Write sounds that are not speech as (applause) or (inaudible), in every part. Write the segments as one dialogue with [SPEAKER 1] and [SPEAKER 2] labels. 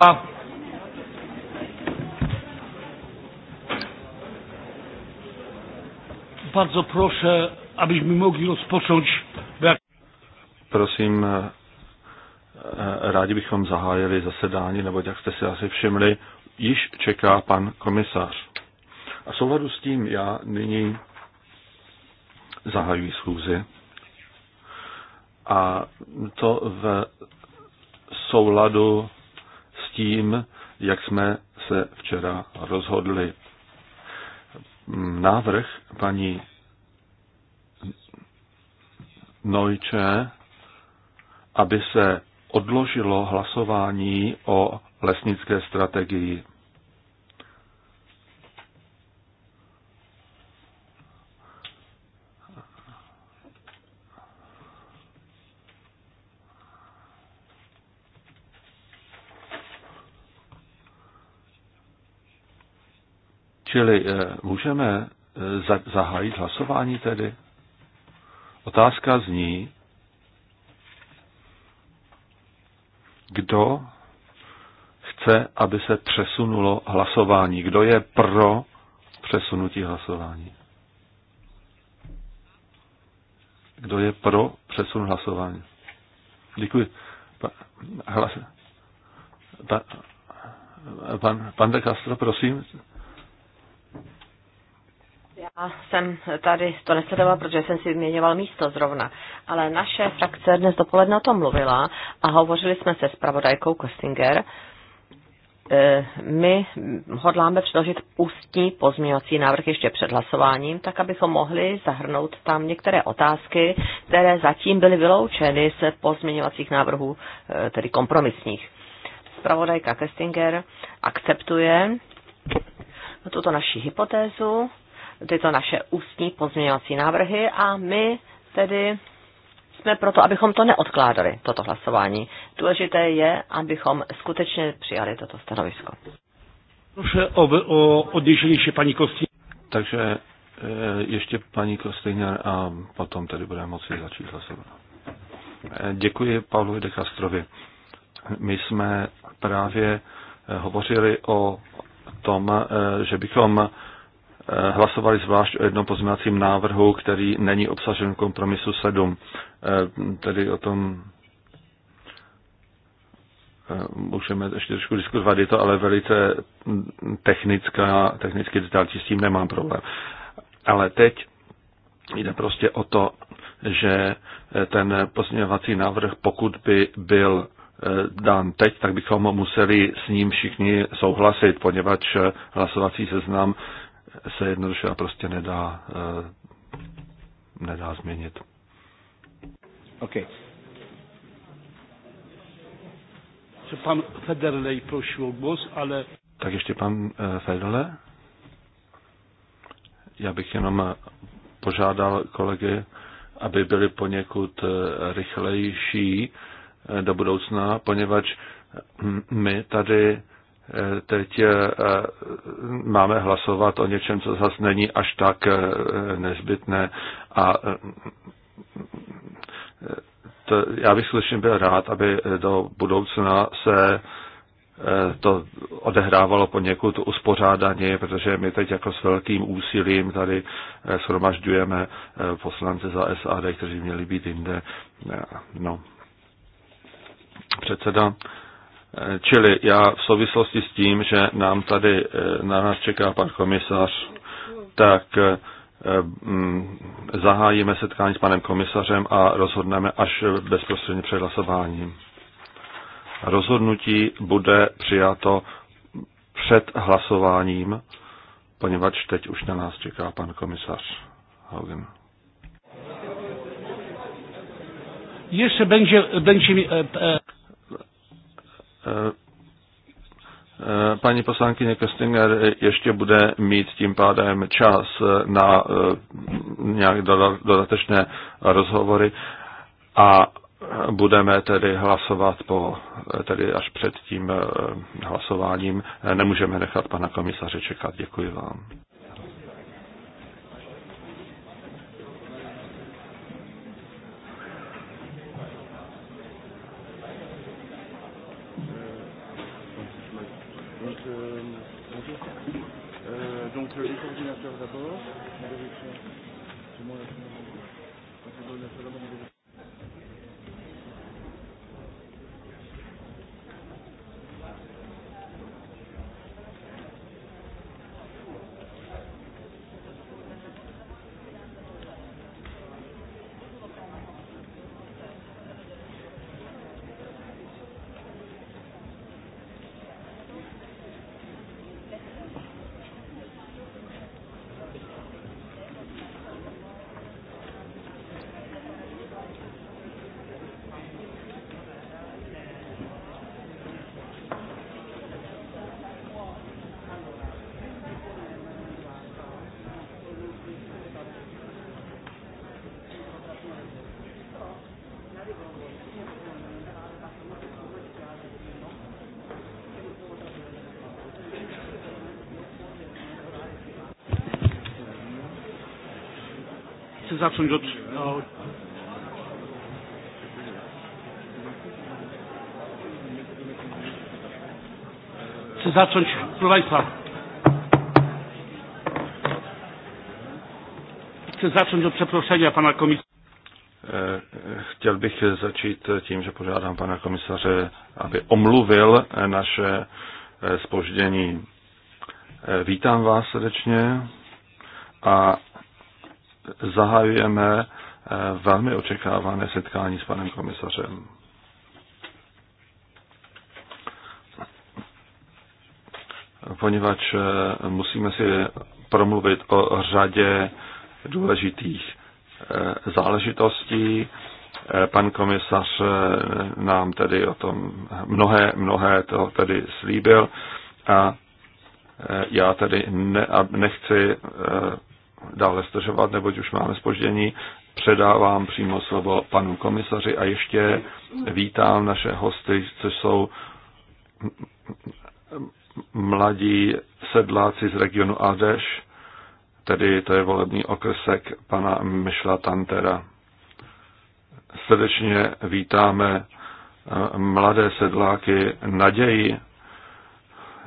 [SPEAKER 1] A bardzo proszę, abyśmy mogli rozpocząć.
[SPEAKER 2] Prosím, eh, eh, rádi bychom zahájili zasedání, nebo jak jste si asi všimli, již čeká pan komisař. A souhladu s tím já nyní zahajuji schůzi. A to v souladu tím, jak jsme se včera rozhodli. Návrh paní Nojče, aby se odložilo hlasování o lesnické strategii. Čili eh, můžeme eh, zahájit hlasování tedy? Otázka zní, kdo chce, aby se přesunulo hlasování. Kdo je pro přesunutí hlasování? Kdo je pro přesun hlasování? Děkuji. Pa, hlas, pa, pan, pan de Castro, prosím.
[SPEAKER 3] A jsem tady to nesledovala, protože jsem si vyměňoval místo zrovna. Ale naše frakce dnes dopoledne o tom mluvila a hovořili jsme se spravodajkou Kostinger. E, my hodláme předložit ústní pozměňovací návrh ještě před hlasováním, tak abychom mohli zahrnout tam některé otázky, které zatím byly vyloučeny z pozměňovacích návrhů, e, tedy kompromisních. Spravodajka Kestinger akceptuje tuto naši hypotézu tyto naše ústní pozměňovací návrhy a my tedy jsme proto, abychom to neodkládali, toto hlasování. Důležité je, abychom skutečně přijali toto
[SPEAKER 2] stanovisko. Proszę o, o odniesienie się pani Takže e, ještě paní Kostyniar a potom tady bude moci začít hlasovat. E, děkuji Pavlu de Castrovi. My jsme právě e, hovořili o tom, že bychom hlasovali zvlášť o jednom pozměňovacím návrhu, který není obsažen v kompromisu 7. Eh, tedy o tom eh, můžeme ještě trošku diskutovat, je to ale velice technická, technicky detailní, s tím nemám problém. Ale teď jde prostě o to, že eh, ten pozměňovací návrh, pokud by byl dán teď, tak bychom museli s ním všichni souhlasit, poněvadž hlasovací seznam se jednoduše a prostě nedá, eh, nedá změnit. Ok.
[SPEAKER 1] Co Pan Federlej prosil o głos, ale...
[SPEAKER 2] Tak ještě pan eh, Federle. Já bych jenom eh, požádal kolegy, aby byli poněkud rychlejší do budoucna, poněvadž hm, my tady teď eh, máme hlasovat o něčem, co zase není až tak eh, nezbytné a eh, to, já bych skutečně byl rád, aby do budoucna se to odehrávalo poněkud uspořádaně, protože my teď jako s velkým úsilím tady shromažďujeme poslance za SAD, kteří měli být jinde. No. Předseda, Eh, čili já v souvislosti s tím, že nám tady eh, na nás čeká pan komisař, tak eh, mm, zahájíme setkání s panem komisařem a rozhodneme až bezprostředně před hlasováním. Rozhodnutí bude přijato před hlasováním, poněvadž teď už na nás čeká pan komisař Hogan.
[SPEAKER 1] Ještě będzie, będzie e, e,
[SPEAKER 2] Eh, eh, paní poslankyně Köstinger ještě bude mít tím pádem čas na eh, nějaké dodatečné rozhovory a budeme tedy hlasovat po, tedy až před tím hlasováním. Nemůžeme nechat pana komisaře čekat. Děkuji vám.
[SPEAKER 1] rapporteur d'abord. zacząć od... No, chcę zacząć, proszę Państwa, chcę zacząć od przeproszenia Pana Komisarza.
[SPEAKER 2] E, e, Chtěl bych začít tím, že požádám pana komisaře, aby omluvil naše spoždění. E, vítám vás srdečně a zahajujeme eh, velmi očekávané setkání s panem komisařem. Poněvadž eh, musíme si promluvit o řadě důležitých eh, záležitostí. Pan komisař nám tedy o tom mnohé, mnohé to tedy slíbil a já tedy ne, nechci dále stržovat, neboť už máme spoždění. Předávám přímo slovo panu komisaři a ještě vítám naše hosty, což jsou mladí sedláci z regionu Adeš, tedy to je volební okrsek pana Myšla Tantera. Srdečně vítáme eh, mladé sedláky naději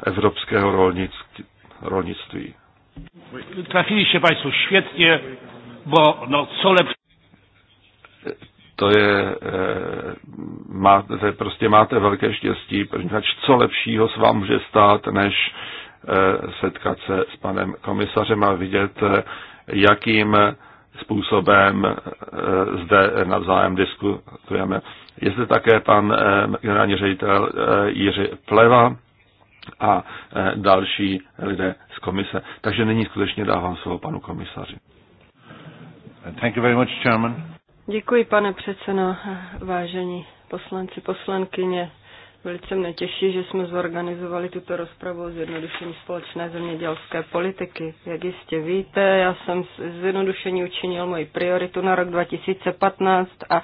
[SPEAKER 2] evropského rolnictví.
[SPEAKER 1] Trafiliście Państwo świetnie, bo no co lepsze.
[SPEAKER 2] To je, eh, máte, prostě máte velké štěstí, protože co lepšího se vám může stát, než eh, setkat se s panem komisařem a vidět, eh, jakým způsobem zde navzájem diskutujeme. Je zde také pan generální ředitel Jiří Pleva, a e, další lidé z komise. Takže nyní skutečně dávám slovo panu komisaři. Thank you very much, Chairman.
[SPEAKER 4] Děkuji, pane předsedo, vážení poslanci, poslankyně. Velice mne těší, že jsme zorganizovali tuto rozpravu o zjednodušení společné zemědělské politiky. Jak jistě víte, já jsem zjednodušení učinil moji prioritu na rok 2015 a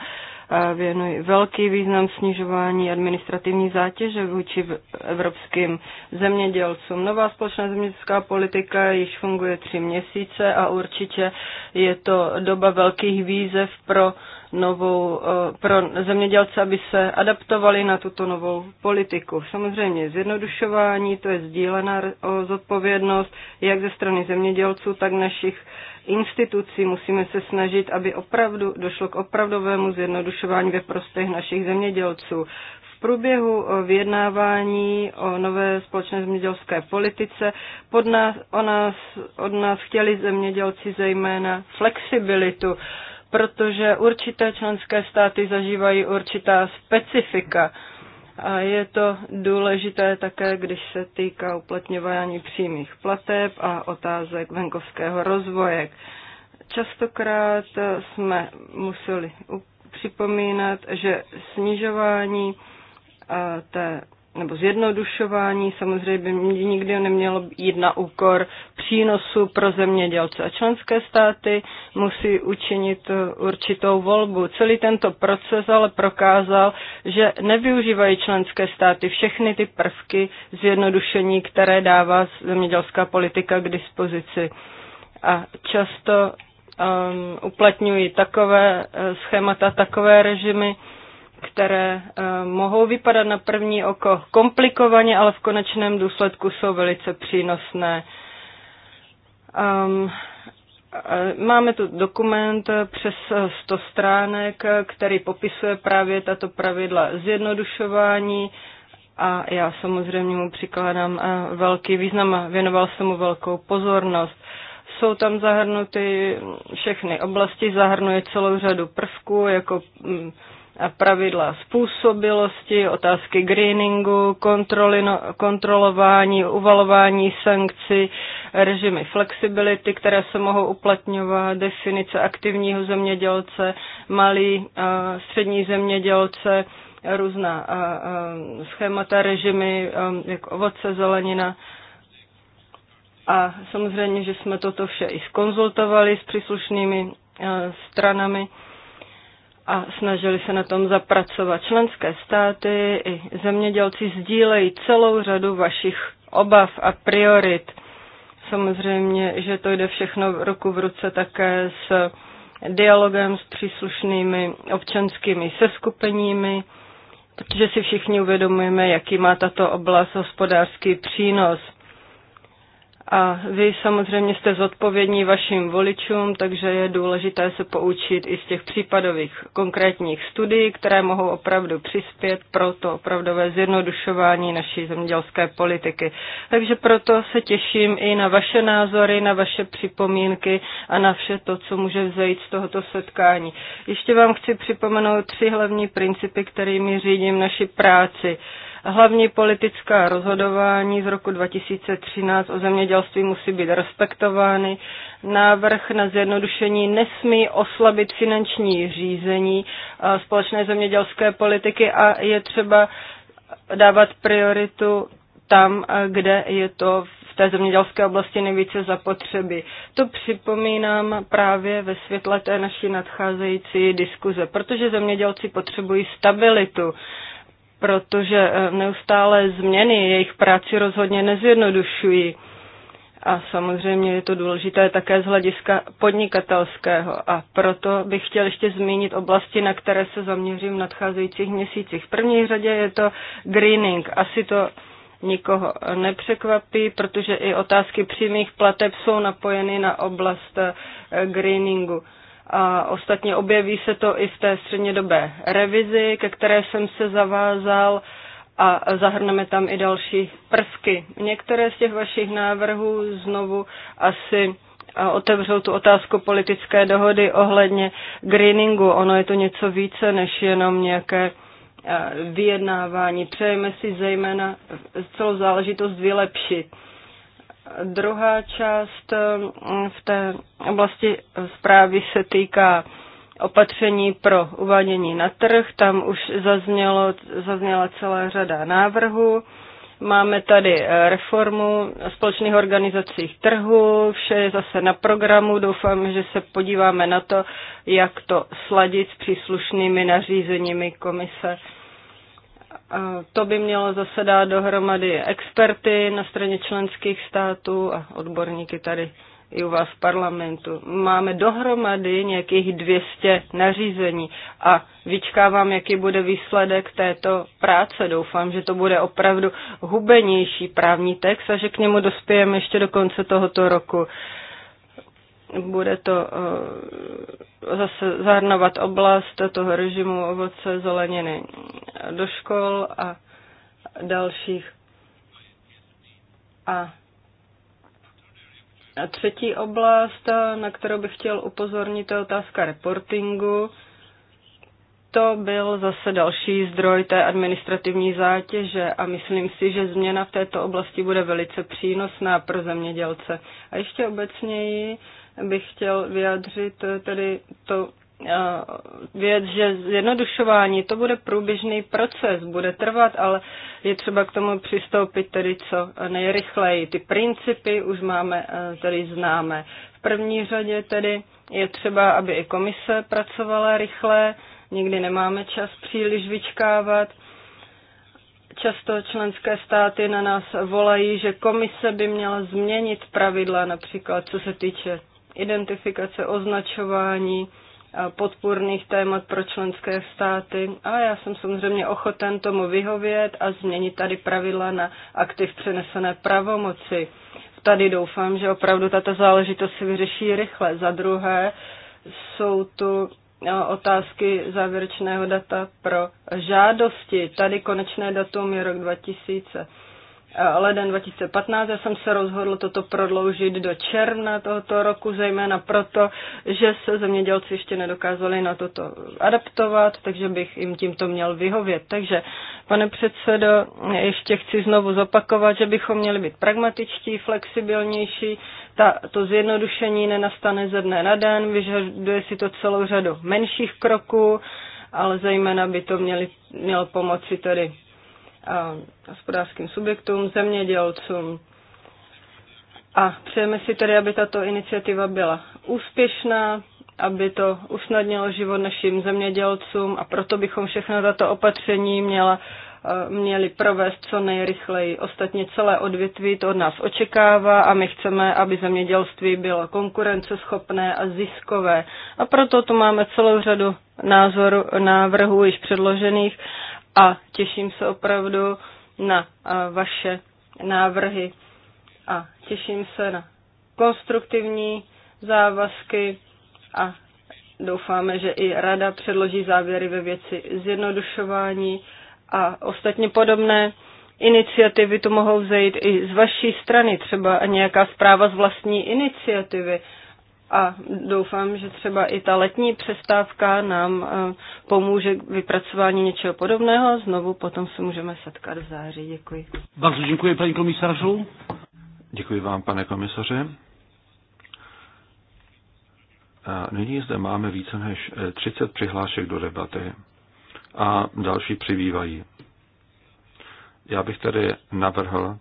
[SPEAKER 4] věnují velký význam snižování administrativní zátěže vůči evropským zemědělcům. Nová společná zemědělská politika již funguje tři měsíce a určitě je to doba velkých výzev pro novou, e, pro zemědělce, aby se adaptovali na tuto novou politiku. Samozřejmě zjednodušování, to je sdílená zodpovědnost jak ze strany zemědělců, tak našich institucí. Musíme se snažit, aby opravdu došlo k opravdovému zjednodušování ve prospěch našich zemědělců. V průběhu eh, vyjednávání o nové společné zemědělské politice pod nás, o nás, od nás chtěli zemědělci zejména flexibilitu, protože určité členské státy zažívají určitá specifika. A je to důležité také, když se týká uplatňování přímých plateb a otázek venkovského rozvoje. Častokrát jsme museli připomínat, že snižování té nebo zjednodušování samozřejmě by nikdy nemělo jít na úkor přínosu pro zemědělce. A členské státy musí učinit eh, určitou volbu. Celý tento proces ale prokázal, že nevyužívají členské státy všechny ty prvky zjednodušení, které dává zemědělská politika k dispozici. A často um, uplatňují takové eh, schémata, takové režimy, které eh, mohou vypadat na první oko komplikovaně, ale v konečném důsledku jsou velice přínosné. Um, Máme tu dokument eh, přes 100 stránek, který popisuje právě tato pravidla zjednodušování a já samozřejmě mu přikládám velký význam a věnoval jsem mu velkou pozornost. Jsou tam zahrnuty všechny oblasti, zahrnuje celou řadu prvků, jako mm, pravidla způsobilosti, otázky greeningu, kontroly, no, kontrolování, uvalování sankcí, režimy flexibility, které se mohou uplatňovat, definice aktivního zemědělce, malý, střední zemědělce, různá schémata, režimy, jako ovoce, zelenina. A samozřejmě, že jsme toto vše i skonzultovali s příslušnými stranami a snažili se na tom zapracovat. Členské státy i zemědělci sdílejí celou řadu vašich obav a priorit. Samozřejmě, že to jde všechno ruku v ruce také s dialogem s příslušnými občanskými seskupeními, protože si všichni uvědomujeme, jaký má tato oblast hospodářský přínos. A vy samozřejmě jste zodpovědní vašim voličům, takže je důležité se poučit i z těch případových konkrétních studií, které mohou opravdu přispět pro to opravdové zjednodušování naší zemědělské politiky. Takže proto se těším i na vaše názory, na vaše připomínky a na vše to, co může vzejít z tohoto setkání. Ještě vám chci připomenout tři hlavní principy, kterými řídím naši práci. Hlavní politická rozhodování z roku 2013 o zemědělství musí být respektovány. Návrh na zjednodušení nesmí oslabit finanční řízení eh, společné zemědělské politiky a je třeba dávat prioritu tam, eh, kde je to v té zemědělské oblasti nejvíce zapotřeby. To připomínám právě ve světle té naší nadcházející diskuze, protože zemědělci potřebují stabilitu protože eh, neustále změny jejich práci rozhodně nezjednodušují. A samozřejmě je to důležité také z hlediska podnikatelského. A proto bych chtěl ještě zmínit oblasti, na které se zaměřím v nadcházejících měsících. V první řadě je to greening. Asi to nikoho nepřekvapí, protože i otázky přímých plateb jsou napojeny na oblast eh, greeningu. A ostatně objeví se to i v té střednědobé revizi, ke které jsem se zavázal a zahrneme tam i další prvky. Některé z těch vašich návrhů znovu asi otevřou tu otázku politické dohody ohledně greeningu. Ono je to něco více než jenom nějaké vyjednávání. Přejeme si zejména celou záležitost vylepšit. Druhá část eh, v té oblasti zprávy se týká opatření pro uvádění na trh. Tam už zaznělo, zazněla celá řada návrhů. Máme tady eh, reformu společných organizací trhu, vše je zase na programu. Doufám, že se podíváme na to, jak to sladit s příslušnými nařízeními komise to by mělo zase dát dohromady experty na straně členských států a odborníky tady i u vás v parlamentu. Máme dohromady nějakých 200 nařízení a vyčkávám, jaký bude výsledek této práce. Doufám, že to bude opravdu hubenější právní text a že k němu dospějeme ještě do konce tohoto roku. Uh, bude to eh, zase zahrnovat oblast toho režimu ovoce, zeleniny do škol a dalších. A a třetí oblast, na kterou bych chtěl upozornit, je otázka reportingu. To byl zase další zdroj té administrativní zátěže a myslím si, že změna v této oblasti bude velice přínosná pro zemědělce. A ještě obecněji bych chtěl vyjádřit eh, tedy to eh, věc, že zjednodušování to bude průběžný proces, bude trvat, ale je třeba k tomu přistoupit tedy co nejrychleji. Ty principy už máme, eh, tedy známe. V první řadě tedy je třeba, aby i komise pracovala rychle, nikdy nemáme čas příliš vyčkávat často členské státy na nás volají, že komise by měla změnit pravidla, například co se týče identifikace, označování podpůrných témat pro členské státy. A já jsem samozřejmě ochoten tomu vyhovět a změnit tady pravidla na aktiv přenesené pravomoci. Tady doufám, že opravdu tato záležitost se vyřeší rychle. Za druhé jsou tu no, otázky závěrečného data pro žádosti. Tady konečné datum je rok 2000 Eh, leden 2015. Já jsem se rozhodl toto prodloužit do června tohoto roku, zejména proto, že se zemědělci ještě nedokázali na toto adaptovat, takže bych jim tímto měl vyhovět. Takže, pane předsedo, ještě chci znovu zopakovat, že bychom měli být pragmatičtí, flexibilnější. Ta, to zjednodušení nenastane ze dne na den, vyžaduje si to celou řadu menších kroků, ale zejména by to měli, mělo pomoci tedy a hospodářským subjektům, zemědělcům. A přejeme si tedy, aby tato iniciativa byla úspěšná, aby to usnadnilo život našim zemědělcům a proto bychom všechno tato opatření měla, měli provést co nejrychleji. Ostatně celé odvětví to od nás očekává a my chceme, aby zemědělství bylo konkurenceschopné a ziskové. A proto tu máme celou řadu názoru, návrhů již předložených a těším se opravdu na vaše návrhy a těším se na konstruktivní závazky a doufáme, že i Rada předloží závěry ve věci zjednodušování a ostatně podobné iniciativy tu mohou vzejít i z vaší strany, třeba nějaká zpráva z vlastní iniciativy a doufám, že třeba i ta letní přestávka nám eh, pomůže k vypracování něčeho podobného. Znovu potom se můžeme setkat v září. Děkuji.
[SPEAKER 2] Bardzo děkuji, paní komisařu. Děkuji vám, pane komisaře. A nyní zde máme více než 30 eh, přihlášek do debaty a další přibývají. Já bych tedy navrhl,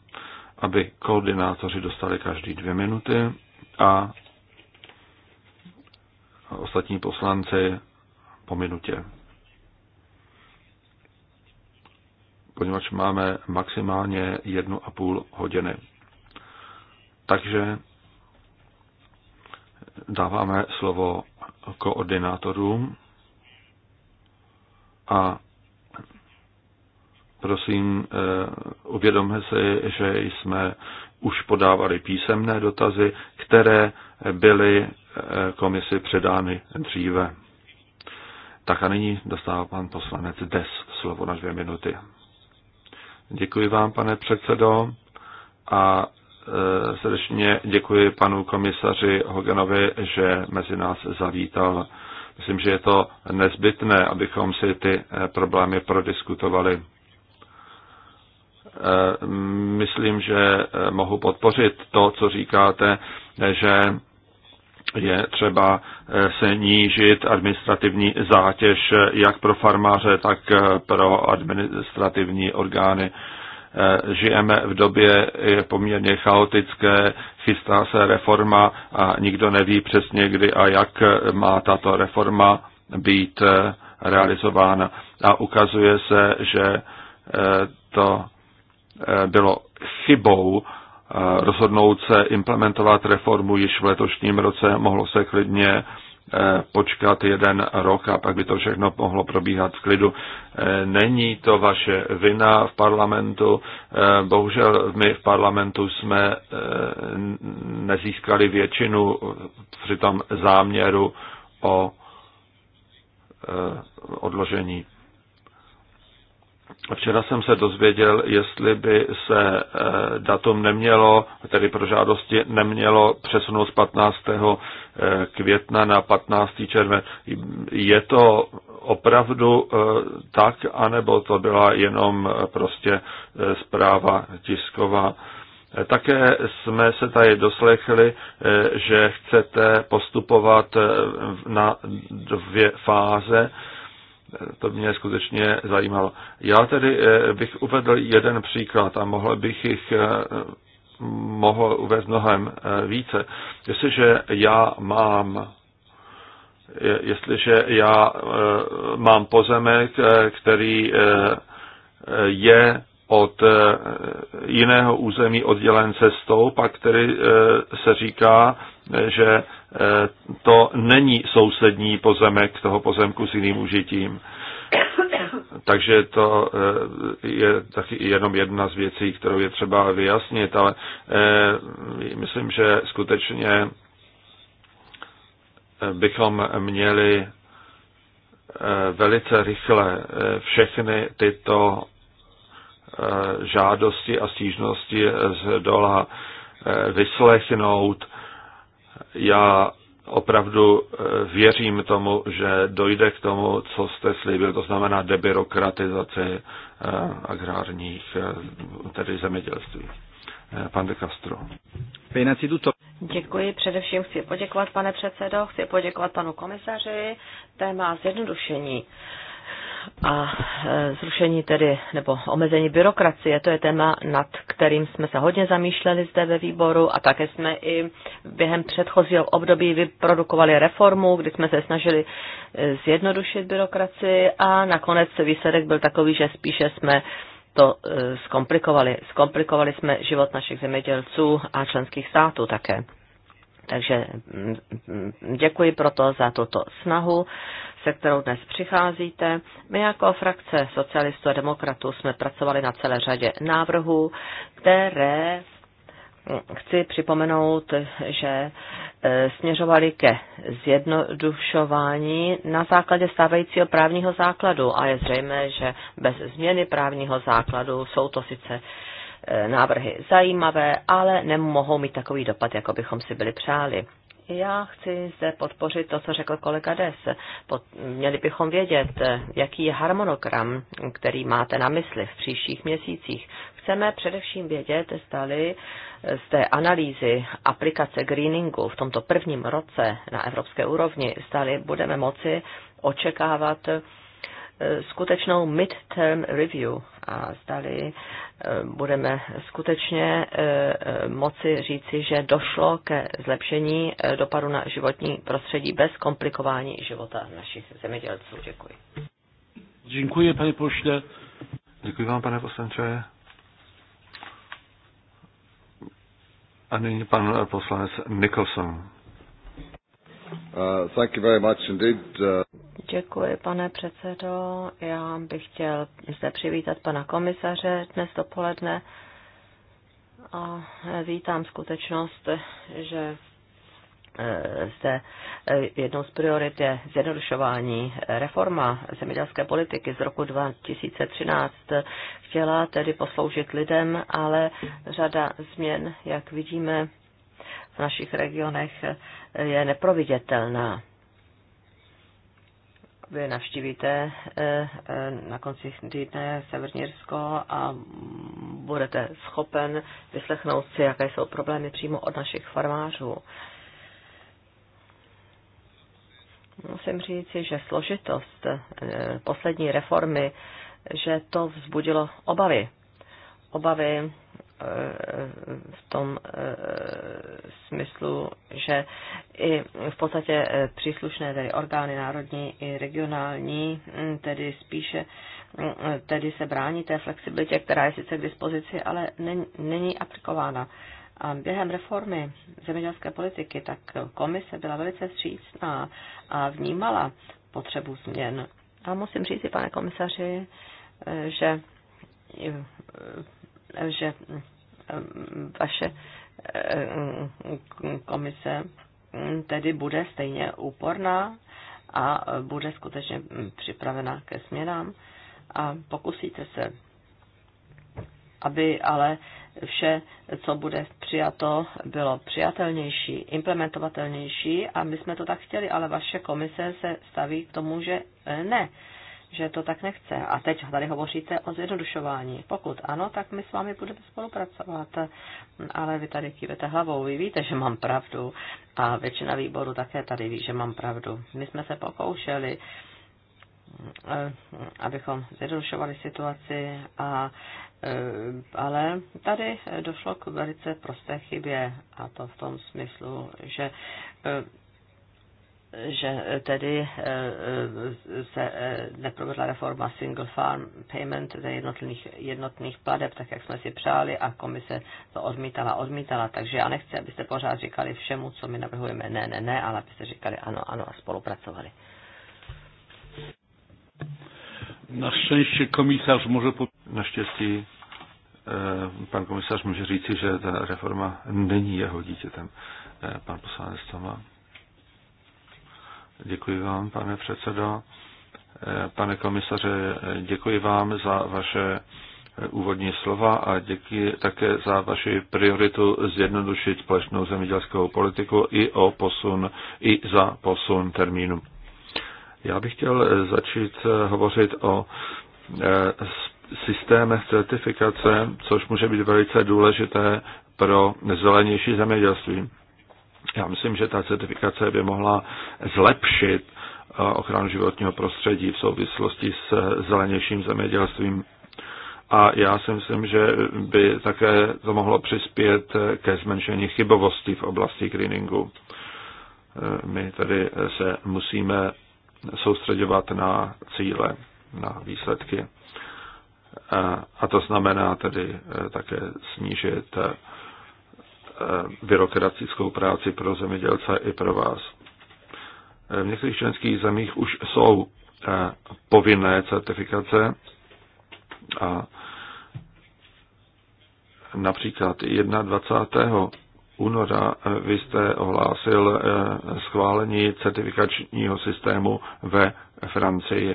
[SPEAKER 2] aby koordinátoři dostali každý dvě minuty a ostatní poslanci po minutě. Poněvadž máme maximálně jednu a půl hodiny. Takže dáváme slovo koordinátorům a prosím, eh, uvědomme si, že jsme už podávali písemné dotazy, které byly komisi předány dříve. Tak a nyní dostává pan poslanec Des slovo na dvě minuty. Děkuji vám, pane předsedo, a e, srdečně děkuji panu komisaři Hoganovi, že mezi nás zavítal. Myslím, že je to nezbytné, abychom si ty e, problémy prodiskutovali. E, myslím, že mohu podpořit to, co říkáte, že je třeba eh, se nížit administrativní zátěž jak pro farmáře, tak eh, pro administrativní orgány. Eh, žijeme v době poměrně chaotické, chystá se reforma a nikdo neví přesně kdy a jak má tato reforma být realizována. A ukazuje se, že to bylo chybou rozhodnout se implementovat reformu již v letošním roce, mohlo se klidně eh, počkat jeden rok a pak by to všechno mohlo probíhat v klidu. Eh, není to vaše vina v parlamentu. Eh, bohužel my v parlamentu jsme nezískali většinu při tom záměru o odložení Včera jsem se dozvěděl, jestli by se eh, datum nemělo, tedy pro žádosti nemělo přesunout z 15. Eh, května na 15. červen. Je to opravdu eh, tak, anebo to byla jenom prostě zpráva tisková? Také jsme se tady doslechli, že chcete postupovat na dvě fáze to mě skutečně zajímalo. Já tedy eh, bych uvedl jeden příklad a mohl bych jich eh, mohl uvést mnohem eh, více. Jestliže já mám jestliže já mám pozemek, který je od jiného území oddělen cestou, pak který se říká, že Eh, to není sousední pozemek toho pozemku s jiným užitím. Takže to eh, je taky jenom jedna z věcí, kterou je třeba vyjasnit, ale eh, myslím, že skutečně bychom měli velice rychle všechny tyto žádosti a stížnosti z dola vyslechnout já opravdu eh, věřím tomu, že dojde k tomu, co jste slíbil, to znamená debirokratizaci eh, agrárních, eh, tedy zemědělství. Pan de Castro.
[SPEAKER 3] Děkuji. Především chci poděkovat, pane předsedo, chci poděkovat panu komisaři. Téma zjednodušení a e, zrušení tedy nebo omezení byrokracie, to je téma, nad kterým jsme se hodně zamýšleli zde ve výboru a také jsme i během předchozího období vyprodukovali reformu, kdy jsme se snažili e, zjednodušit byrokracii a nakonec výsledek byl takový, že spíše jsme to e, zkomplikovali. Zkomplikovali jsme život našich zemědělců a členských států také. Takže mm, mm, děkuji proto za tuto snahu, se kterou dnes přicházíte. My jako frakce socialistů a demokratů jsme pracovali na celé řadě návrhů, které mm, chci připomenout, že e, směřovali ke zjednodušování na základě stávajícího právního základu a je zřejmé, že bez změny právního základu jsou to sice Eh, návrhy zajímavé, ale nemohou mít takový dopad, jako bychom si byli přáli. Já chci zde podpořit to, co řekl kolega Des. Pod, měli bychom vědět, eh, jaký je harmonogram, který máte na mysli v příštích měsících. Chceme především vědět, zdali eh, z té analýzy aplikace greeningu v tomto prvním roce na evropské úrovni, zdali budeme moci očekávat skutečnou mid-term review a zdali eh, budeme skutečně eh, eh, moci říci, že došlo ke zlepšení dopadu na životní prostředí bez komplikování života našich zemědělců. Děkuji.
[SPEAKER 2] Děkuji, pane pošle. Děkuji vám, pane poslanče. A nyní pan poslanec Nicholson. Uh, thank you very much indeed. Uh,
[SPEAKER 3] Děkuji, pane předsedo. Já bych chtěl zde přivítat pana komisaře dnes dopoledne a eh, vítám skutečnost, že eh, zde eh, jednou z priorit je zjednodušování reforma zemědělské politiky z roku 2013. Chtěla tedy posloužit lidem, ale řada změn, jak vidíme, v našich regionech eh, je neproviditelná. Vy navštívíte eh, eh, na konci týdne Severní Jirsko a budete schopen vyslechnout si, jaké jsou problémy přímo od našich farmářů. Musím říci, že složitost poslední reformy, že to vzbudilo obavy. Obavy v tom eh, smyslu, že i v podstatě eh, příslušné tedy orgány národní i regionální hm, tedy spíše hm, tedy se brání té flexibilitě, která je sice k dispozici, ale není aplikována. A během reformy zemědělské politiky tak komise byla velice střícná a vnímala potřebu změn. A musím říct, pane komisaři, eh, že že mm, vaše mm, komise tedy bude stejně úporná a bude skutečně připravena ke směnám a pokusíte se, aby ale vše, co bude přijato, bylo přijatelnější, implementovatelnější a my jsme to tak chtěli, ale vaše komise se staví k tomu, že ne že to tak nechce. A teď tady hovoříte o zjednodušování. Pokud ano, tak my s vámi budeme spolupracovat. Ale vy tady kývete hlavou, vy víte, že mám pravdu. A většina výboru také tady ví, že mám pravdu. My jsme se pokoušeli eh, abychom zjednodušovali situaci, a, eh, ale tady došlo k velice prosté chybě a to v tom smyslu, že eh, že tedy eh, eh, se eh, neprovedla reforma single farm payment ze jednotných, jednotných pladeb, tak jak jsme si přáli a komise to odmítala, odmítala. Takže já nechci, abyste pořád říkali všemu, co my navrhujeme, ne, ne, ne, ale abyste říkali ano, ano a spolupracovali.
[SPEAKER 2] Na štěstí komisař může... Po... štěstí, pan komisař může říci, že ta reforma není jeho dítětem. Pan poslanec to Děkuji vám, pane předsedo. Pane komisaře, děkuji vám za vaše úvodní slova a děkuji také za vaši prioritu zjednodušit společnou zemědělskou politiku i o posun, i za posun termínu. Já bych chtěl začít hovořit o e, systémech certifikace, což může být velice důležité pro zelenější zemědělství. Já myslím, že ta certifikace by mohla zlepšit eh, ochranu životního prostředí v souvislosti s eh, zelenějším zemědělstvím. A já si myslím, že by také to mohlo přispět eh, ke zmenšení chybovosti v oblasti greeningu. My tedy se musíme soustředovat na cíle, na výsledky. A to znamená tedy také snížit Eh, byrokratickou práci pro zemědělce i pro vás. Eh, v některých členských zemích už jsou eh, povinné certifikace a například 21. února vy jste ohlásil schválení certifikačního systému ve Francii.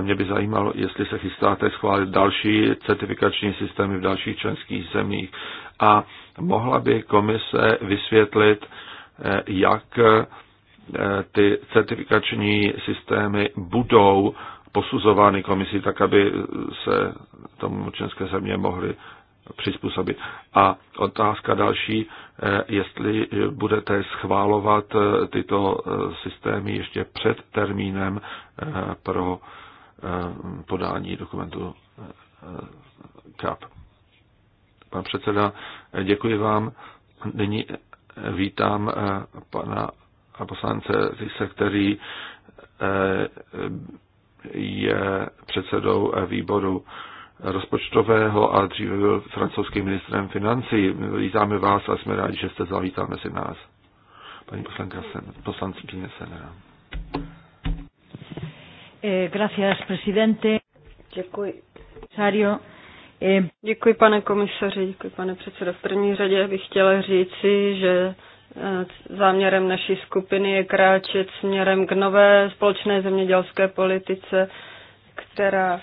[SPEAKER 2] Mě by zajímalo, jestli se chystáte schválit další certifikační systémy v dalších členských zemích a mohla by komise vysvětlit, eh, jak eh, ty certifikační systémy budou posuzovány komisí, tak aby se tomu české země mohly přizpůsobit. A otázka další, eh, jestli budete schválovat tyto systémy ještě před termínem pro podání dokumentu CAP. Pan předseda, děkuji vám. Nyní vítám eh, pana poslance Zise, který eh, je předsedou eh, výboru rozpočtového a dříve byl francouzským ministrem financí. Vítáme vás a jsme rádi, že jste zavítal mezi nás. Paní poslanka Sen, poslankyně Senera.
[SPEAKER 4] gracias, presidente. Děkuji. Sario. Děkuji, pane komisaři, děkuji, pane předsedo. V první řadě bych chtěla říci, že eh, záměrem naší skupiny je kráčet směrem k nové společné zemědělské politice, která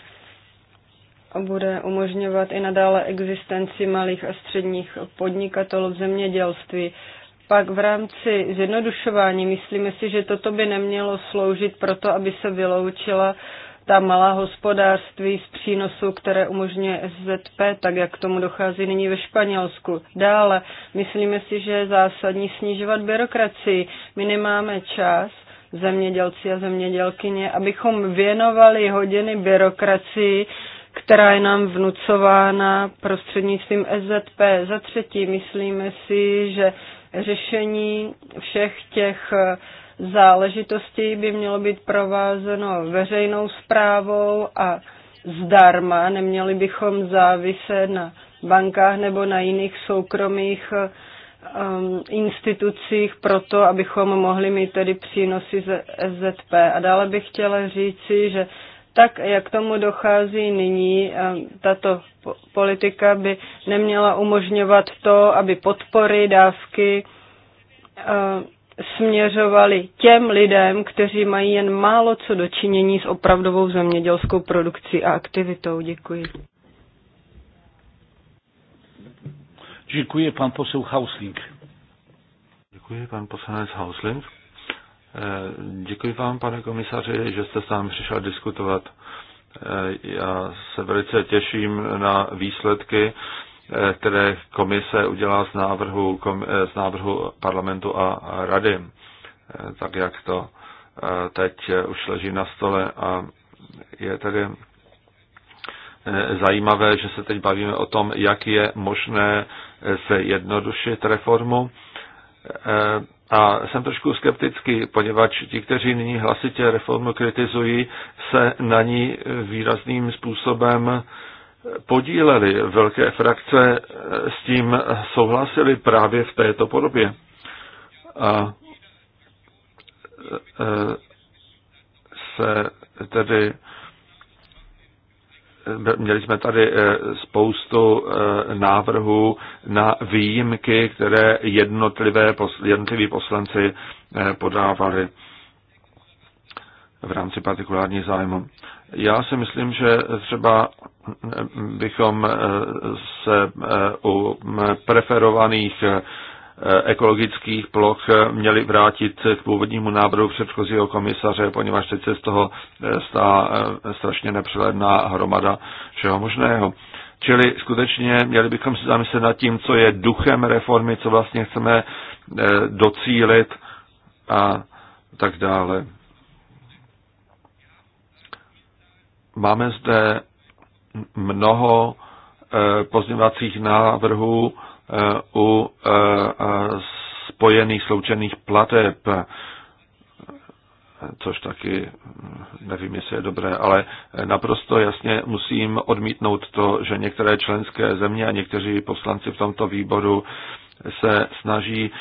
[SPEAKER 4] bude umožňovat i nadále existenci malých a středních podnikatelů v zemědělství. Pak v rámci zjednodušování myslíme si, že toto by nemělo sloužit proto, aby se vyloučila ta malá hospodářství z přínosu, které umožňuje SZP, tak jak k tomu dochází nyní ve Španělsku. Dále, myslíme si, že je zásadní snižovat byrokracii. My nemáme čas zemědělci a zemědělkyně, abychom věnovali hodiny byrokracii, která je nám vnucována prostřednictvím SZP. Za třetí, myslíme si, že řešení všech těch záležitostí by mělo být provázeno veřejnou zprávou a zdarma. Neměli bychom záviset na bankách nebo na jiných soukromých um, institucích proto, abychom mohli mít tedy přínosy z SZP. A dále bych chtěla říci, že tak, jak tomu dochází nyní, um, tato politika by neměla umožňovat to, aby podpory, dávky uh, směřovaly těm lidem, kteří mají jen málo co dočinění s opravdovou zemědělskou produkcí a aktivitou. Děkuji.
[SPEAKER 2] Děkuji, pan posel Hausling. Děkuji, pan poslanec Hausling. Eh, děkuji vám, pane komisaři, že jste s námi přišel diskutovat. Eh, já se velice těším na výsledky Eh, které komise udělá z návrhu, eh, z návrhu parlamentu a rady, eh, tak jak to teď už leží na stole a je tedy zajímavé, že se teď bavíme o tom, jak je možné se jednodušit reformu. A jsem trošku skeptický, poněvadž ti, kteří nyní hlasitě reformu kritizují, se na ní výrazným způsobem podíleli velké frakce, eh, s tím souhlasili právě v této podobě. A eh, se tedy eh, měli jsme tady spoustu návrhů na výjimky, které jednotlivé, jednotliví poslanci podávali v rámci partikulárních zájmu. Já si myslím, že třeba bychom se u preferovaných ekologických ploch měli vrátit k původnímu návrhu předchozího komisaře, poněvadž teď se z toho stá strašně nepřehledná hromada všeho možného. Čili skutečně měli bychom se zamyslet nad tím, co je duchem reformy, co vlastně chceme docílit a tak dále. Máme zde mnoho eh, pozměňovacích návrhů eh, u eh, spojených sloučených plateb, což taky hm, nevím, jestli je dobré, ale naprosto jasně musím odmítnout to, že některé členské země a někteří poslanci v tomto výboru se snaží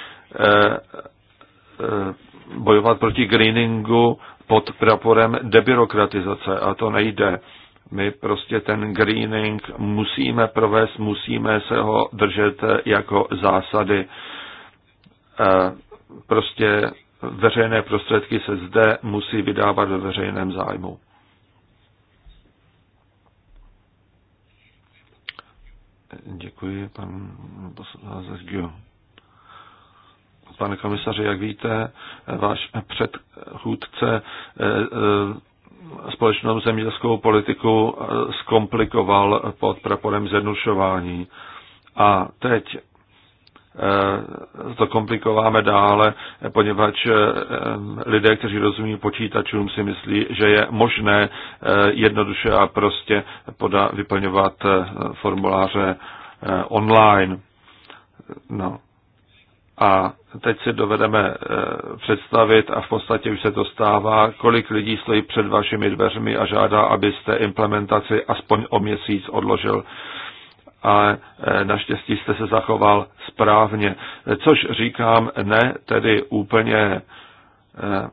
[SPEAKER 2] bojovat proti greeningu pod praporem debirokratizace a to nejde. My prostě ten greening musíme provést, musíme se ho držet jako zásady. Prostě veřejné prostředky se zde musí vydávat ve veřejném zájmu. Děkuji, pan poslanec Gio. Pane komisaři, jak víte, váš předchůdce eh, eh, společnou zemědělskou politiku eh, zkomplikoval pod praporem zjednušování. A teď to komplikováme dále, poněvadž lidé, kteří rozumí počítačům, si myslí, že je možné jednoduše a prostě vyplňovat formuláře online. No, a teď si dovedeme eh, představit, a v podstatě už se to stává, kolik lidí stojí před vašimi dveřmi a žádá, abyste implementaci aspoň o měsíc odložil. A eh, naštěstí jste se zachoval správně. Což říkám, ne tedy úplně eh,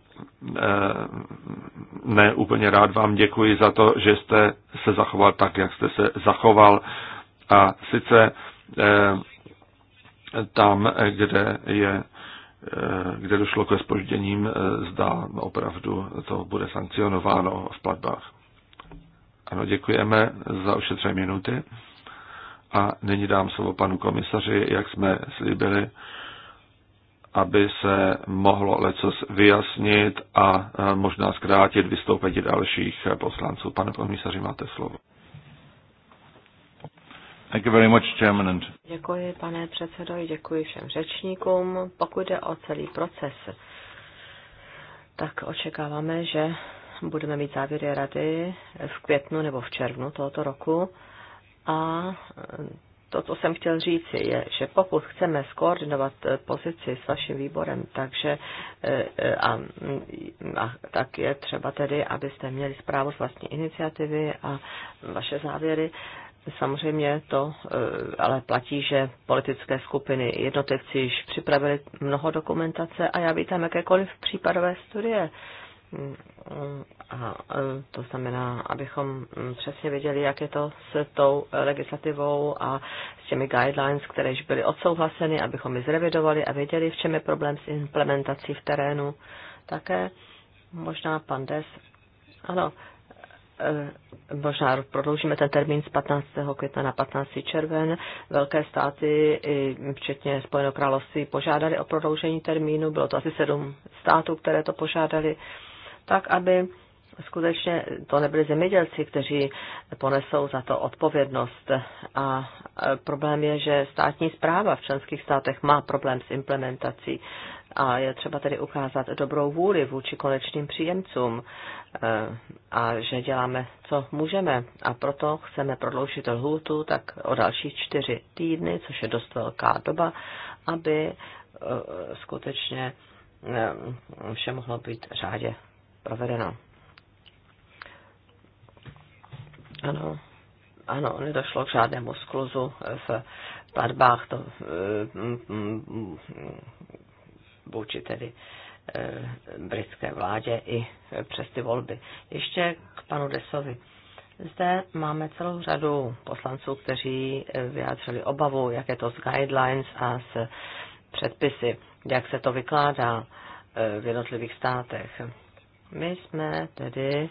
[SPEAKER 2] ne úplně rád vám děkuji za to, že jste se zachoval tak, jak jste se zachoval. A sice tam, kde je eh, kde došlo ke spožděním, eh, zda opravdu to bude sankcionováno v platbách. Ano, děkujeme za ušetřené minuty. A nyní dám slovo panu komisaři, jak jsme slíbili, aby se mohlo lecos vyjasnit a eh, možná zkrátit vystoupení dalších poslanců. Pane komisaři, máte slovo. Thank you very much, Chairman. And...
[SPEAKER 3] Děkuji, pane předsedo, děkuji všem řečníkům. Pokud jde o celý proces, tak očekáváme, že budeme mít závěry rady v květnu nebo v červnu tohoto roku. A eh, to, co jsem chtěl říci, je, že pokud chceme skoordinovat eh, pozici s vaším výborem, takže eh, a, mm, a, tak je třeba tedy, abyste měli zprávu z vlastní iniciativy a vaše závěry samozřejmě to eh, ale platí, že politické skupiny jednotlivci již připravili mnoho dokumentace a já vítám jakékoliv případové studie. Mm, mm, a eh, to znamená, abychom mm, přesně věděli, jak je to s tou legislativou a s těmi guidelines, které již byly odsouhlaseny, abychom je zrevidovali a věděli, v čem je problém s implementací v terénu. Také možná pan Des. Ano, Eh, možná prodloužíme ten termín z 15. května na 15. červen. Velké státy, včetně Spojeného království, požádali o prodloužení termínu. Bylo to asi sedm států, které to požádali, tak aby skutečně to nebyli zemědělci, kteří ponesou za to odpovědnost. A eh, problém je, že státní zpráva v členských státech má problém s implementací a je třeba tedy ukázat dobrou vůli vůči konečným příjemcům eh, a že děláme, co můžeme. A proto chceme prodloužit lhůtu tak o další čtyři týdny, což je dost velká doba, aby eh, skutečně eh, vše mohlo být řádě provedeno. Ano, ano, nedošlo k žádnému skluzu v platbách, to vůči tedy eh, britské vládě i eh, přes ty volby. Ještě k panu Desovi. Zde máme celou řadu poslanců, kteří eh, vyjádřili obavu, jak je to s guidelines a s předpisy, jak se to vykládá v jednotlivých státech. My jsme tedy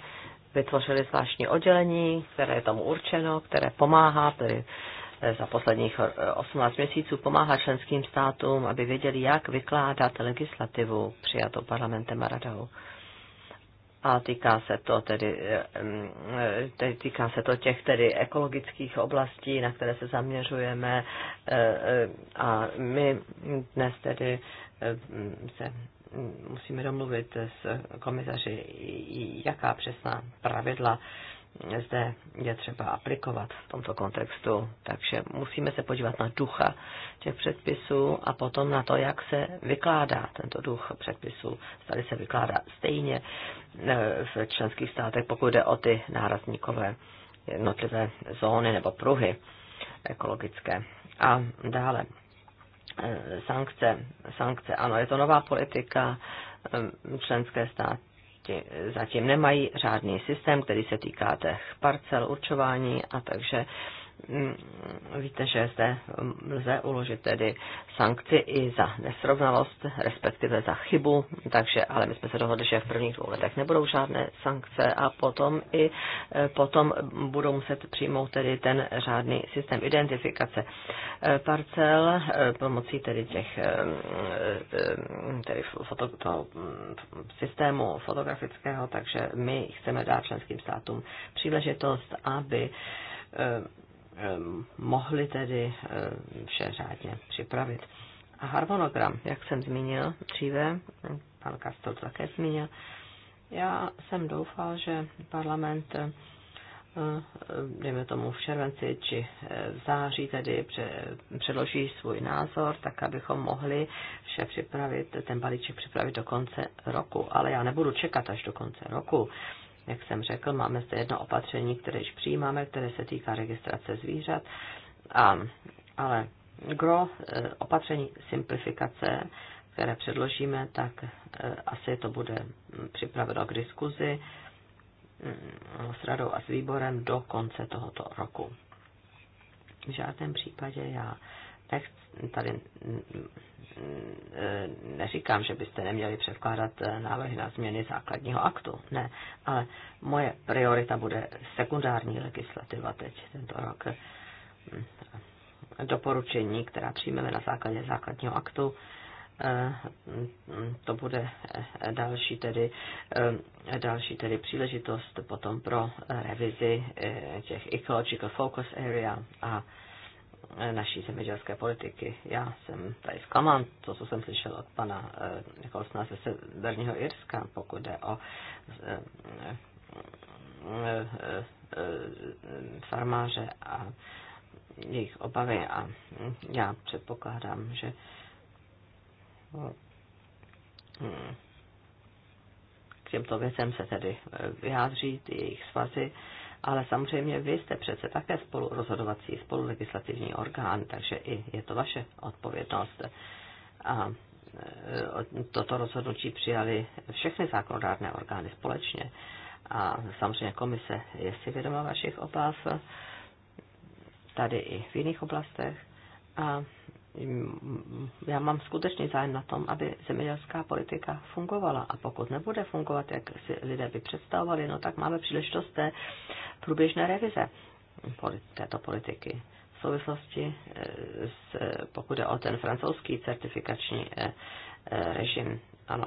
[SPEAKER 3] vytvořili zvláštní oddělení, které je tomu určeno, které pomáhá tedy za posledních 18 eh, měsíců pomáhá členským státům, aby věděli, jak vykládat legislativu přijatou parlamentem a radou. A týká se to tedy, eh, mm, eh, tedy týká se to těch tedy ekologických oblastí, na které se zaměřujeme a my dnes tedy mm, se musíme domluvit s komisaři, jaká přesná pravidla zde je třeba aplikovat v tomto kontextu. Takže musíme se podívat na ducha těch předpisů a potom na to, jak se vykládá tento duch předpisů. Tady se vykládá stejně e, v členských státech, pokud jde o ty nárazníkové jednotlivé zóny nebo pruhy ekologické. A dále e, sankce. Sankce, ano, je to nová politika, e, členské státy oblasti zatím nemají řádný systém, který se týká těch parcel, určování a takže Mm, víte, že zde lze uložit tedy sankci i za nesrovnalost, respektive za chybu, takže, ale my jsme se dohodli, že v prvních dvou letech nebudou žádné sankce a potom i eh, potom budou muset přijmout tedy ten řádný systém identifikace eh, parcel eh, pomocí tedy těch tedy foto, toho mm, systému fotografického, takže my chceme dát členským státům příležitost, aby Ehm, mohli tedy ehm, vše řádně připravit. A harmonogram, jak jsem zmínil dříve, pan Kastel také zmínil, já jsem doufal, že parlament, eh, dejme tomu v červenci či eh, v září, tedy předloží svůj názor, tak abychom mohli vše připravit, ten balíček připravit do konce roku. Ale já nebudu čekat až do konce roku. Jak jsem řekl, máme zde jedno opatření, které již přijímáme, které se týká registrace zvířat, a, ale gro eh, opatření simplifikace, které předložíme, tak eh, asi to bude hm, připraveno k diskuzi hm, s radou a s výborem do konce tohoto roku. V žádném případě já nechci, tady hm, Mm, eh, neříkám, že byste neměli předkládat eh, návrhy na změny základního aktu, ne, ale moje priorita bude sekundární legislativa teď tento rok. Mm, doporučení, která přijmeme na základě základního aktu, eh, to bude další tedy, další tedy příležitost potom pro revizi těch Ecological Focus Area a Eh, naší zemědělské politiky. Já jsem tady zklamán, to, co jsem slyšel od pana eh, Nikolsna ze Severního Irska, pokud jde o eh, farmáře a jejich obavy a já předpokládám, že k těmto věcem se tedy vyjádří ty jejich svazy ale samozřejmě vy jste přece také spolu rozhodovací, spolu legislativní orgán, takže i je to vaše odpovědnost. A e, toto rozhodnutí přijali všechny zákonodárné orgány společně. A samozřejmě komise je si vědoma vašich obav tady i v jiných oblastech. A já mám skutečný zájem na tom, aby zemědělská politika fungovala. A pokud nebude fungovat, jak si lidé by představovali, no tak máme příležitost té průběžné revize této politiky. V souvislosti, eh, s, pokud je o ten francouzský certifikační eh, eh, režim, ano,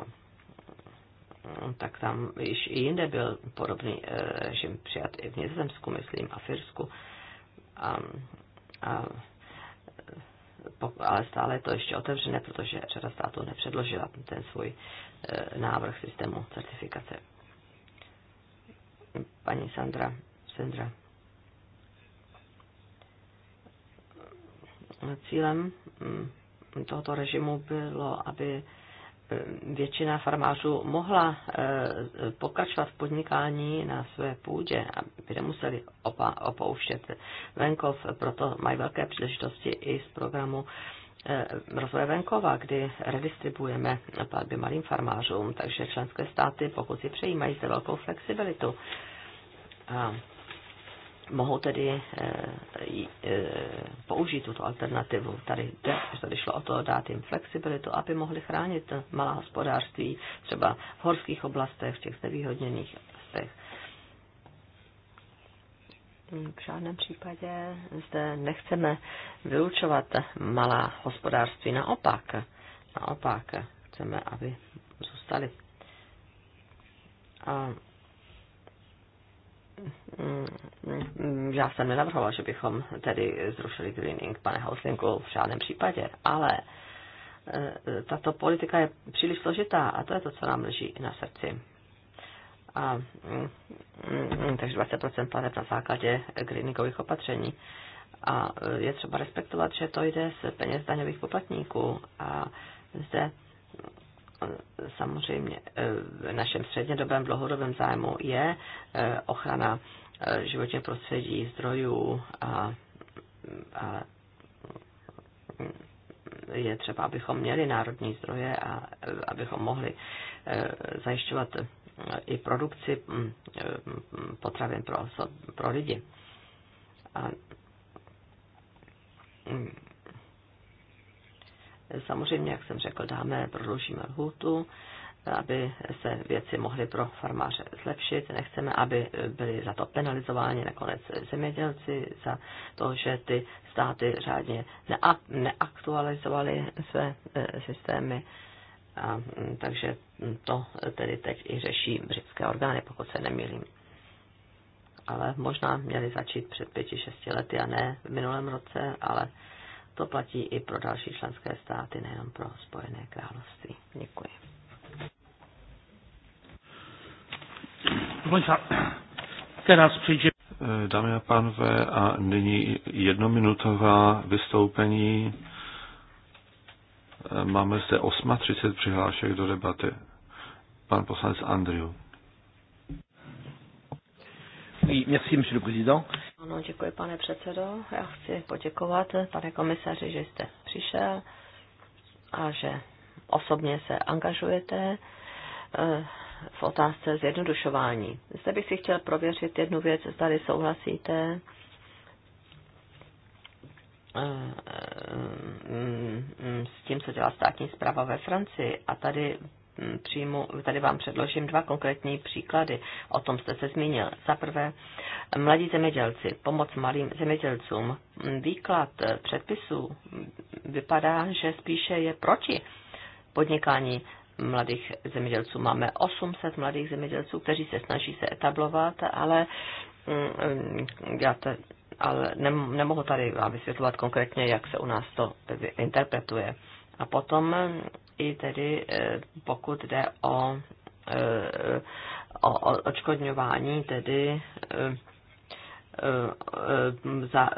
[SPEAKER 3] tak tam již i jinde byl podobný režim přijat i v Nizozemsku, myslím, a Firsku. A, a ale stále je to ještě otevřené, protože řada států nepředložila ten svůj eh, návrh systému certifikace. Paní Sandra, Sandra. Cílem mm, tohoto režimu bylo, aby Eh, většina farmářů mohla eh, pokračovat v podnikání na své půdě, by nemuseli opouštět venkov, proto mají velké příležitosti i z programu eh, rozvoje venkova, kdy redistribujeme platby malým farmářům, takže členské státy, pokud si přejímají, mají zde velkou flexibilitu. A mohou tedy eh, eh, použít tuto alternativu. Tady, tady šlo o to dát jim flexibilitu, aby mohli chránit malá hospodářství třeba v horských oblastech, v těch nevýhodněných oblastech. V žádném případě zde nechceme vylučovat malá hospodářství. Naopak, naopak chceme, aby zůstali. A Mm, já jsem nenavrhoval, že bychom tedy zrušili greening, pane Hauslinku, v žádném případě, ale eh, tato politika je příliš složitá a to je to, co nám leží na srdci. A, mm, mm, takže 20% planet na základě greeningových opatření. A eh, je třeba respektovat, že to jde z peněz daňových poplatníků. A zde samozřejmě eh, v našem střednědobém dlouhodobém zájmu je eh, ochrana eh, životního prostředí, zdrojů a, a je třeba, abychom měli národní zdroje a abychom mohli zajišťovat i produkci mm, potravin pro, pro lidi. A mm, samozřejmě, jak jsem řekl, dáme, prodloužíme lhůtu, aby se věci mohly pro farmáře zlepšit. Nechceme, aby byli za to penalizováni nakonec zemědělci, za to, že ty státy řádně neaktualizovaly své e, systémy. A, takže to tedy teď i řeší britské orgány, pokud se nemýlím. Ale možná měli začít před pěti, šesti lety a ne v minulém roce, ale to platí i pro další členské státy, nejenom pro Spojené království. Děkuji.
[SPEAKER 2] Dámy a pánové, a nyní jednominutová vystoupení. Máme zde 8.30 přihlášek do debaty. Pan poslanec Andriu.
[SPEAKER 1] Oui, merci, monsieur le président. Ano,
[SPEAKER 3] děkuji, pane předsedo. Já chci poděkovat, pane komisaři, že jste přišel a že osobně se angažujete eh, v otázce zjednodušování. Zde bych si chtěl prověřit jednu věc, zda souhlasíte eh, mm, mm, mm, s tím, co dělá státní zpráva ve Francii. A tady Mm, přímo tady vám předložím dva konkrétní příklady, o tom jste se zmínil. Za prvé, mladí zemědělci, pomoc malým zemědělcům. Mm, výklad eh, předpisů vypadá, že spíše je proti podnikání mladých zemědělců. Máme 800 mladých zemědělců, kteří se snaží se etablovat, ale mm, já te, ale nemohu tady vám vysvětlovat konkrétně, jak se u nás to interpretuje. A potom i tedy eh, pokud jde o, eh, o očkodňování tedy eh, za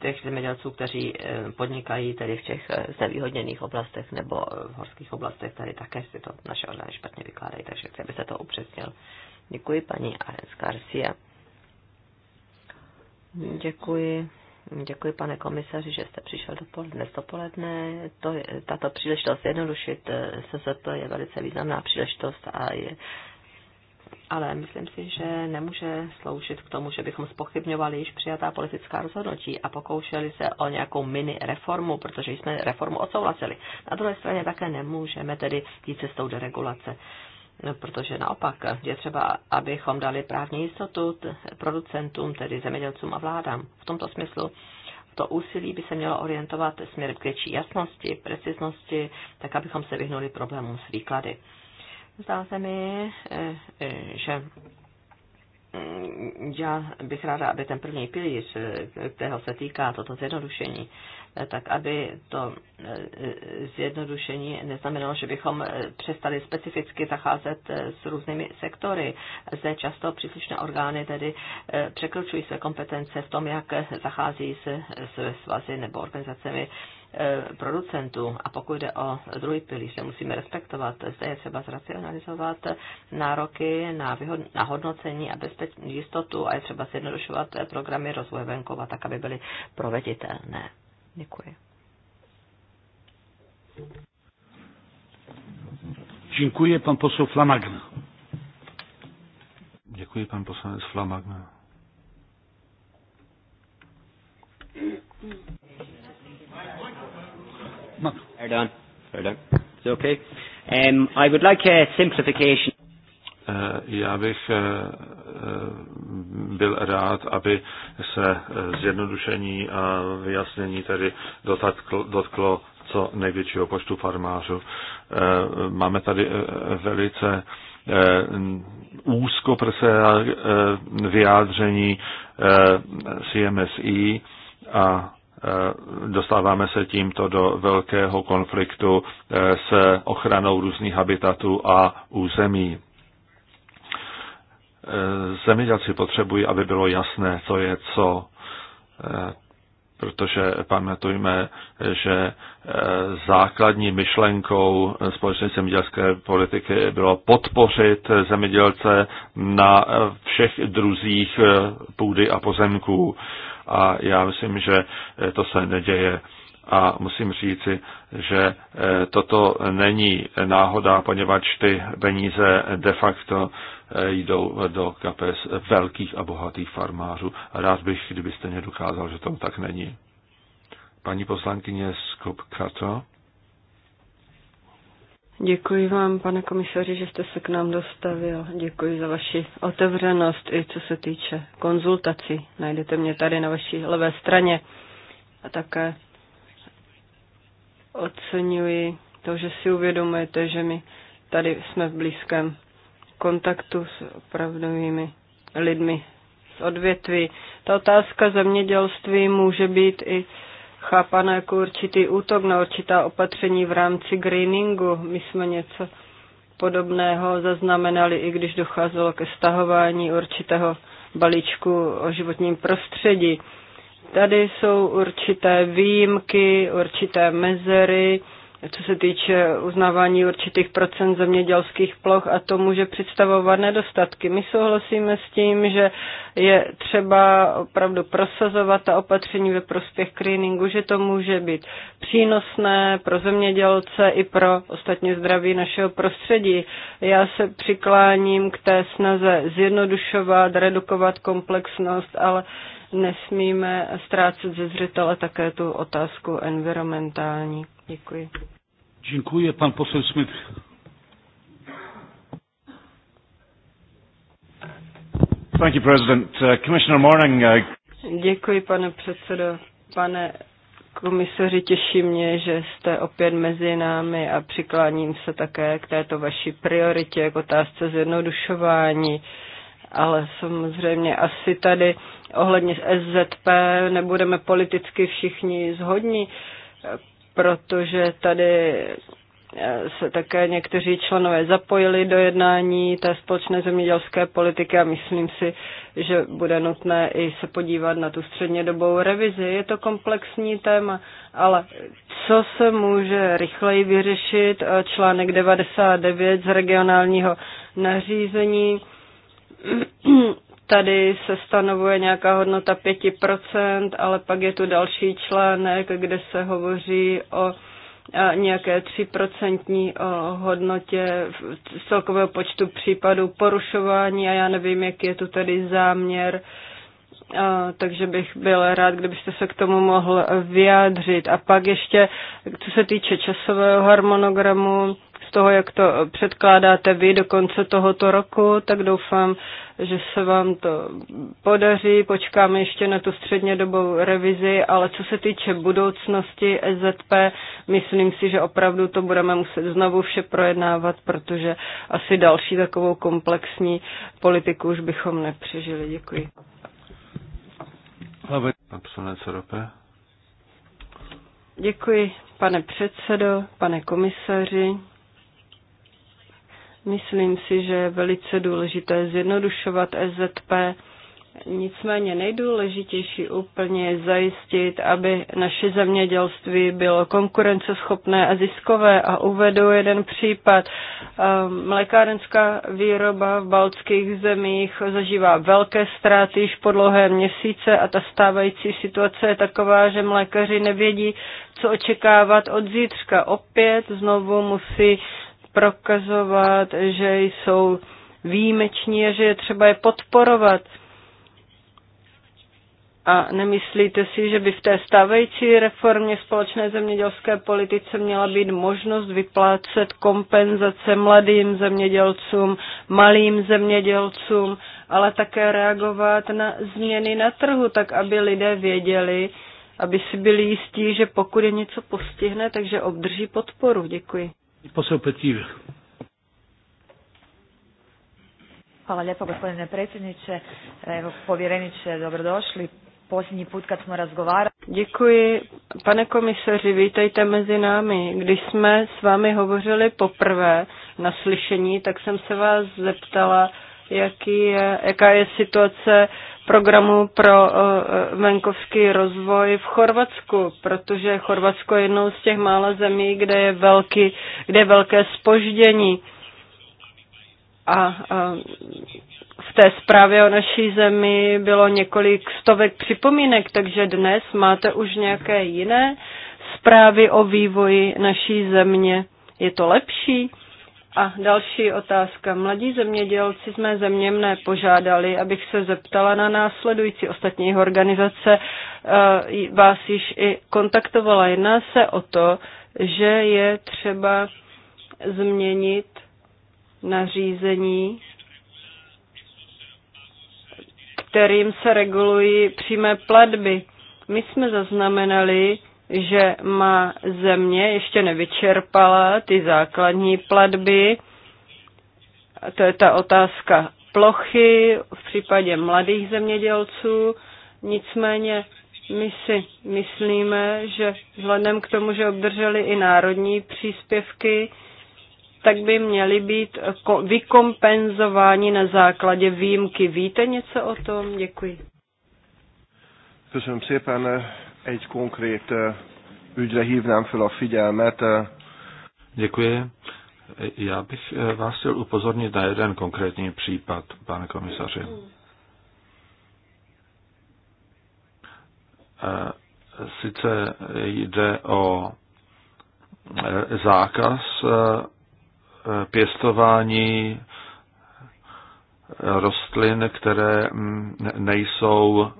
[SPEAKER 3] těch zemědělců, kteří podnikají tedy v těch znevýhodněných oblastech nebo v horských oblastech, tady také si to naše orgány špatně vykládají, takže chci, aby se to upřesnil. Děkuji paní Arens Garcia. Děkuji. Děkuji, pane komisaři, že jste přišel do dnes dopoledne. To je, tato příležitost jednodušit to eh, je velice významná příležitost a je ale myslím si, že nemůže sloužit k tomu, že bychom spochybňovali již přijatá politická rozhodnutí a pokoušeli se o nějakou mini reformu, protože jsme reformu odsouhlasili. Na druhé straně také nemůžeme tedy jít cestou do regulace protože naopak je třeba, abychom dali právní jistotu producentům, tedy zemědělcům a vládám. V tomto smyslu to úsilí by se mělo orientovat směrem k větší jasnosti, preciznosti, tak abychom se vyhnuli problémům s výklady. Zdá se mi, eh, eh, že mm, já bych ráda, aby ten první pilíř, eh, kterého se týká toto zjednodušení, tak aby to e, e, zjednodušení neznamenalo, že bychom e, přestali specificky zacházet s různými sektory. Zde často příslušné orgány tedy překročují své kompetence v tom, jak zachází se, s svazy nebo organizacemi producentů. A pokud jde o druhý pilíř, se musíme respektovat. Zde je třeba zracionalizovat nároky na, vyhod- na hodnocení a bezpečnost jistotu a je třeba zjednodušovat programy rozvoje venkova tak, aby byly proveditelné. Děkuji.
[SPEAKER 2] Děkuji pan poseł Flamagna. Děkuji pan poslanec Flamagna. Fair done. Fair done. It's okay. Um, I would
[SPEAKER 1] like a simplification.
[SPEAKER 2] Eh, já bych eh, eh, byl rád, aby se zjednodušení a vyjasnění tedy dotklo, dotklo co největšího počtu farmářů. Máme tady velice úzko vyjádření CMSI a dostáváme se tímto do velkého konfliktu s ochranou různých habitatů a území. Eh, zemědělci potřebují, aby bylo jasné, co je co, eh, protože pamatujme, že eh, základní myšlenkou společné zemědělské politiky bylo podpořit zemědělce na všech druzích půdy a pozemků. A já myslím, že to se neděje a musím říci, že eh, toto není náhoda, poněvadž ty peníze de facto eh, jdou do kapes velkých a bohatých farmářů. Rád bych, kdybyste mě dokázal, že to tak není. Paní poslankyně Skopkato.
[SPEAKER 4] Děkuji vám, pane komisaři, že jste se k nám dostavil. Děkuji za vaši otevřenost i co se týče konzultací. Najdete mě tady na vaší levé straně a také oceňuji to, že si uvědomujete, že my tady jsme v blízkém kontaktu s opravdovými lidmi z odvětví. Ta otázka zemědělství může být i chápaná jako určitý útok na určitá opatření v rámci greeningu. My jsme něco podobného zaznamenali, i když docházelo ke stahování určitého balíčku o životním prostředí. Tady jsou určité výjimky, určité mezery, co se týče uznávání určitých procent zemědělských ploch a to může představovat nedostatky. My souhlasíme s tím, že je třeba opravdu prosazovat ta opatření ve prospěch screeningu, že to může být přínosné pro zemědělce i pro ostatně zdraví našeho prostředí. Já se přikláním k té snaze zjednodušovat, redukovat komplexnost, ale nesmíme ztrácet ze zřetele také tu otázku environmentální. Děkuji.
[SPEAKER 1] Děkuji, pan posel Smith. Thank you, President. Uh, Commissioner Morning.
[SPEAKER 4] Uh... Děkuji, pane předsedo. Pane komisaři, těší mě, že jste opět mezi námi a přikláním se také k této vaší prioritě, k otázce zjednodušování. Ale samozřejmě asi tady ohledně SZP nebudeme politicky všichni zhodní, protože tady eh, se také někteří členové zapojili do jednání té společné zemědělské politiky a myslím si, že bude nutné i se podívat na tu střednědobou revizi. Je to komplexní téma, ale co se může rychleji vyřešit? Eh, článek 99 z regionálního nařízení (clears throat) eh, Tady se stanovuje nějaká hodnota 5%, ale pak je tu další článek, kde se hovoří o nějaké 3% hodnotě z celkového počtu případů porušování a já nevím, jaký je tu tady záměr takže bych byl rád, kdybyste se k tomu mohl vyjádřit. A pak ještě, co se týče časového harmonogramu, toho, jak to předkládáte vy do konce tohoto roku, tak doufám, že se vám to podaří. Počkáme ještě na tu střednědobou revizi, ale co se týče budoucnosti SZP, myslím si, že opravdu to budeme muset znovu vše projednávat, protože asi další takovou komplexní politiku už bychom nepřežili. Děkuji. Děkuji, pane předsedo, pane komisaři. Myslím si, že je velice důležité zjednodušovat EZP. Nicméně nejdůležitější úplně je zajistit, aby naše zemědělství bylo konkurenceschopné a ziskové. A uvedu jeden případ. Ehm, mlékárenská výroba v baltských zemích zažívá velké ztráty již po dlouhé měsíce a ta stávající situace je taková, že mlékaři nevědí, co očekávat od zítřka. Opět znovu musí prokazovat, že jsou výjimeční a že je třeba je podporovat. A nemyslíte si, že by v té stávající reformě společné zemědělské politice měla být možnost vyplácet kompenzace mladým zemědělcům, malým zemědělcům, ale také reagovat na změny na trhu, tak aby lidé věděli, aby si byli jistí, že pokud je něco postihne, takže obdrží podporu. Děkuji.
[SPEAKER 1] Posao Petir.
[SPEAKER 3] Hvala lijepo gospodine predsjedniče. Evo, povjereniče, dobrodošli. Posljednji
[SPEAKER 4] put kad smo razgovarali... Děkuji. Pane komisaři, vítejte mezi námi. Když jsme s vámi hovořili poprvé na slyšení, tak jsem se vás zeptala, jaký je, jaká je situace programu pro eh, venkovský rozvoj v Chorvatsku, protože Chorvatsko je jednou z těch mála zemí, kde je, velký, kde je velké spoždění. A, v té zprávě o naší zemi bylo několik stovek připomínek, takže dnes máte už nějaké jiné zprávy o vývoji naší země. Je to lepší? A další otázka. Mladí zemědělci z mé země mne požádali, abych se zeptala na následující ostatní organizace. Eh, vás již i kontaktovala. Jedná se o to, že je třeba změnit nařízení, kterým se regulují přímé platby. My jsme zaznamenali, že má země ještě nevyčerpala ty základní platby. To je ta otázka plochy v případě mladých zemědělců. Nicméně my si myslíme, že vzhledem k tomu, že obdrželi i národní příspěvky, tak by měli být vykompenzováni na základě výjimky. Víte něco o tom? Děkuji.
[SPEAKER 1] Děkuji, pane egy konkrét
[SPEAKER 2] ügyre hívnám fel a figyelmet. Děkuji. Já bych vás chtěl upozornit na jeden konkrétní případ, pane komisaři. Sice jde o e, zákaz e, e, pěstování rostlin, které nejsou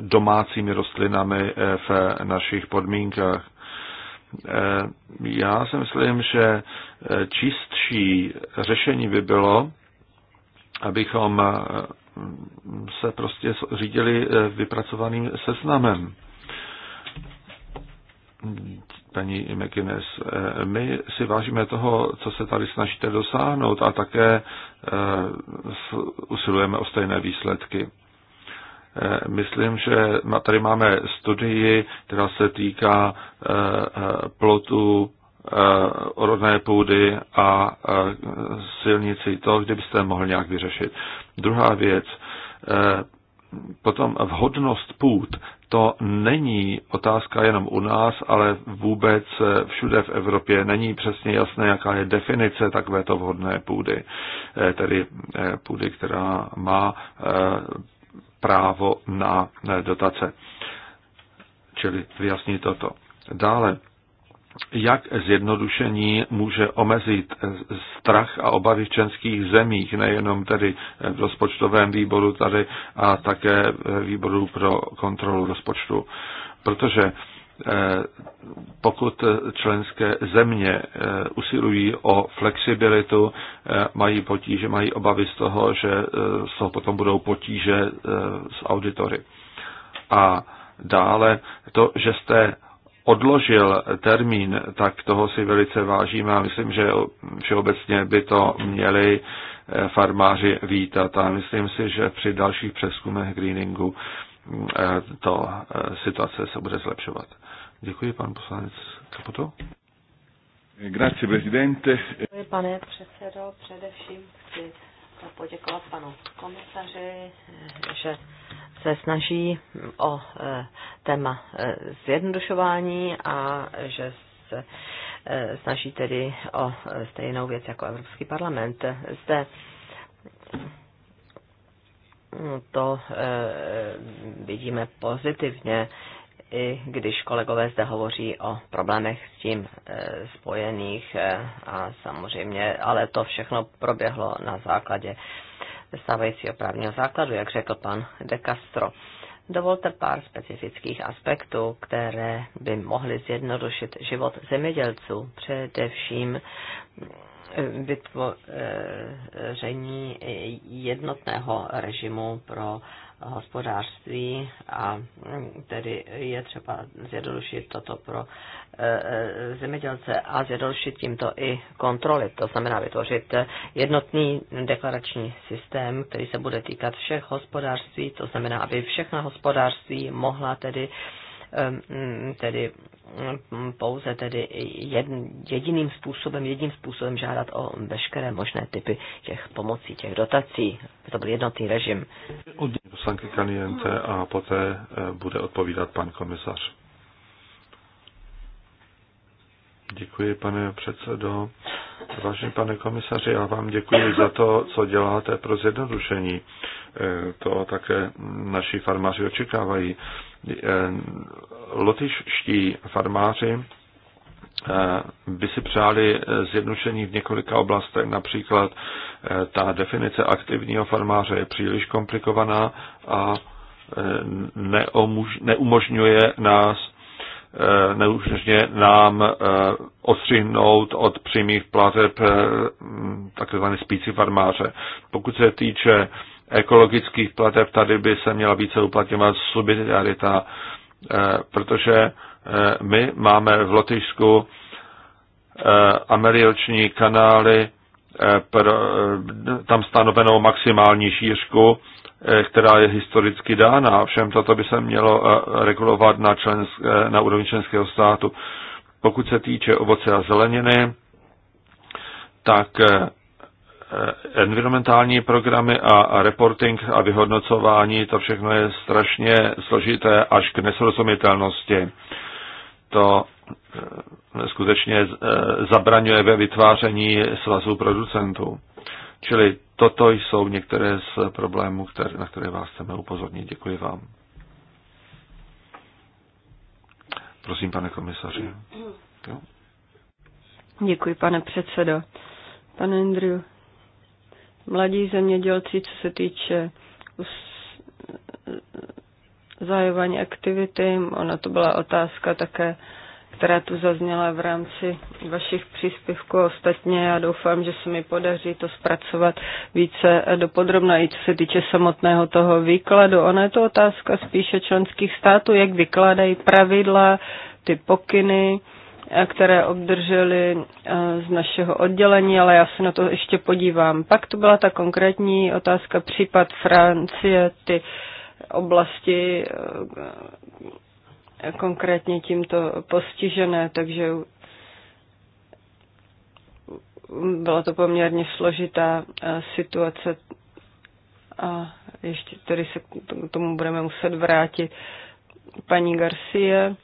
[SPEAKER 2] domácími rostlinami eh, v eh, našich podmínkách. Eh, já si myslím, že čistší řešení by bylo, abychom se prostě řídili vypracovaným seznamem. Paní McInnes, my si vážíme toho, co se tady snažíte dosáhnout a také usilujeme o stejné výsledky. Eh, myslím, že tady máme studii, která se týká eh, eh, plotu rodné půdy a silnici. To, kde byste mohl nějak vyřešit. Druhá věc, potom vhodnost půd, to není otázka jenom u nás, ale vůbec všude v Evropě není přesně jasné, jaká je definice takovéto vhodné půdy, tedy půdy, která má právo na dotace. Čili vyjasní toto. Dále, jak zjednodušení může omezit strach a obavy v členských zemích, nejenom tedy v rozpočtovém výboru tady a také výboru pro kontrolu rozpočtu. Protože Eh, pokud členské země eh, usilují o flexibilitu, eh, mají potíže, mají obavy z toho, že z toho potom budou potíže s auditory. A dále to, že jste odložil termín, tak toho si velice vážím a myslím, že všeobecně by to měli farmáři vítat. A myslím si, že při dalších přeskumech greeningu Eh, to eh, situace se bude zlepšovat. Děkuji, pan poslanec Kaputo. Grazie, prezidente. Děkuji,
[SPEAKER 3] pane předsedo. Především chci poděkovat panu komisaři, eh, že se snaží o téma zjednodušování a že se snaží tedy o stejnou věc jako Evropský parlament. Zde to eh, vidíme pozitivně, i když kolegové zde hovoří o problémech s tím eh, spojených eh, a samozřejmě, ale to všechno proběhlo na základě stávajícího právního základu, jak řekl pan De Castro. Dovolte pár specifických aspektů, které by mohly zjednodušit život zemědělců, především eh, vytvoření eh, jednotného režimu pro hospodářství a mm, tedy je třeba zjednodušit toto pro e, e, zemědělce a zjednodušit tímto i kontroly. To znamená vytvořit jednotný deklarační systém, který se bude týkat všech hospodářství, to znamená, aby všechna hospodářství mohla tedy uh, Ehm, mm, tedy mm, pouze tedy jediným způsobem, jedním způsobem žádat o veškeré možné typy těch pomocí, těch dotací. To byl jednotný režim. Od
[SPEAKER 2] poslanky Kaniente a poté eh, bude odpovídat pan komisař. Děkuji, pane předsedo. Vážený pane komisaři, já vám děkuji za to, co děláte pro zjednodušení. Eh, to také naši farmáři očekávají. Eh, Lotyšští farmáři eh, by si přáli zjednodušení v několika oblastech. Například ta definice aktivního farmáře je příliš komplikovaná a neumožňuje nás Eh, neúžně nám eh, ostřihnout od přímých plateb eh, takzvané spící farmáře. Pokud se týče ekologických plateb, tady by se měla více uplatňovat subsidiarita, protože my máme v Lotyšsku amelioční kanály, tam stanovenou maximální šířku Eh, která je historicky dána. Všem toto by se mělo eh, regulovat na, členské, eh, na úrovni členského státu. Pokud se týče ovoce a zeleniny, tak environmentální programy a reporting a vyhodnocování, to všechno je strašně složité až k nesrozumitelnosti. To skutečně zabraňuje ve vytváření svazů producentů. Čili toto jsou některé z problémů, na které vás chceme upozornit. Děkuji vám. Prosím, pane komisaři.
[SPEAKER 4] Děkuji, pane předsedo. Pane Andrew, mladí zemědělci, co se týče zahajování aktivity, ona to byla otázka také která tu zazněla v rámci vašich příspěvků. Ostatně já doufám, že se mi podaří to zpracovat více dopodrobna, i co se týče samotného toho výkladu. Ona je to otázka spíše členských států, jak vykládají pravidla, ty pokyny, eh, které obdrželi eh, z našeho oddělení, ale já se na to ještě podívám. Pak to byla ta konkrétní otázka, případ Francie, ty oblasti, eh, konkrétně tímto postižené, takže byla to poměrně složitá eh, situace a ještě tedy se k tomu budeme muset vrátit. Paní Garcia,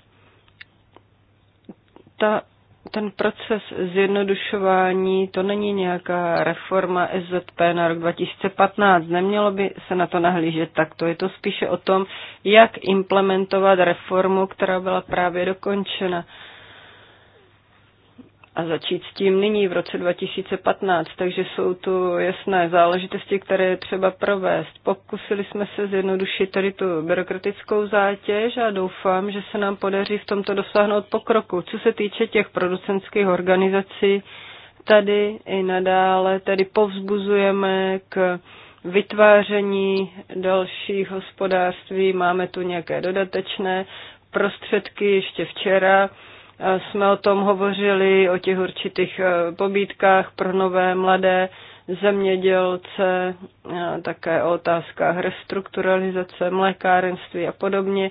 [SPEAKER 4] ta ten proces zjednodušování, to není nějaká reforma SZP na rok 2015. Nemělo by se na to nahlížet takto. Je to spíše o tom, jak implementovat reformu, která byla právě dokončena a začít s tím nyní v roce 2015. Takže jsou tu jasné záležitosti, které je třeba provést. Pokusili jsme se zjednodušit tady tu byrokratickou zátěž a doufám, že se nám podaří v tomto dosáhnout pokroku. Co se týče těch producentských organizací, tady i nadále tady povzbuzujeme k vytváření dalších hospodářství. Máme tu nějaké dodatečné prostředky ještě včera jsme o tom hovořili, o těch určitých eh, pobídkách pro nové mladé zemědělce, eh, také o otázkách restrukturalizace mlékárenství a podobně.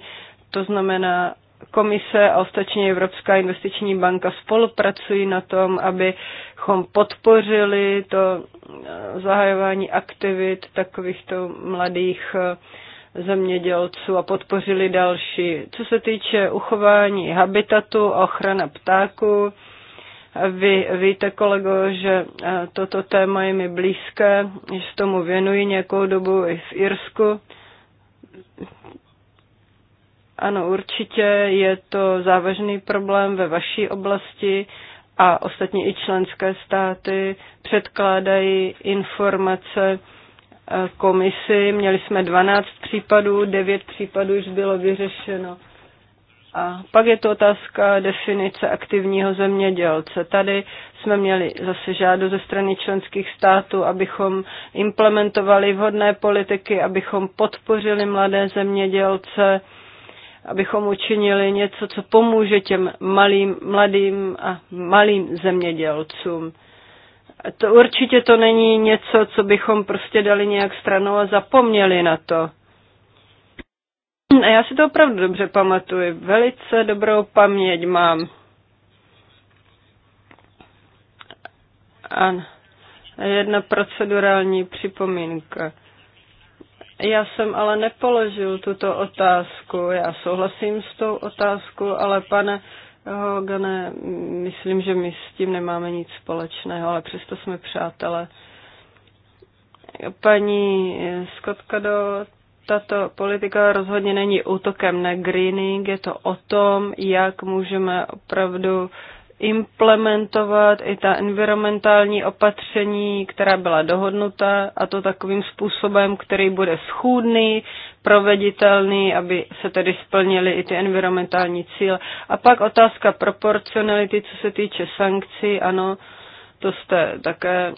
[SPEAKER 4] To znamená, komise a ostatně Evropská investiční banka spolupracují na tom, abychom podpořili to eh, zahajování aktivit takovýchto mladých zemědělců a podpořili další. Co se týče uchování habitatu a ochrana ptáků, vy víte, kolego, že eh, toto téma je mi blízké, že se tomu věnuji nějakou dobu i v Irsku. Ano, určitě je to závažný problém ve vaší oblasti a ostatně i členské státy předkládají informace komisi. Měli jsme 12 případů, 9 případů už bylo vyřešeno. A pak je to otázka definice aktivního zemědělce. Tady jsme měli zase žádost ze strany členských států, abychom implementovali vhodné politiky, abychom podpořili mladé zemědělce, abychom učinili něco, co pomůže těm malým, mladým a malým zemědělcům. To určitě to není něco, co bychom prostě dali nějak stranou a zapomněli na to. A já si to opravdu dobře pamatuju. Velice dobrou paměť mám. Ano. Jedna procedurální připomínka. Já jsem ale nepoložil tuto otázku. Já souhlasím s tou otázkou, ale pane Eh, Gane, myslím, že my s tím nemáme nic společného, ale přesto jsme přátelé. Paní do tato politika rozhodně není útokem na greening, je to o tom, jak můžeme opravdu implementovat i ta environmentální opatření, která byla dohodnuta, a to takovým způsobem, který bude schůdný, proveditelný, aby se tedy splnily i ty environmentální cíle. A pak otázka proporcionality, co se týče sankcí, ano, to jste také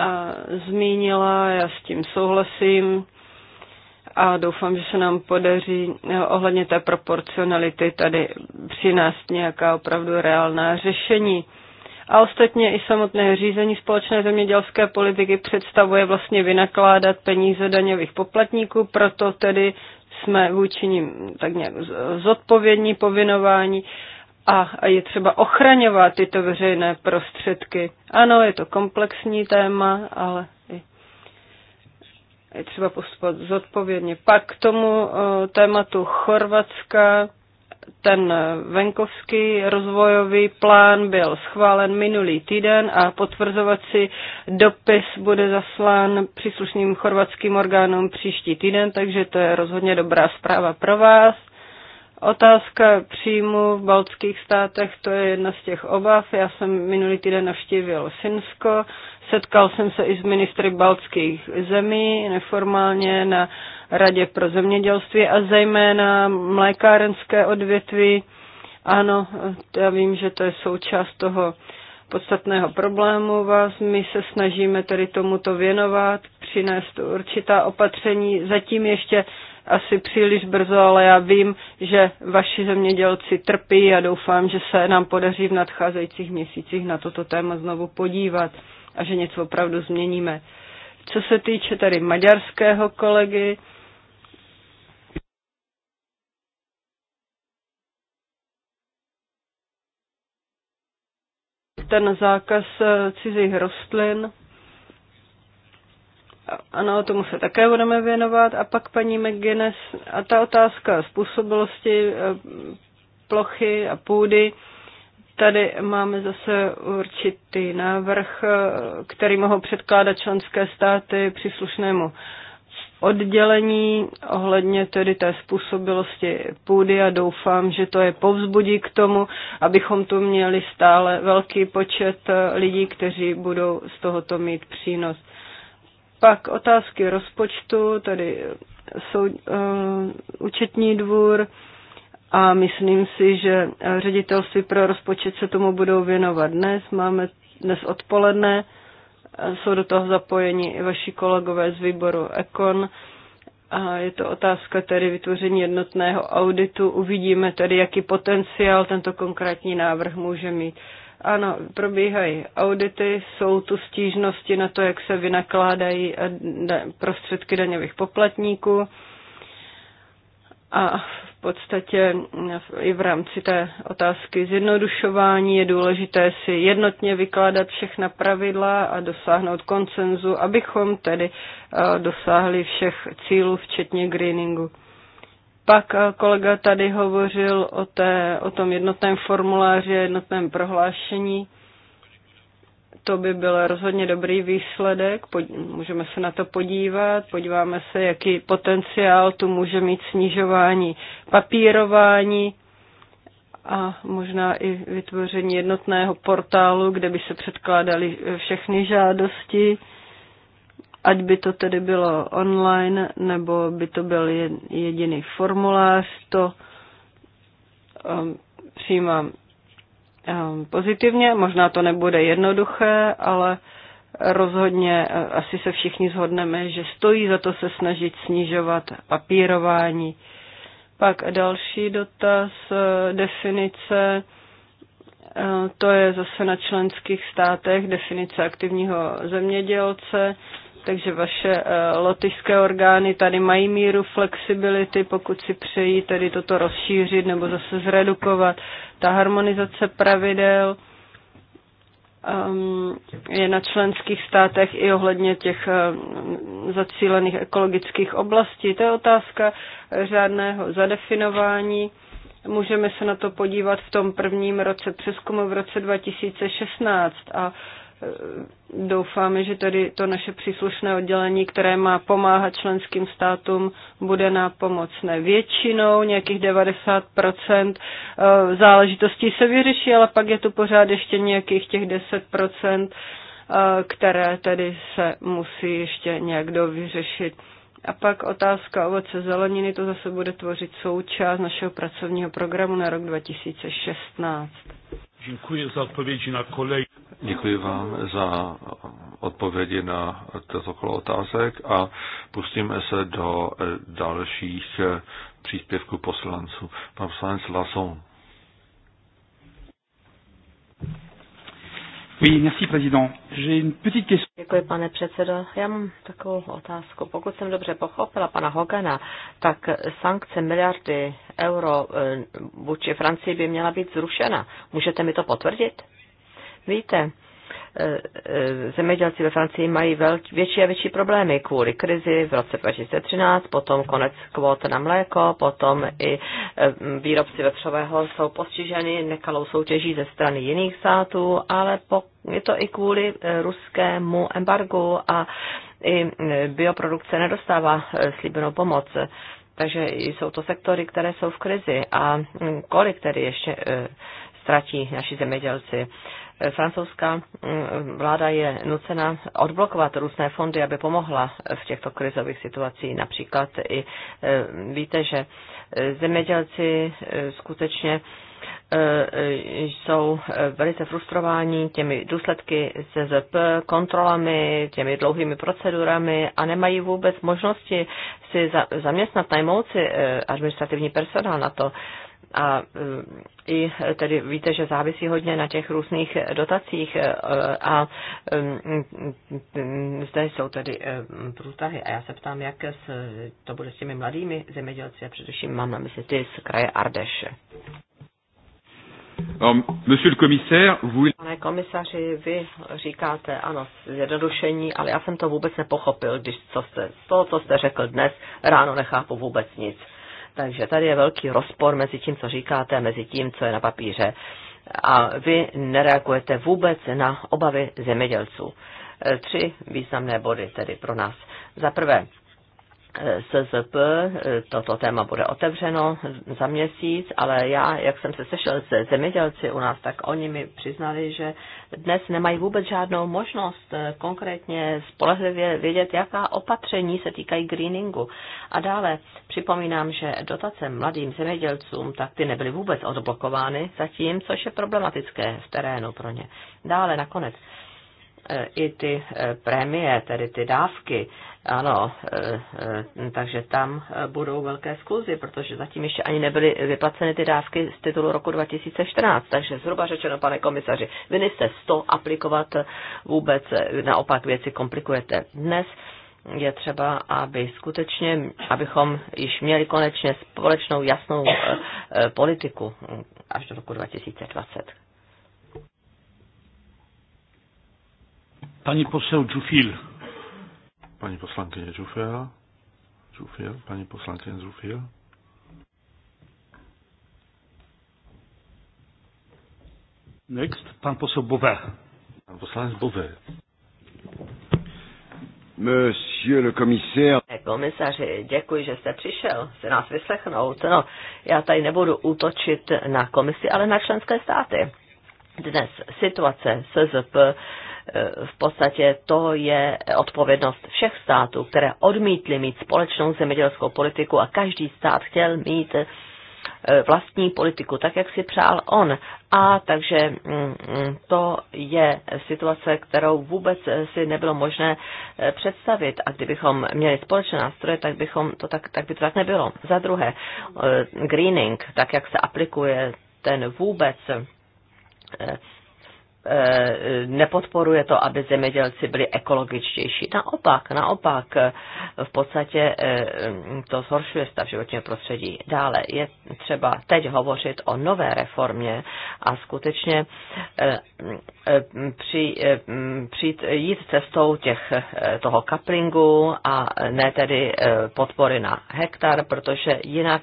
[SPEAKER 4] a, zmínila, já s tím souhlasím a doufám, že se nám podaří eh, ohledně té proporcionality tady přinést nějaká opravdu reálná řešení. A ostatně i samotné řízení společné zemědělské politiky představuje vlastně vynakládat peníze daňových poplatníků, proto tedy jsme vůči ním tak nějak zodpovědní, povinování a je třeba ochraňovat tyto veřejné prostředky. Ano, je to komplexní téma, ale je třeba postupovat zodpovědně. Pak k tomu eh, tématu Chorvatska ten venkovský rozvojový plán byl schválen minulý týden a potvrzovací dopis bude zaslán příslušným chorvatským orgánům příští týden, takže to je rozhodně dobrá zpráva pro vás. Otázka příjmu v baltských státech, to je jedna z těch obav. Já jsem minulý týden navštívil Finsko, Setkal jsem se i s ministry baltských zemí neformálně na Radě pro zemědělství a zejména mlékárenské odvětví. Ano, já vím, že to je součást toho podstatného problému vás. My se snažíme tedy tomuto věnovat, přinést určitá opatření. Zatím ještě asi příliš brzo, ale já vím, že vaši zemědělci trpí a doufám, že se nám podaří v nadcházejících měsících na toto téma znovu podívat a že něco opravdu změníme. Co se týče tady maďarského kolegy, ten zákaz eh, cizích rostlin. Ano, tomu se také budeme věnovat. A pak paní McGuinness a ta otázka způsobilosti eh, plochy a půdy. Tady máme zase určitý návrh, který mohou předkládat členské státy příslušnému oddělení ohledně tedy té způsobilosti půdy a doufám, že to je povzbudí k tomu, abychom tu měli stále velký počet lidí, kteří budou z tohoto mít přínos. Pak otázky rozpočtu, tedy jsou uh, eh, účetní dvůr, uh, a myslím si, že eh, ředitelství pro rozpočet se tomu budou věnovat dnes. Máme dnes odpoledne, eh, jsou do toho zapojeni i vaši kolegové z výboru Ekon. A je to otázka tedy vytvoření jednotného auditu. Uvidíme tedy, jaký potenciál tento konkrétní návrh může mít. Ano, probíhají audity, jsou tu stížnosti na to, jak se vynakládají eh, prostředky daňových poplatníků. A v podstatě i v rámci té otázky zjednodušování je důležité si jednotně vykládat všechna pravidla a dosáhnout koncenzu, abychom tedy eh, dosáhli všech cílů, včetně greeningu. Pak eh, kolega tady hovořil o, té, o tom jednotném formuláři, jednotném prohlášení to by byl rozhodně dobrý výsledek. Můžeme se na to podívat, podíváme se, jaký potenciál tu může mít snižování papírování a možná i vytvoření jednotného portálu, kde by se předkládaly všechny žádosti, ať by to tedy bylo online, nebo by to byl jediný formulář, to um, přijímám Ehm, pozitivně. Možná to nebude jednoduché, ale rozhodně e, asi se všichni zhodneme, že stojí za to se snažit snižovat papírování. Pak další dotaz, e, definice, e, to je zase na členských státech, definice aktivního zemědělce. Takže vaše eh, lotyšské orgány tady mají míru flexibility, pokud si přejí tedy toto rozšířit nebo zase zredukovat. Ta harmonizace pravidel ehm, je na členských státech i ohledně těch eh, zacílených ekologických oblastí. To je otázka řádného zadefinování. Můžeme se na to podívat v tom prvním roce přeskumu v roce 2016 a doufáme, že tady to naše příslušné oddělení, které má pomáhat členským státům, bude na pomocné Většinou nějakých 90% eh, záležitostí se vyřeší, ale pak je tu pořád ještě nějakých těch 10%, eh, které tedy se musí ještě nějak dovyřešit. vyřešit. A pak otázka ovoce zeleniny, to zase bude tvořit součást našeho pracovního programu na rok 2016.
[SPEAKER 2] Děkuji za odpovědi na kolej. Děkuji vám za odpovědi na tato kolo otázek a pustíme se do dalších příspěvků poslanců. Pan poslanec Lason.
[SPEAKER 1] Oui, merci, président. J'ai une
[SPEAKER 2] petite question.
[SPEAKER 3] Děkuji, pane předsedo. Já mám takovou otázku. Pokud jsem dobře pochopila pana Hogana, tak sankce miliardy euro eh, vůči Francii by měla být zrušena. Můžete mi to potvrdit? Víte, Eh, zemědělci ve Francii mají velký, větší a větší problémy kvůli krizi v roce 2013, potom konec kvót na mléko, potom i eh, výrobci vepřového jsou postiženi nekalou soutěží ze strany jiných států, ale po, je to i kvůli eh, ruskému embargu a i bioprodukce nedostává slíbenou pomoc. Takže jsou to sektory, které jsou v krizi a hm, kolik tedy ještě ztratí naši zemědělci francouzská mm, vláda je nucena odblokovat různé fondy, aby pomohla v těchto krizových situacích. Například i eh, víte, že eh, zemědělci eh, skutečně jsou velice frustrováni těmi důsledky CZP, kontrolami, těmi dlouhými procedurami a nemají vůbec možnosti si zaměstnat, najmout si administrativní personál na to a eh, i tedy víte, že závisí hodně na těch různých dotacích eh, a mm, zde jsou tedy eh, průtahy. A já se ptám, jak to bude s těmi mladými zemědělci a především mám na mysli ty z kraje Ardeše. Monsieur le commissaire, Pane komisaři, vy říkáte, ano, zjednodušení, ale já jsem to vůbec nepochopil, když co jste, z toho, co jste řekl dnes, ráno nechápu vůbec nic takže tady je velký rozpor mezi tím, co říkáte, a mezi tím, co je na papíře. A vy nereagujete vůbec na obavy zemědělců. E, tři významné body tedy pro nás. Za prvé, SZP, toto téma bude otevřeno za měsíc, ale já, jak jsem se sešel se zemědělci u nás, tak oni mi přiznali, že dnes nemají vůbec žádnou možnost eh, konkrétně spolehlivě vědět, jaká opatření se týkají greeningu. A dále připomínám, že dotace mladým zemědělcům, tak ty nebyly vůbec odblokovány zatím, což je problematické v terénu pro ně. Dále nakonec E, i ty e, prémie, tedy ty dávky, ano, e, takže tam budou velké skluzy, protože zatím ještě ani nebyly vyplaceny ty dávky z titulu roku 2014. Takže zhruba řečeno, pane komisaři, vy nejste 100 aplikovat vůbec, naopak věci komplikujete. Dnes je třeba, aby skutečně, abychom již měli konečně společnou jasnou politiku až do roku 2020.
[SPEAKER 2] Pani poseł Dżufil. Pani poslankyně Dżufil. Dżufil. Pani poslankyně Dżufil. Next, pan poseł Bové. Pan poslanec Bové.
[SPEAKER 3] Monsieur
[SPEAKER 1] le commissaire.
[SPEAKER 3] Komisaři, děkuji, že jste přišel se nás vyslechnout. No, já tady nebudu útočit na komisi, ale na členské státy dnes situace SZP eh, v podstatě to je odpovědnost všech států, které odmítly mít společnou zemědělskou politiku a každý stát chtěl mít eh, vlastní politiku, tak jak si přál on. A takže mm, mm, to je situace, kterou vůbec eh, si nebylo možné představit. A kdybychom měli společné nástroje, tak, bychom to tak, tak by to tak nebylo. Za druhé, greening, tak jak se aplikuje ten vůbec nepodporuje to, aby zemědělci byli ekologičtější. Naopak, naopak, v podstatě eh, to zhoršuje stav životního prostředí. Dále je třeba teď hovořit o nové reformě a skutečně eh, eh, při, přijít, jít cestou těch, toho kaplingu a ne tedy podpory na hektar, protože jinak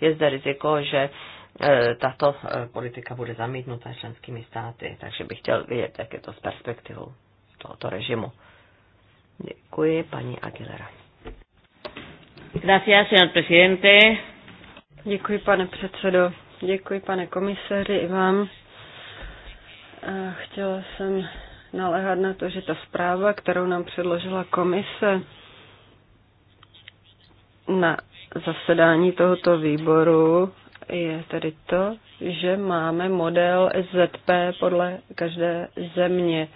[SPEAKER 3] je zde riziko, že E, tato e, politika bude zamítnuta členskými státy, takže bych chtěl vědět, jak je to s perspektivou tohoto režimu. Děkuji, paní Aguilera.
[SPEAKER 4] Gracias, señor presidente. Děkuji, pane předsedo. Děkuji, pane komisaři, i vám. Chtěla jsem naléhat na to, že ta zpráva, kterou nám předložila komise na zasedání tohoto výboru je tedy to, že máme model SZP podle každé země.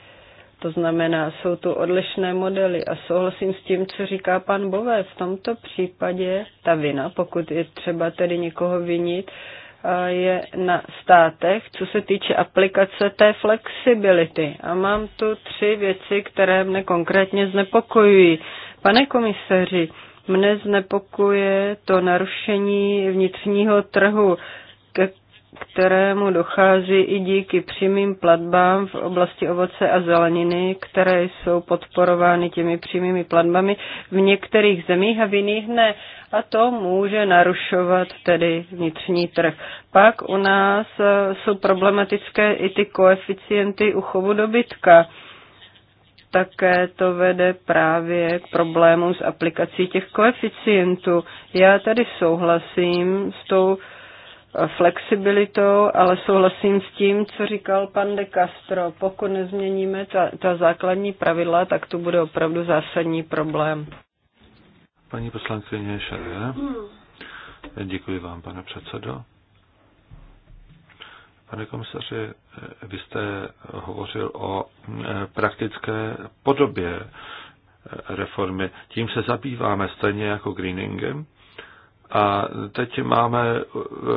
[SPEAKER 4] To znamená, jsou tu odlišné modely a souhlasím s tím, co říká pan Bové. V tomto případě ta vina, pokud je třeba tedy někoho vinit, je na státech, co se týče aplikace té flexibility. A mám tu tři věci, které mne konkrétně znepokojují. Pane komisaři, Mne znepokuje to narušení vnitřního trhu, ke kterému dochází i díky přímým platbám v oblasti ovoce a zeleniny, které jsou podporovány těmi přímými platbami v některých zemích a v jiných ne. A to může narušovat tedy vnitřní trh. Pak u nás eh, jsou problematické i ty koeficienty u chovu dobytka také to vede právě k problémům s aplikací těch koeficientů. Já tady souhlasím s tou eh, flexibilitou, ale souhlasím s tím, co říkal pan de Castro. Pokud nezměníme ta, ta základní pravidla, tak to bude opravdu zásadní problém.
[SPEAKER 2] Paní poslankyně Šarvě, hmm. děkuji vám, pane předsedo. Pane komisaři, vy jste hovořil o eh, praktické podobě eh, reformy. Tím se zabýváme stejně jako greeningem. A teď máme eh,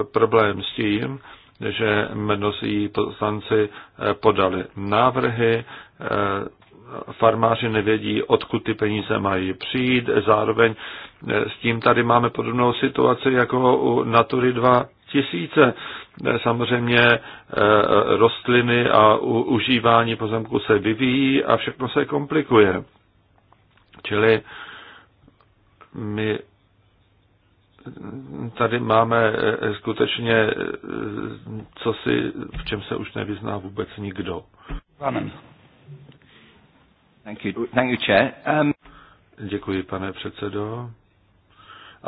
[SPEAKER 2] problém s tím, že mnozí poslanci podali návrhy, farmáři nevědí, odkud ty peníze mají přijít. Zároveň s tím tady máme podobnou situaci jako u Natury 2 tisíce. Eh, samozřejmě eh, rostliny a užívání pozemku se vyvíjí a všechno se komplikuje. Čili my tady máme eh, skutečně co si, v čem se už nevyzná vůbec nikdo. Amen. Thank you. Thank you, chair. Um... Děkuji, pane předsedo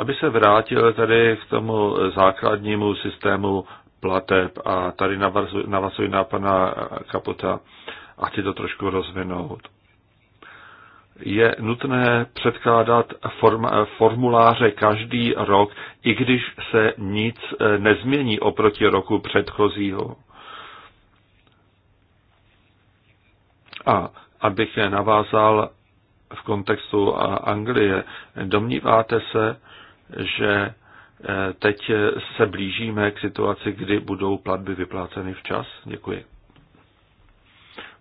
[SPEAKER 2] aby se vrátil tady k tomu základnímu systému plateb a tady navazuji na pana Kapota a chci to trošku rozvinout. Je nutné předkládat form, formuláře každý rok, i když se nic eh, nezmění oproti roku předchozího. A abych navázal v kontextu Anglie, domníváte se, že eh, teď se blížíme k situaci, kdy budou platby vypláceny včas? Děkuji.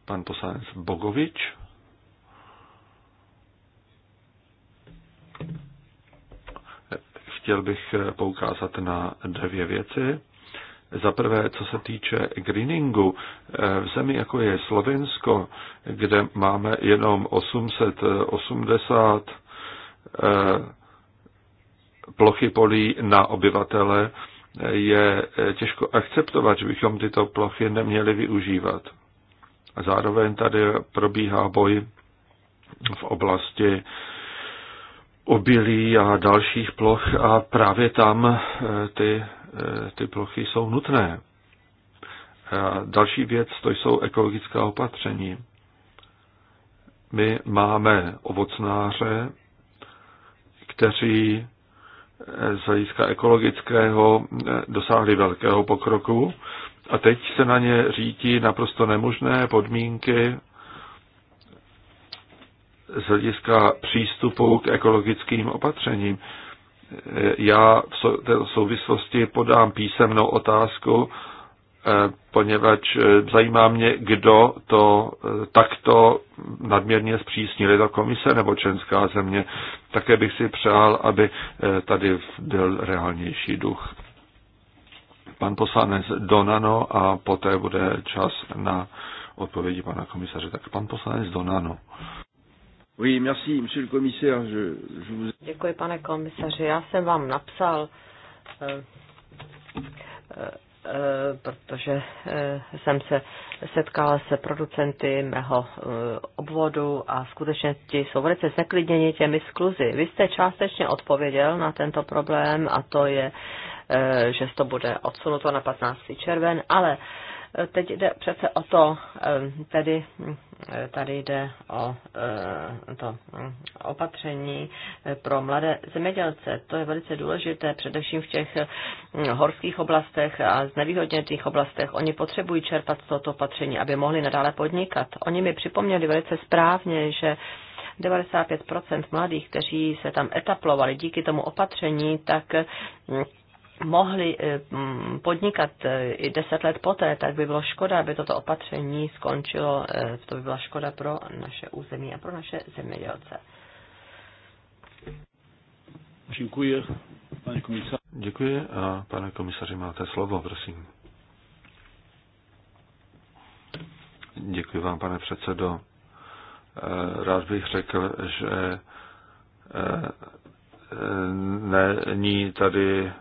[SPEAKER 2] Pan poslanec Bogovič. Chtěl bych eh, poukázat na dvě věci. Za prvé, co se týče greeningu, eh, v zemi jako je Slovensko, kde máme jenom 880 plochy polí na obyvatele, je eh, těžko akceptovat, že bychom tyto plochy neměli využívat. A zároveň tady probíhá boj v oblasti obilí a dalších ploch a právě tam eh, ty, eh, ty plochy jsou nutné. A další věc, to jsou ekologická opatření. My máme ovocnáře, kteří z hlediska ekologického dosáhli velkého pokroku a teď se na ně řítí naprosto nemožné podmínky z hlediska přístupu k ekologickým opatřením. Já v této souvislosti podám písemnou otázku Eh, poněvadž eh, zajímá mě, kdo to eh, takto nadměrně zpřísnili, Je komise nebo členská země? Také bych si přál, aby tady byl reálnější duch. Pan poslanec Donano a poté bude čas na odpovědi pana komisaře. Tak pan poslanec Donano. Oui, merci, monsieur le commissaire. Je, je vous...
[SPEAKER 3] Děkuji, pane komisaři. Já jsem vám napsal Eh, protože eh, jsem se setkala se producenty mého eh, obvodu a skutečně ti jsou velice zneklidněni těmi skluzy. Vy jste částečně odpověděl na tento problém a to je, že to bude odsunuto na 15. červen, ale Eh, teď jde přece o to, eh, tedy hm, eh, tady jde o to hm, opatření pro mladé zemědělce. To je velice důležité, především v těch hm, horských oblastech a znevýhodněných oblastech. Oni potřebují čerpat z tohoto opatření, aby mohli nadále podnikat. Oni mi připomněli velice správně, že 95 mladých, kteří se tam etaplovali díky tomu opatření, tak mohli eh, mm, podnikat eh, i deset let poté, tak by bylo škoda, aby toto opatření skončilo, eh, to by byla škoda pro naše území a pro naše zemědělce.
[SPEAKER 2] Děkuji, pane komisaři. Děkuji a pane komisaři, máte slovo, prosím. Děkuji vám, pane předsedo. Rád bych řekl, že není tady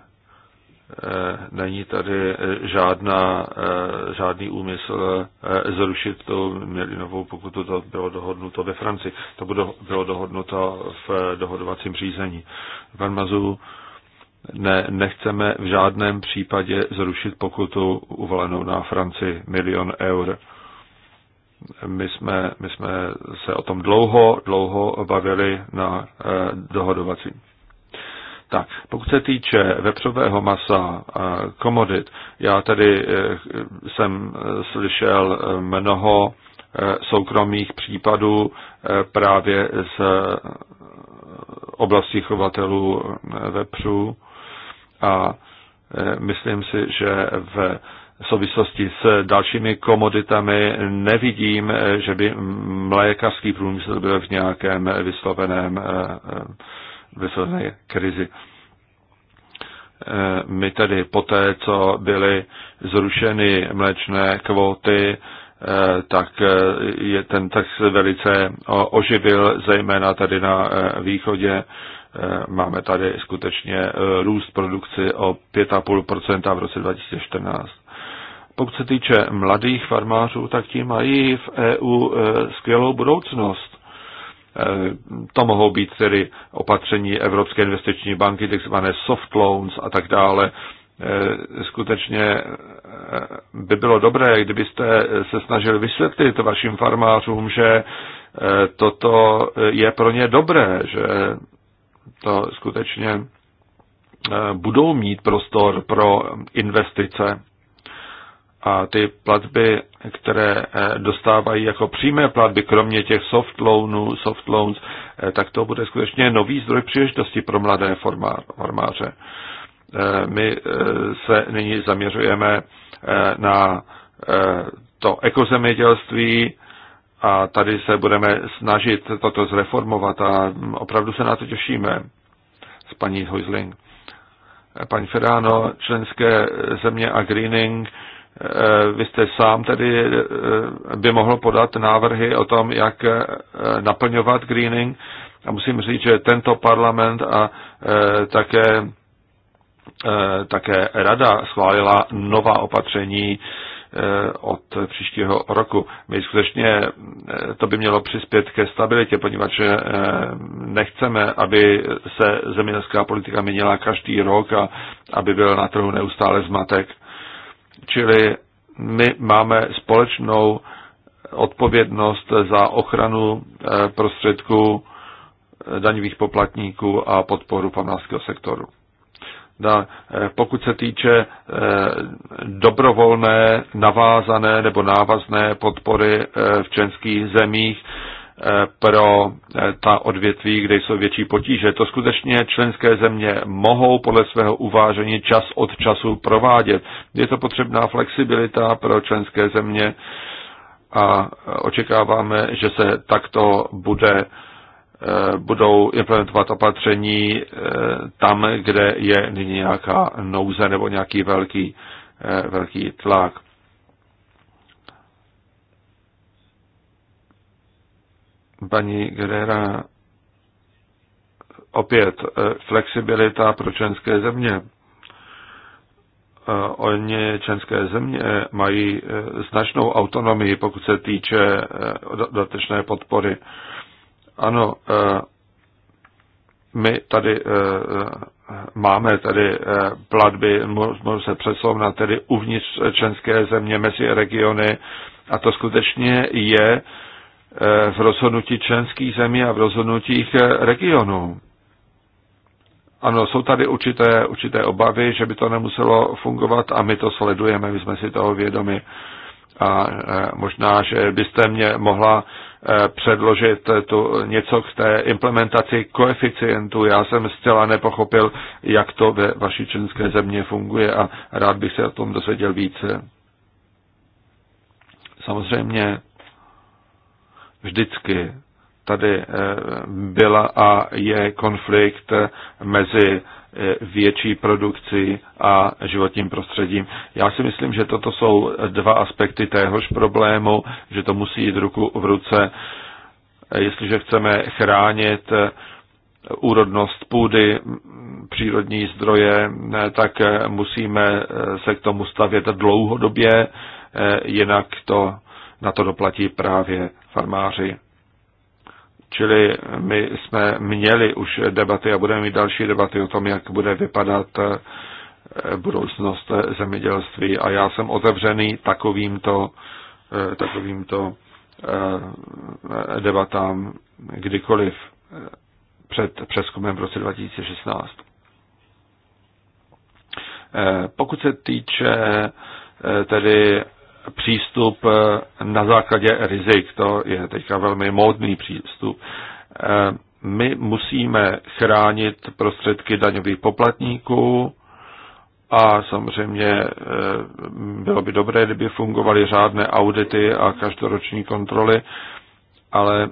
[SPEAKER 2] Eh, není tady eh, žádná, eh, žádný úmysl zrušit tu milinovou pokutu, to bylo dohodnuto ve Francii, to bylo dohodnuto v dohodovacím řízení. Pan Mazu, ne, nechceme v žádném případě zrušit pokutu uvolenou na Francii milion eur. My jsme, my jsme se o tom dlouho, dlouho bavili na eh, dohodovacím tak, pokud se týče vepřového masa komodit, já tady eh, jsem eh, slyšel eh, mnoho soukromých případů právě z oblasti chovatelů vepřů a myslím si, že v souvislosti s dalšími komoditami nevidím, že by mlékařský průmysl byl v nějakém vysloveném vysoké krizi. E, my tedy poté, co byly zrušeny mléčné kvóty, e, tak e, je ten trh velice oživil, zejména tady na východě. Máme tady skutečně růst produkci o 5,5% v roce 2014. Pokud se týče mladých farmářů, tak ti mají v EU skvělou budoucnost. Eh, to mohou být tedy opatření Evropské investiční banky, takzvané soft loans a tak dále. Eh, skutečně eh, by bylo dobré, kdybyste se snažili vysvětlit vašim farmářům, že toto je pro ně dobré, že to skutečně budou mít prostor pro investice. A ty platby které eh, dostávají jako přímé platby, kromě těch soft loanů, soft loans, eh, tak to bude skutečně nový zdroj příležitosti pro mladé farmáře. Eh, my se nyní zaměřujeme na to ekozemědělství a tady se budeme snažit toto zreformovat a hm, opravdu se na to těšíme s paní Hojzling. Paní Ferrano, členské země a greening, Eh, vy jste sám tedy eh, by mohl podat návrhy o tom, jak eh, naplňovat greening. A musím říct, že tento parlament a také, také rada schválila nová opatření od příštího roku. My skutečně to by mělo přispět ke stabilitě, poněvadž nechceme, aby se zemědělská politika měnila každý rok a aby byl na trhu neustále zmatek. Čili my máme společnou odpovědnost za ochranu eh, prostředků eh, daňových poplatníků a podporu pamlánského sektoru. Eh, pokud se týče dobrovolné, navázané nebo návazné podpory v členských zemích, pro eh, ta odvětví, kde jsou větší potíže. To skutečně členské země mohou podle svého uvážení čas od času provádět. Je to potřebná flexibilita pro členské země a očekáváme, že se takto bude eh, budou implementovat opatření eh, tam, kde je nyní nějaká nouze nebo nějaký velký, velký tlak. paní Gerera opět eh, flexibilita pro členské země. Eh, oni členské země mají eh, značnou autonomii, pokud se týče dodatečné podpory. Ano, my tady máme tady platby, můžeme se přesouvnat tedy uvnitř členské země mezi regiony a to skutečně je Eh, v rozhodnutí členských zemí a v rozhodnutích eh, regionů. Ano, jsou tady určité, určité obavy, že by to nemuselo fungovat a my to sledujeme, my jsme si toho vědomi. A eh, možná, že byste mě mohla předložit tu něco k té implementaci koeficientů. Já jsem zcela nepochopil, jak to ve vaší členské země funguje a rád bych se o tom dozvěděl více. Samozřejmě vždycky tady eh, byla a je konflikt eh, mezi eh, větší produkcí a životním prostředím. Já si myslím, že toto jsou dva aspekty téhož problému, že to musí jít ruku v ruce. Jestliže chceme chránit úrodnost půdy, přírodní zdroje, tak musíme se k tomu stavět dlouhodobě, jinak to na to doplatí právě farmáři. Čili my jsme měli už debaty a budeme mít další debaty o tom, jak bude vypadat eh, budoucnost zemědělství. A já jsem otevřený takovýmto, eh, takovýmto eh, debatám kdykoliv před přeskumem v roce 2016. Pokud se týče tedy přístup eh, na základě rizik. To je teďka velmi módný přístup. Eh, my musíme chránit prostředky daňových poplatníků a samozřejmě eh, bylo by dobré, kdyby fungovaly řádné audity a každoroční kontroly, ale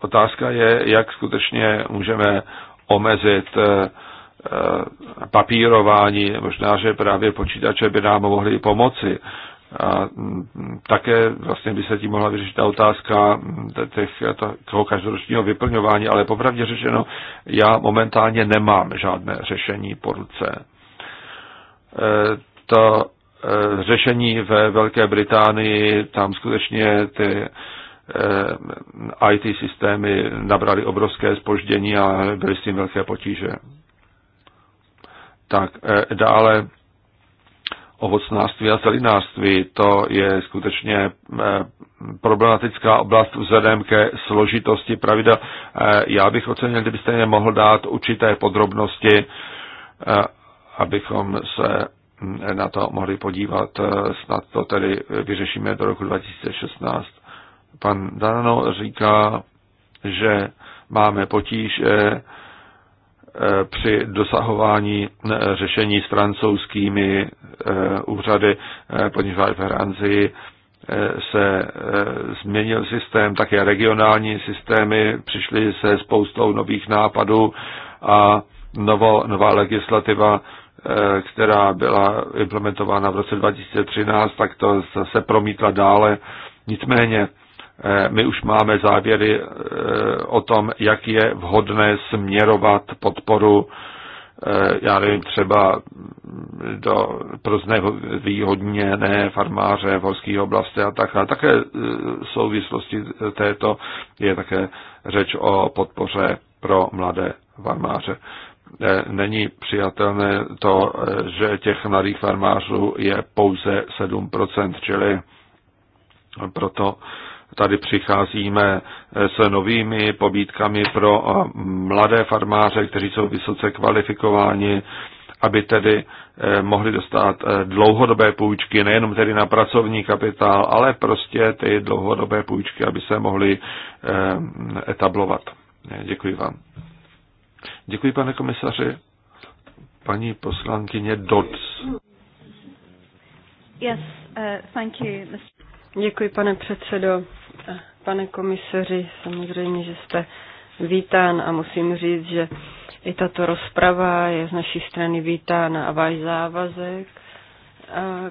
[SPEAKER 2] otázka je, jak skutečně můžeme omezit Eh, papírování, možná, že právě počítače by nám mohly pomoci. A mm, také vlastně by se tím mohla vyřešit ta otázka těch, toho každoročního vyplňování, ale popravdě řečeno, já momentálně nemám žádné řešení po ruce. Eh, to eh, řešení ve Velké Británii, tam skutečně ty IT systémy nabrali obrovské spoždění a byly s tím velké potíže. Tak e, dále ovocnáctví a zelinářství. To je skutečně e, problematická oblast vzhledem ke složitosti pravidel. E, já bych ocenil, kdybyste mě mohl dát určité podrobnosti, abychom se na to mohli podívat. Snad to tedy vyřešíme do roku 2016. Pan Dano říká, že máme potíže Eh, při dosahování eh, řešení s francouzskými eh, úřady, poněvadž ve Francii se změnil systém, také regionální systémy přišly se spoustou nových nápadů a novo, nová legislativa, která byla implementována v roce 2013, tak to se promítla dále. Nicméně Eh, my už máme závěry eh, o tom, jak je vhodné směrovat podporu eh, já nevím, třeba do, pro znevýhodněné farmáře v horských oblasti a tak. A také v souvislosti této je také řeč o podpoře pro mladé farmáře. Není přijatelné to, že těch mladých farmářů je pouze 7%, čili proto Tady přicházíme s novými pobídkami pro mladé farmáře, kteří jsou vysoce kvalifikováni, aby tedy e, mohli dostat e, dlouhodobé půjčky, nejenom tedy na pracovní kapitál, ale prostě ty dlouhodobé půjčky, aby se mohli e, etablovat. Děkuji vám. Děkuji, pane komisaři. Paní poslankyně Dodds.
[SPEAKER 4] Yes, uh, thank you, Mr. Děkuji, pane předsedo. Pane komisaři, samozřejmě, že jste vítán a musím říct, že i tato rozprava je z naší strany vítána a váš závazek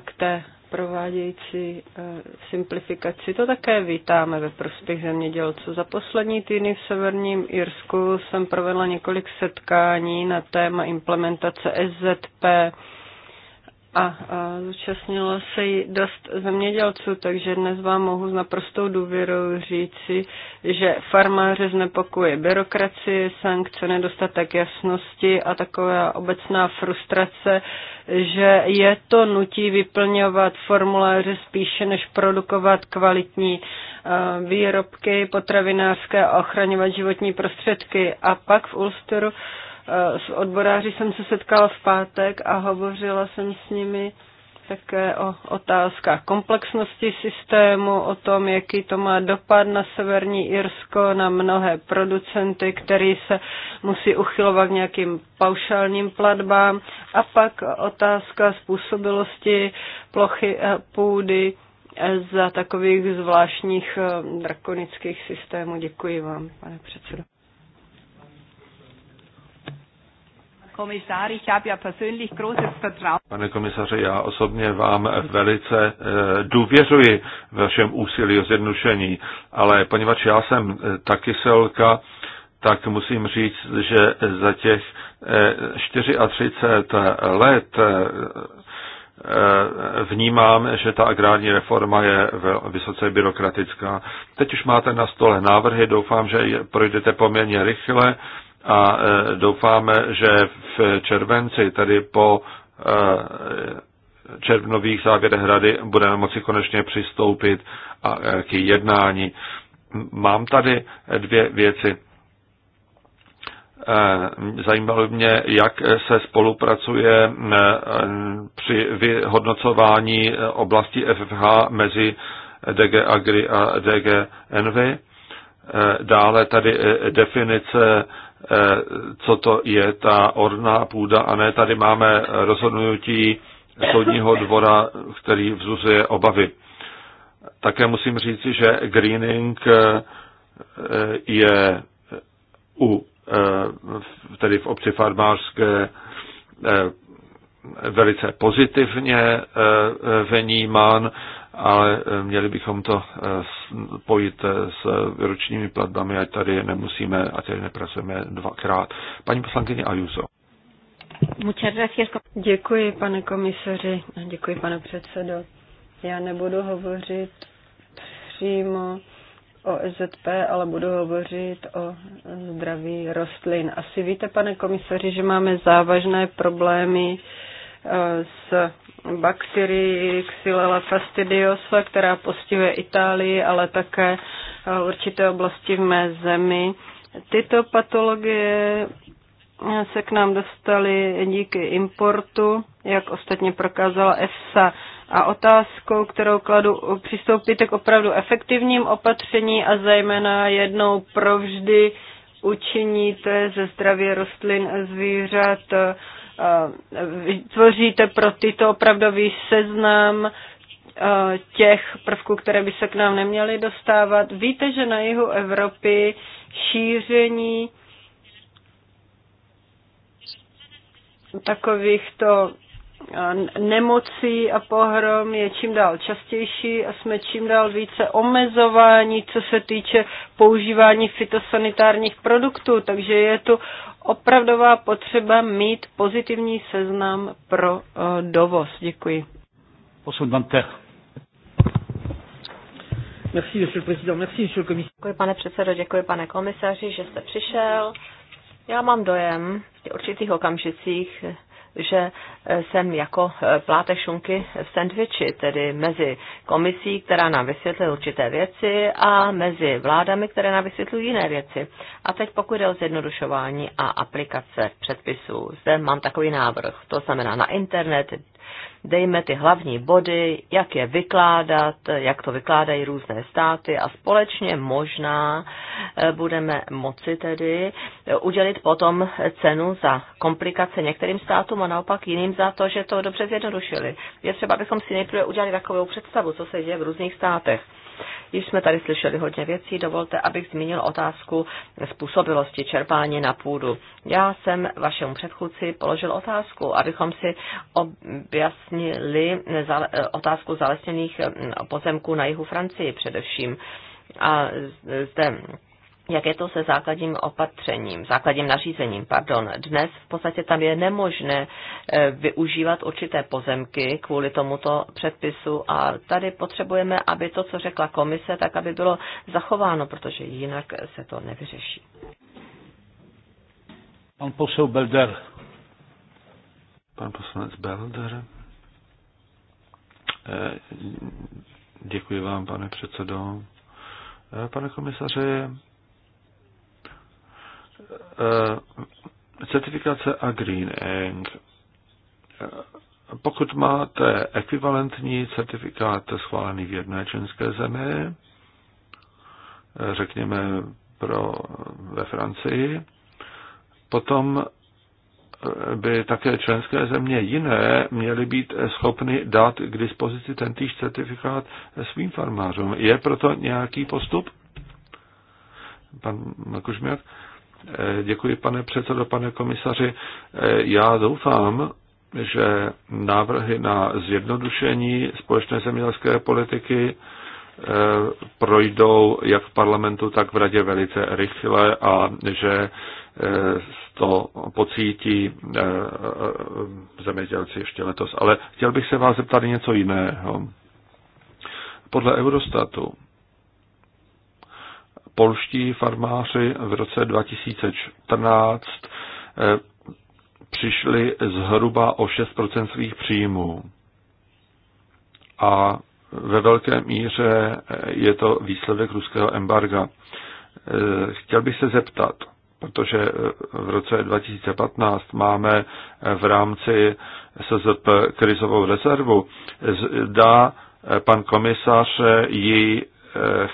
[SPEAKER 4] k té provádějící e, simplifikaci. To také vítáme ve prospěch zemědělců. Za poslední týdny v severním Irsku jsem provedla několik setkání na téma implementace SZP, a zúčastnilo se jí dost zemědělců, takže dnes vám mohu s naprostou důvěrou říci, že farmáře znepokuje byrokracie, sankce, nedostatek jasnosti a taková obecná frustrace, že je to nutí vyplňovat formuláře spíše než produkovat kvalitní výrobky potravinářské a ochraňovat životní prostředky. A pak v Ulsteru Eh, s odboráři jsem se setkala v pátek a hovořila jsem s nimi také o otázkách komplexnosti systému, o tom, jaký to má dopad na Severní Irsko, na mnohé producenty, který se musí uchylovat nějakým paušálním platbám. A pak otázka způsobilosti plochy půdy za takových zvláštních eh, drakonických systémů. Děkuji vám, pane předsedo.
[SPEAKER 2] Pane komisaře, já osobně vám velice eh, důvěřuji ve vašem úsilí o zjednodušení, ale poněvadž já jsem eh, taky selka, tak musím říct, že za těch 34 eh, let vnímám, že ta agrární reforma je vysoce byrokratická. Teď už máte na stole návrhy, doufám, že projdete poměrně rychle a e, doufáme, že v červenci, tedy po e, červnových závěrech rady, budeme moci konečně přistoupit e, k jednání. Mám tady dvě věci. Zajímalo mě, jak se spolupracuje při vyhodnocování oblasti FFH mezi DG Agri a DG Envy. Dále tady definice Eh, co to je ta orná půda a ne tady máme rozhodnutí soudního dvora, který vzuzuje obavy. Také musím říci, že greening eh, je u, eh, tedy v obci farmářské velice pozitivně vnímán ale eh, měli bychom to spojit eh, s eh, ročními platbami, ať tady nemusíme, ať tady nepracujeme dvakrát. Paní poslankyně Ajuso.
[SPEAKER 4] Děkuji, pane komisaři, děkuji, pane předsedo. Já nebudu hovořit přímo o EZP, ale budu hovořit o zdraví rostlin. Asi víte, pane komisaři, že máme závažné problémy s bakterii Xylella fastidiosa, která postihuje Itálii, ale také eh, určité oblasti v mé zemi. Tyto patologie eh, se k nám dostaly díky importu, jak ostatně prokázala EFSA. A otázkou, kterou kladu, přistoupíte k opravdu efektivním opatření a zejména jednou provždy učiníte ze zdravě rostlin a zvířat eh, Eh, vytvoříte pro tyto opravdový seznam eh, těch prvků, které by se k nám neměly dostávat. Víte, že na jihu Evropy šíření takovýchto Eh, nemocí a pohrom je čím dál častější a jsme čím dál více omezování, co se týče používání fitosanitárních produktů, takže je tu opravdová potřeba mít pozitivní seznam pro eh, dovoz. Děkuji. Merci, monsieur le président. Merci, monsieur le commissaire.
[SPEAKER 3] Děkuji, pane předsedo, děkuji, pane komisaři, že jste přišel. Já mám dojem v určitých okamžicích, že eh, jsem jako eh, plátek šunky v sandviči, tedy mezi komisí, která nám vysvětlí určité věci a mezi vládami, které nám vysvětlují jiné věci. A teď pokud jde o zjednodušování a aplikace předpisů, zde mám takový návrh, to znamená na internet, dejme ty hlavní body, jak je vykládat, jak to vykládají různé státy a společně možná eh, budeme moci tedy eh, udělit potom cenu za komplikace některým státům a naopak jiným za to, že to dobře zjednodušili. Je třeba, abychom si nejprve udělali takovou představu, co se děje v různých státech. Již jsme tady slyšeli hodně věcí, dovolte, abych zmínil otázku způsobilosti čerpání na půdu. Já jsem vašemu předchůdci položil otázku, abychom si objasnili otázku zalesněných pozemků na jihu Francii především. A zde jak je to se základním opatřením, základním nařízením, pardon. Dnes v podstatě tam je nemožné eh, využívat určité pozemky kvůli tomuto předpisu a tady potřebujeme, aby to, co řekla komise, tak aby bylo zachováno, protože jinak se to nevyřeší.
[SPEAKER 1] Pan posel Belder. Pan
[SPEAKER 2] poslanec Belder. Eh, děkuji vám, pane předsedo. Eh, pane komisaři, Eh, certifikace a Green greening. Eh, pokud máte ekvivalentní certifikát schválený v jedné členské zemi, eh, řekněme pro ve Francii, potom by také členské země jiné měly být schopny dát k dispozici tentýž certifikát svým farmářům. Je proto nějaký postup? Pan Uh, Eh, děkuji, pane předsedo, pane komisaři. Eh, já doufám, že návrhy na zjednodušení společné zemědělské politiky eh, projdou jak v parlamentu, tak v radě velice rychle a že to pocítí zemědělci ještě letos. Ale chtěl bych se vás zeptat něco jiného. Podle Eurostatu polští farmáři v roce 2014 eh, přišli zhruba o 6% svých příjmů. A ve velké míře eh, je to výsledek ruského embarga. Eh, chtěl bych se zeptat, protože v roce 2015 máme v rámci SZP krizovou rezervu, zda pan komisař ji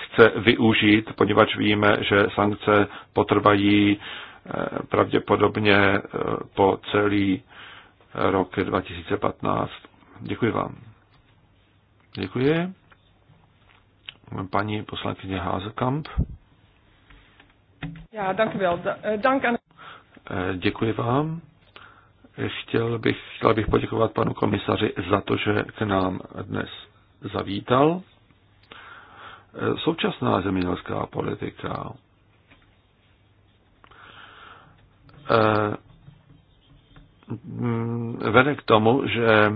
[SPEAKER 2] chce využít, poněvadž víme, že sankce potrvají eh, pravděpodobně eh, po celý rok 2015. Děkuji vám. Děkuji. Paní poslankyně Házekamp.
[SPEAKER 1] Já, eh,
[SPEAKER 2] Děkuji vám. Chtěl bych, chtěl bych poděkovat panu komisaři za to, že k nám dnes zavítal současná zemědělská politika eh, vede k tomu, že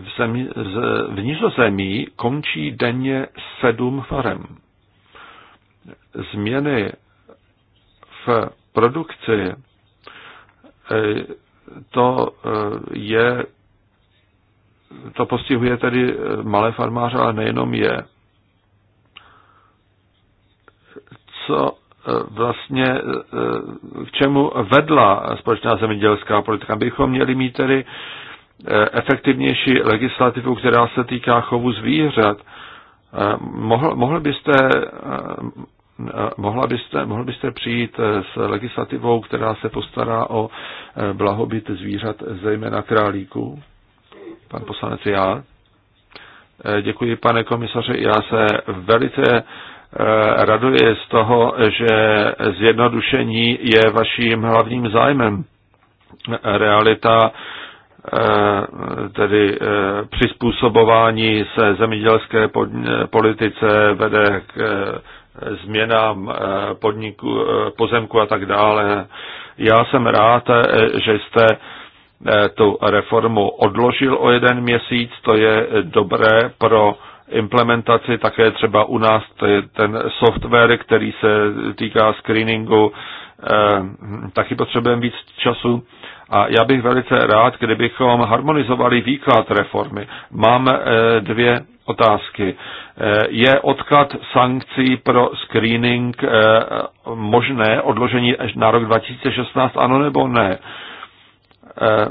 [SPEAKER 2] v, zemí, v Nizozemí končí denně sedm farem. Změny v produkci eh, to eh, je to postihuje tedy malé farmáře, ale nejenom je. co e, vlastně e, e, k čemu vedla společná zemědělská politika. Bychom měli mít tedy efektivnější legislativu, která se týká chovu zvířat. Mohl, mohl byste, mohla byste, mohl byste přijít s legislativou, která se postará o blahobyt zvířat, zejména králíků? Pan poslanec já. Děkuji, pane komisaři. Já se velice Eh, raduje z toho, že zjednodušení je vaším hlavním zájmem. Realita eh, tedy eh, přizpůsobování se zemědělské politice vede k změnám podniku, pozemku a tak dále. Já jsem rád, že jste tu reformu odložil o jeden měsíc, to je dobré pro implementaci, také třeba u nás ten software, který se týká screeningu, eh, taky potřebujeme víc času. A já bych velice rád, kdybychom harmonizovali výklad reformy. Mám eh, dvě otázky. Eh, je odklad sankcí pro screening možné odložení až na rok 2016, ano nebo ne? Eh,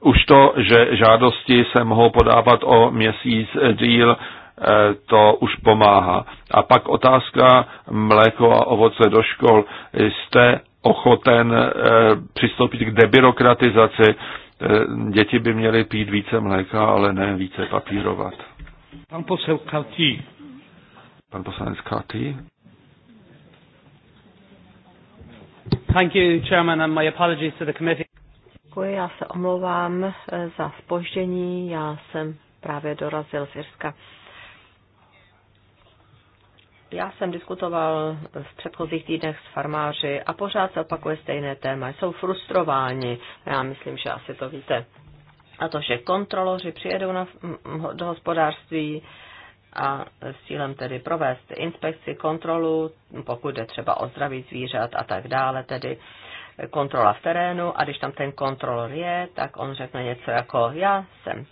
[SPEAKER 2] už to, že žádosti se mohou podávat o měsíc díl, eh, to už pomáhá. A pak otázka mléko a ovoce do škol. Jste ochoten eh, přistoupit k debirokratizaci? Děti by měly pít více mléka, ale ne více papírovat.
[SPEAKER 1] Pan posel Katý.
[SPEAKER 2] Pan poslanec Katý.
[SPEAKER 1] Thank you, Chairman, and my apologies to the committee.
[SPEAKER 3] Děkuji, já se omlouvám eh, za spoždění, já jsem právě dorazil z Jirska. Já jsem diskutoval v předchozích týdnech s farmáři a pořád se opakuje stejné téma. Jsou frustrováni, já myslím, že asi to víte. A to, že kontroloři přijedou na, do hospodářství a s cílem tedy provést inspekci, kontrolu, pokud jde třeba o zdraví zvířat a tak dále, tedy kontrola v terénu a když tam ten kontrolor je, tak on řekne něco jako já jsem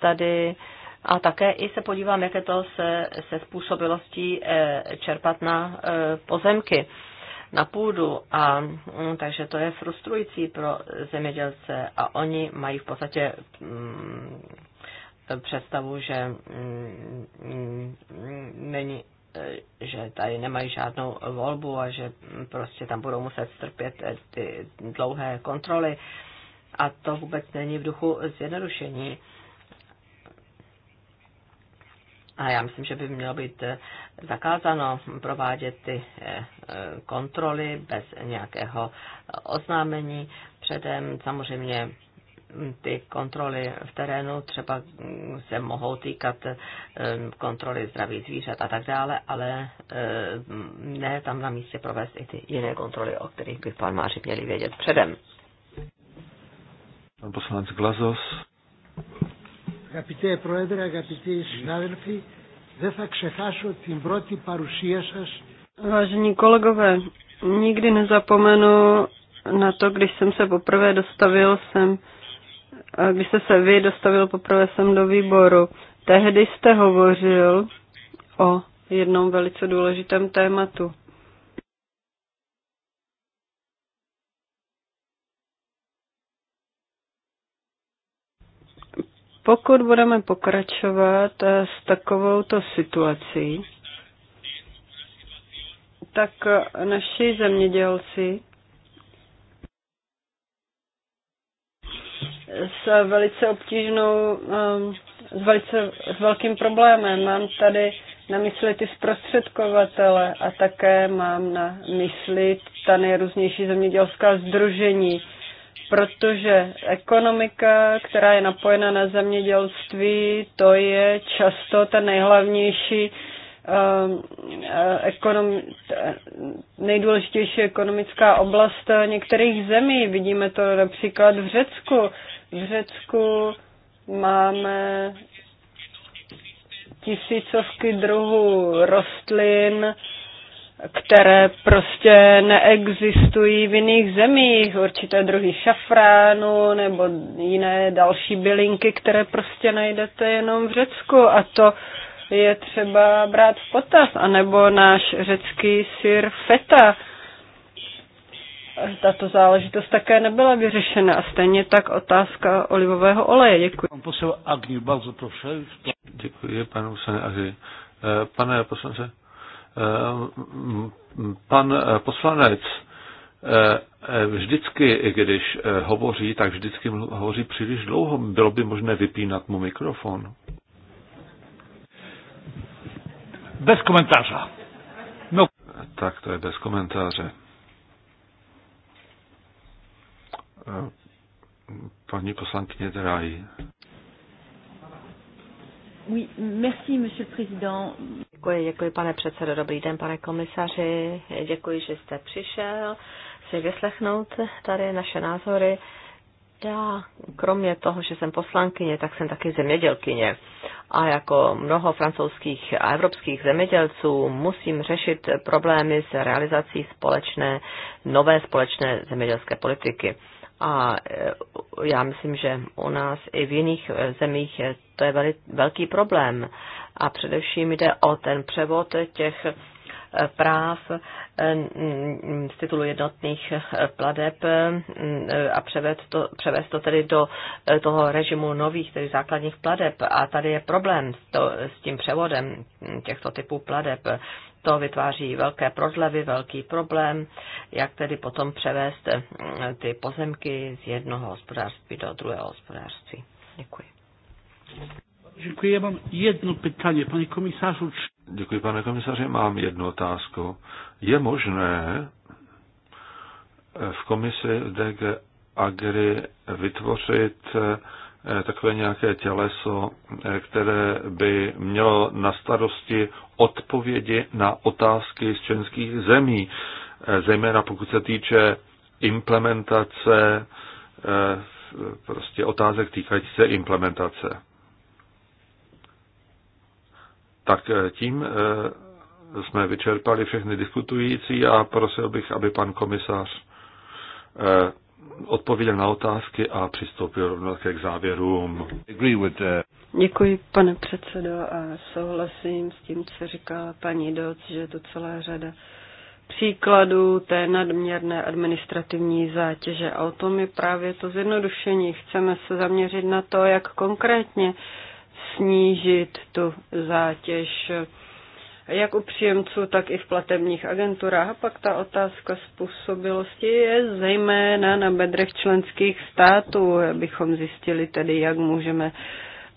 [SPEAKER 3] tady a také i se podívám, jaké to se, se způsobilostí eh, čerpat na eh, pozemky na půdu a mm, takže to je frustrující pro zemědělce a oni mají v podstatě mm, představu, že mm, není že tady nemají žádnou volbu a že prostě tam budou muset strpět eh, ty dlouhé kontroly. A to vůbec není v duchu zjednodušení. A já myslím, že by mělo být eh, zakázáno provádět ty eh, kontroly bez nějakého oznámení předem. Samozřejmě ty kontroly v terénu třeba se mohou týkat eh, kontroly zdraví zvířat a tak dále, ale eh, ne tam na místě provést i ty jiné kontroly, o kterých by farmáři měli vědět předem.
[SPEAKER 2] Pan poslanec Glazos.
[SPEAKER 1] Kapitě proedra, kapitě συνάδελφοι, ze se
[SPEAKER 4] ξεχάσω την πρώτη παρουσία Vážení kolegové, nikdy nezapomenu na to, když jsem se poprvé dostavil sem když eh, jste se vy dostavil poprvé sem do výboru, tehdy jste hovořil o jednom velice důležitém tématu. Pokud budeme pokračovat eh, s takovouto situací, tak eh, naši zemědělci s velice obtížnou, um, s, velice, s velkým problémem. Mám tady na mysli ty zprostředkovatele a také mám na mysli ta nejrůznější zemědělská združení, protože ekonomika, která je napojena na zemědělství, to je často ta nejhlavnější um, ekonom, nejdůležitější ekonomická oblast některých zemí. Vidíme to například v Řecku. V Řecku máme tisícovky druhů rostlin, které prostě neexistují v jiných zemích, určité druhy šafránu nebo jiné další bylinky, které prostě najdete jenom v Řecku a to je třeba brát v potaz, anebo náš řecký syr feta, tato záležitost také nebyla vyřešena. A stejně tak otázka olivového oleje. Děkuji. Pan posel Agni, bardzo
[SPEAKER 2] proszę. Děkuji, panu poslanci Agni. Pane poslance, pan poslanec eh, eh, eh, vždycky, když hovoří, tak vždycky hovoří příliš dlouho. Bylo by možné vypínat mu mikrofon.
[SPEAKER 1] Bez komentáře.
[SPEAKER 2] No. Tak to je bez komentáře. paní poslankyně Drahý.
[SPEAKER 3] Oui, merci, monsieur le président. Děkuji, děkuji, pane předsedo. Dobrý den, pane komisaři. Děkuji, že jste přišel si vyslechnout tady naše názory. Já, kromě toho, že jsem poslankyně, tak jsem taky zemědělkyně. A jako mnoho francouzských a evropských zemědělců musím řešit problémy s realizací společné, nové společné zemědělské politiky. A e, já myslím, že u nás i v jiných e, zemích to je velký problém. A především jde o ten převod těch e, práv z titulu jednotných pladeb a převést to, převést to tedy do toho režimu nových, tedy základních pladeb. A tady je problém s, to, s tím převodem těchto typů pladeb to vytváří velké prodlevy, velký problém, jak tedy potom převést eh, ty pozemky z jednoho hospodářství do druhého hospodářství.
[SPEAKER 1] Děkuji.
[SPEAKER 2] Děkuji, já mám jedno pytanie, pane komisářu. Děkuji, pane komisaři, mám jednu otázku. Je možné eh, v komisi DG Agri vytvořit eh, Eh, takové nějaké těleso, eh, které by mělo na starosti odpovědi na otázky z členských zemí, eh, zejména pokud se týče implementace, prostě otázek týkající se implementace. Tak tím jsme vyčerpali všechny diskutující a prosil bych, aby pan komisař odpověděl na otázky a přistoupil rovnou k závěrům.
[SPEAKER 4] Děkuji, pane předsedo, a souhlasím s tím, co říkala paní Doc, že je to celá řada příkladů té nadměrné administrativní zátěže. A o tom je právě to zjednodušení. Chceme se zaměřit na to, jak konkrétně snížit tu zátěž jak u příjemců, tak i v platebních agenturách. A pak ta otázka způsobilosti je zejména na bedrech členských států, abychom zjistili tedy, jak můžeme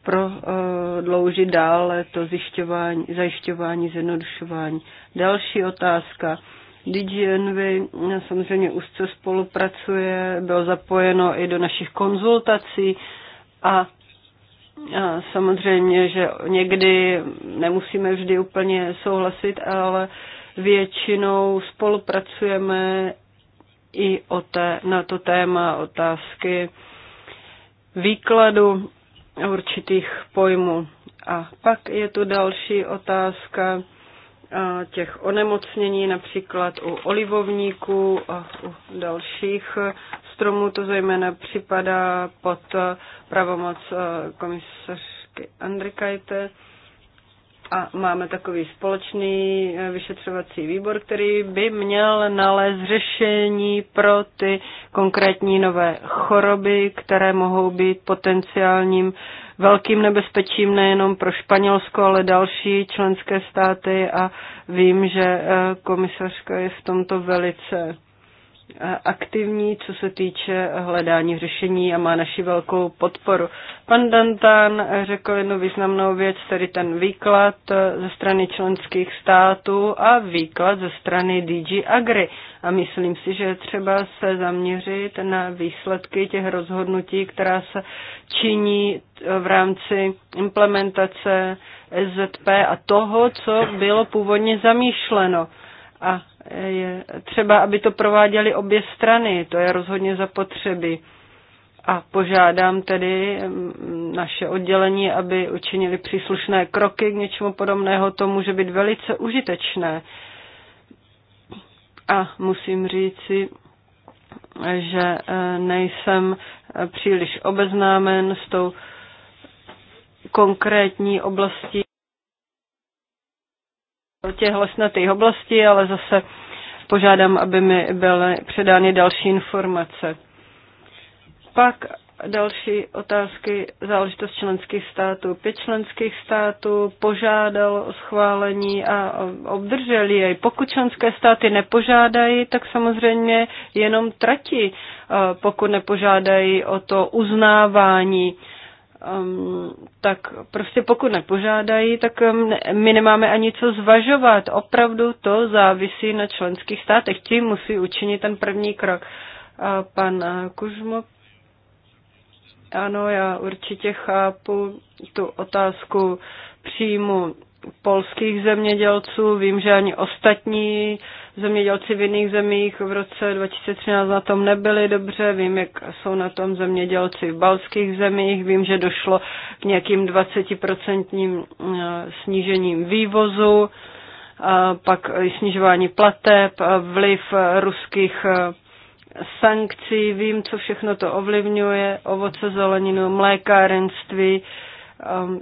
[SPEAKER 4] prodloužit dále to zjišťování, zajišťování, zjednodušování. Další otázka. DGNV samozřejmě úzce spolupracuje, bylo zapojeno i do našich konzultací a Samozřejmě, že někdy nemusíme vždy úplně souhlasit, ale většinou spolupracujeme i o té, na to téma otázky výkladu určitých pojmů. A pak je tu další otázka těch onemocnění, například u olivovníků a u dalších stromů to zejména připadá pod eh, pravomoc eh, komisařky Andrikajte. A máme takový společný eh, vyšetřovací výbor, který by měl nalézt řešení pro ty konkrétní nové choroby, které mohou být potenciálním velkým nebezpečím nejenom pro Španělsko, ale další členské státy a vím, že komisařka je v tomto velice aktivní, co se týče hledání řešení a má naši velkou podporu. Pan Dantan řekl jednu významnou věc, tedy ten výklad ze strany členských států a výklad ze strany DG Agri. A myslím si, že je třeba se zaměřit na výsledky těch rozhodnutí, která se činí v rámci implementace SZP a toho, co bylo původně zamýšleno. A je třeba, aby to prováděly obě strany, to je rozhodně zapotřebí. A požádám tedy mm, naše oddělení, aby učinili příslušné kroky k něčemu podobného, to může být velice užitečné. A musím říci, že e, nejsem příliš obeznámen s tou konkrétní oblastí těch lesnatých oblastí, ale zase požádám, aby mi byly předány další informace. Pak další otázky, záležitost členských států. Pět členských států požádal o schválení a obdrželi jej. Pokud členské státy nepožádají, tak samozřejmě jenom trati. pokud nepožádají o to uznávání um, tak prostě pokud nepožádají, tak um, my nemáme ani co zvažovat. Opravdu to závisí na členských státech. Ti musí učinit ten první krok. A pan eh, Kužmo, ano, já určitě chápu tu otázku příjmu polských zemědělců. Vím, že ani ostatní zemědělci v jiných zemích v roce 2013 na tom nebyli dobře, vím, jak jsou na tom zemědělci v balských zemích, vím, že došlo k nějakým 20% eh, snížením vývozu, a pak snižování plateb, vliv eh, ruských eh, sankcí, vím, co všechno to ovlivňuje, ovoce, zeleninu, mlékárenství,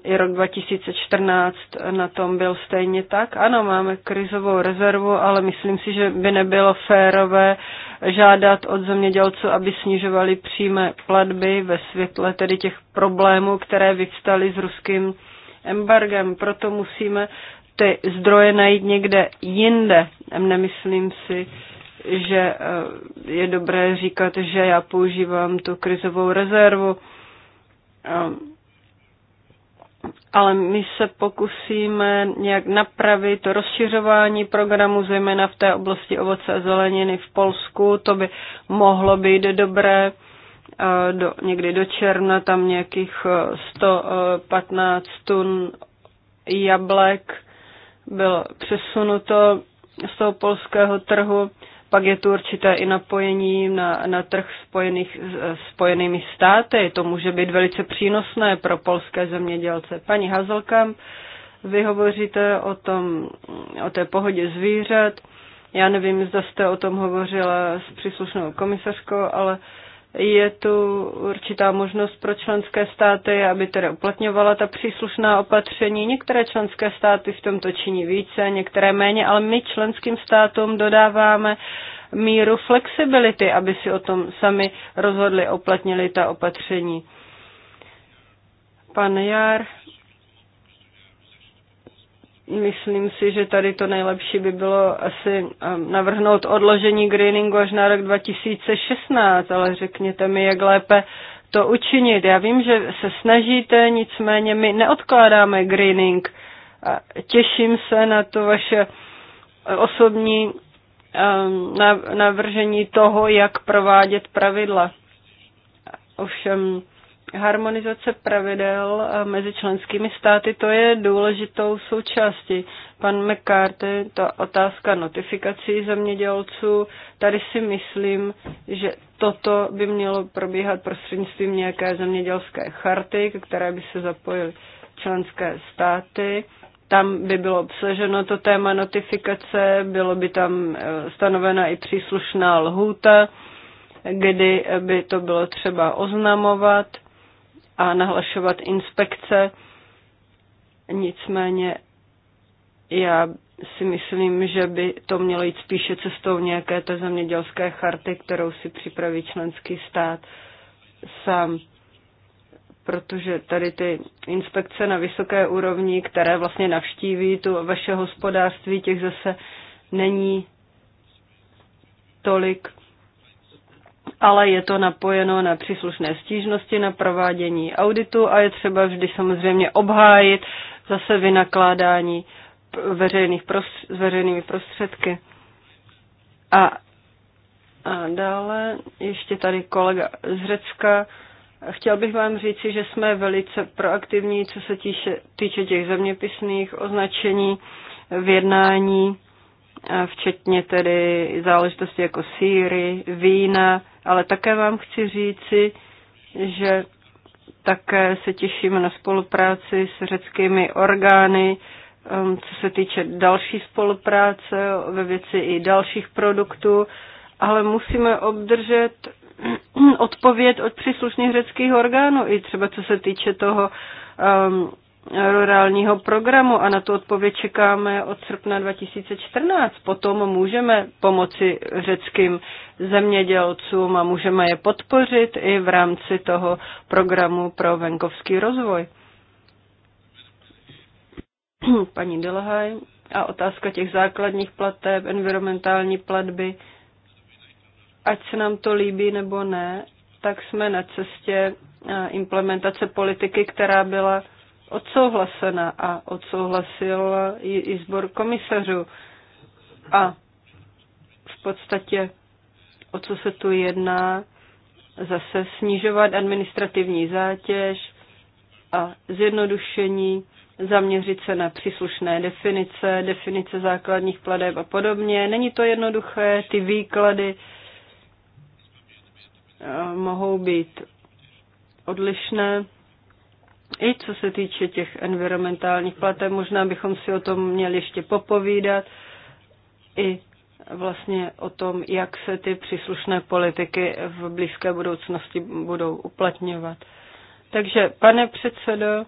[SPEAKER 4] i um, rok 2014 na tom byl stejně tak. Ano, máme krizovou rezervu, ale myslím si, že by nebylo férové žádat od zemědělců, aby snižovali přímé platby ve světle tedy těch problémů, které vyvstaly s ruským embargem. Proto musíme ty zdroje najít někde jinde. Nemyslím si, že eh, je dobré říkat, že já používám tu krizovou rezervu um, ale my se pokusíme nějak napravit to rozšiřování programu, zejména v té oblasti ovoce a zeleniny v Polsku. To by mohlo být dobré. Eh, do, někdy do června tam nějakých 115 eh, eh, tun jablek bylo přesunuto z toho polského trhu. Pak je tu určité i napojení na, na trh spojených, spojenými státy. To může být velice přínosné pro polské zemědělce. Paní Hazelkamp, vy hovoříte o, tom, o té pohodě zvířat. Já nevím, zda jste o tom hovořila s příslušnou komisařkou, ale uh, je tu určitá možnost pro členské státy, aby tedy uplatňovala ta příslušná opatření. Některé členské státy v tomto činí více, některé méně, ale my členským státům dodáváme míru flexibility, aby si o tom sami rozhodli, uplatnili ta opatření. Pan Jar Myslím si, že tady to nejlepší by bylo asi um, navrhnout odložení greeningu až na rok 2016, ale řekněte mi, jak lépe to učinit. Já vím, že se snažíte, nicméně my neodkládáme greening. A těším se na to vaše osobní um, navržení toho, jak provádět pravidla. Ovšem harmonizace pravidel eh, mezi členskými státy, to je důležitou součástí. Pan McCarthy, ta otázka notifikací zemědělců, tady si myslím, že toto by mělo probíhat prostřednictvím nějaké zemědělské charty, které by se zapojily členské státy. Tam by bylo obsaženo to téma notifikace, bylo by tam eh, stanovena i příslušná lhůta, kdy by to bylo třeba oznamovat a nahlašovat inspekce. Nicméně já si myslím, že by to mělo jít spíše cestou nějaké té zemědělské charty, kterou si připraví členský stát sám. Protože tady ty inspekce na vysoké úrovni, které vlastně navštíví tu vaše hospodářství, těch zase není tolik ale je to napojeno na příslušné stížnosti, na provádění auditu a je třeba vždy samozřejmě obhájit zase vynakládání veřejných prostř- s veřejnými prostředky. A, a dále ještě tady kolega z Řecka. Chtěl bych vám říci, že jsme velice proaktivní, co se týče, týče těch zeměpisných označení v jednání včetně tedy záležitosti jako síry, vína, ale také vám chci říci, že také se těšíme na spolupráci s řeckými orgány, um, co se týče další spolupráce ve věci i dalších produktů, ale musíme obdržet (clears throat) odpověď od příslušných řeckých orgánů, i třeba co se týče toho um, rurálního programu a na tu odpověď čekáme od srpna 2014. Potom můžeme pomoci řeckým zemědělcům a můžeme je podpořit i v rámci toho programu pro venkovský rozvoj. (clears throat) Paní Delahaj a otázka těch základních plateb, environmentální platby, ať se nám to líbí nebo ne, tak jsme na cestě eh, implementace politiky, která byla odsouhlasena a odsouhlasil i, i sbor komisařů. A v podstatě, o co se tu jedná, zase snižovat administrativní zátěž a zjednodušení, zaměřit se na příslušné definice, definice základních pladeb a podobně. Není to jednoduché, ty výklady eh, mohou být odlišné. I co se týče těch environmentálních plateb, možná bychom si o tom měli ještě popovídat. I vlastně o tom, jak se ty příslušné politiky v blízké budoucnosti budou uplatňovat. Takže, pane předsedo,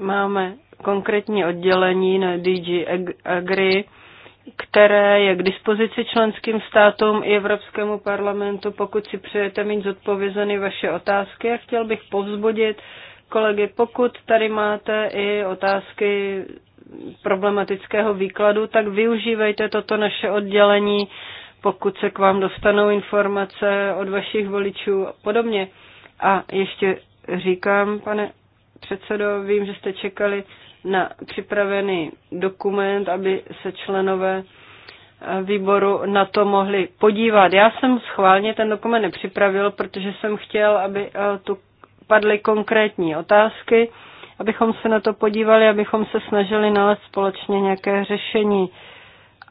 [SPEAKER 4] máme konkrétní oddělení na DG Agri, které je k dispozici členským státům i Evropskému parlamentu, pokud si přejete mít zodpovězeny vaše otázky. A chtěl bych povzbudit kolegy, pokud tady máte i otázky problematického výkladu, tak využívejte toto naše oddělení, pokud se k vám dostanou informace od vašich voličů a podobně. A ještě říkám, pane předsedo, vím, že jste čekali na připravený dokument, aby se členové výboru na to mohli podívat. Já jsem schválně ten dokument nepřipravil, protože jsem chtěl, aby tu padly konkrétní otázky, abychom se na to podívali, abychom se snažili nalézt společně nějaké řešení.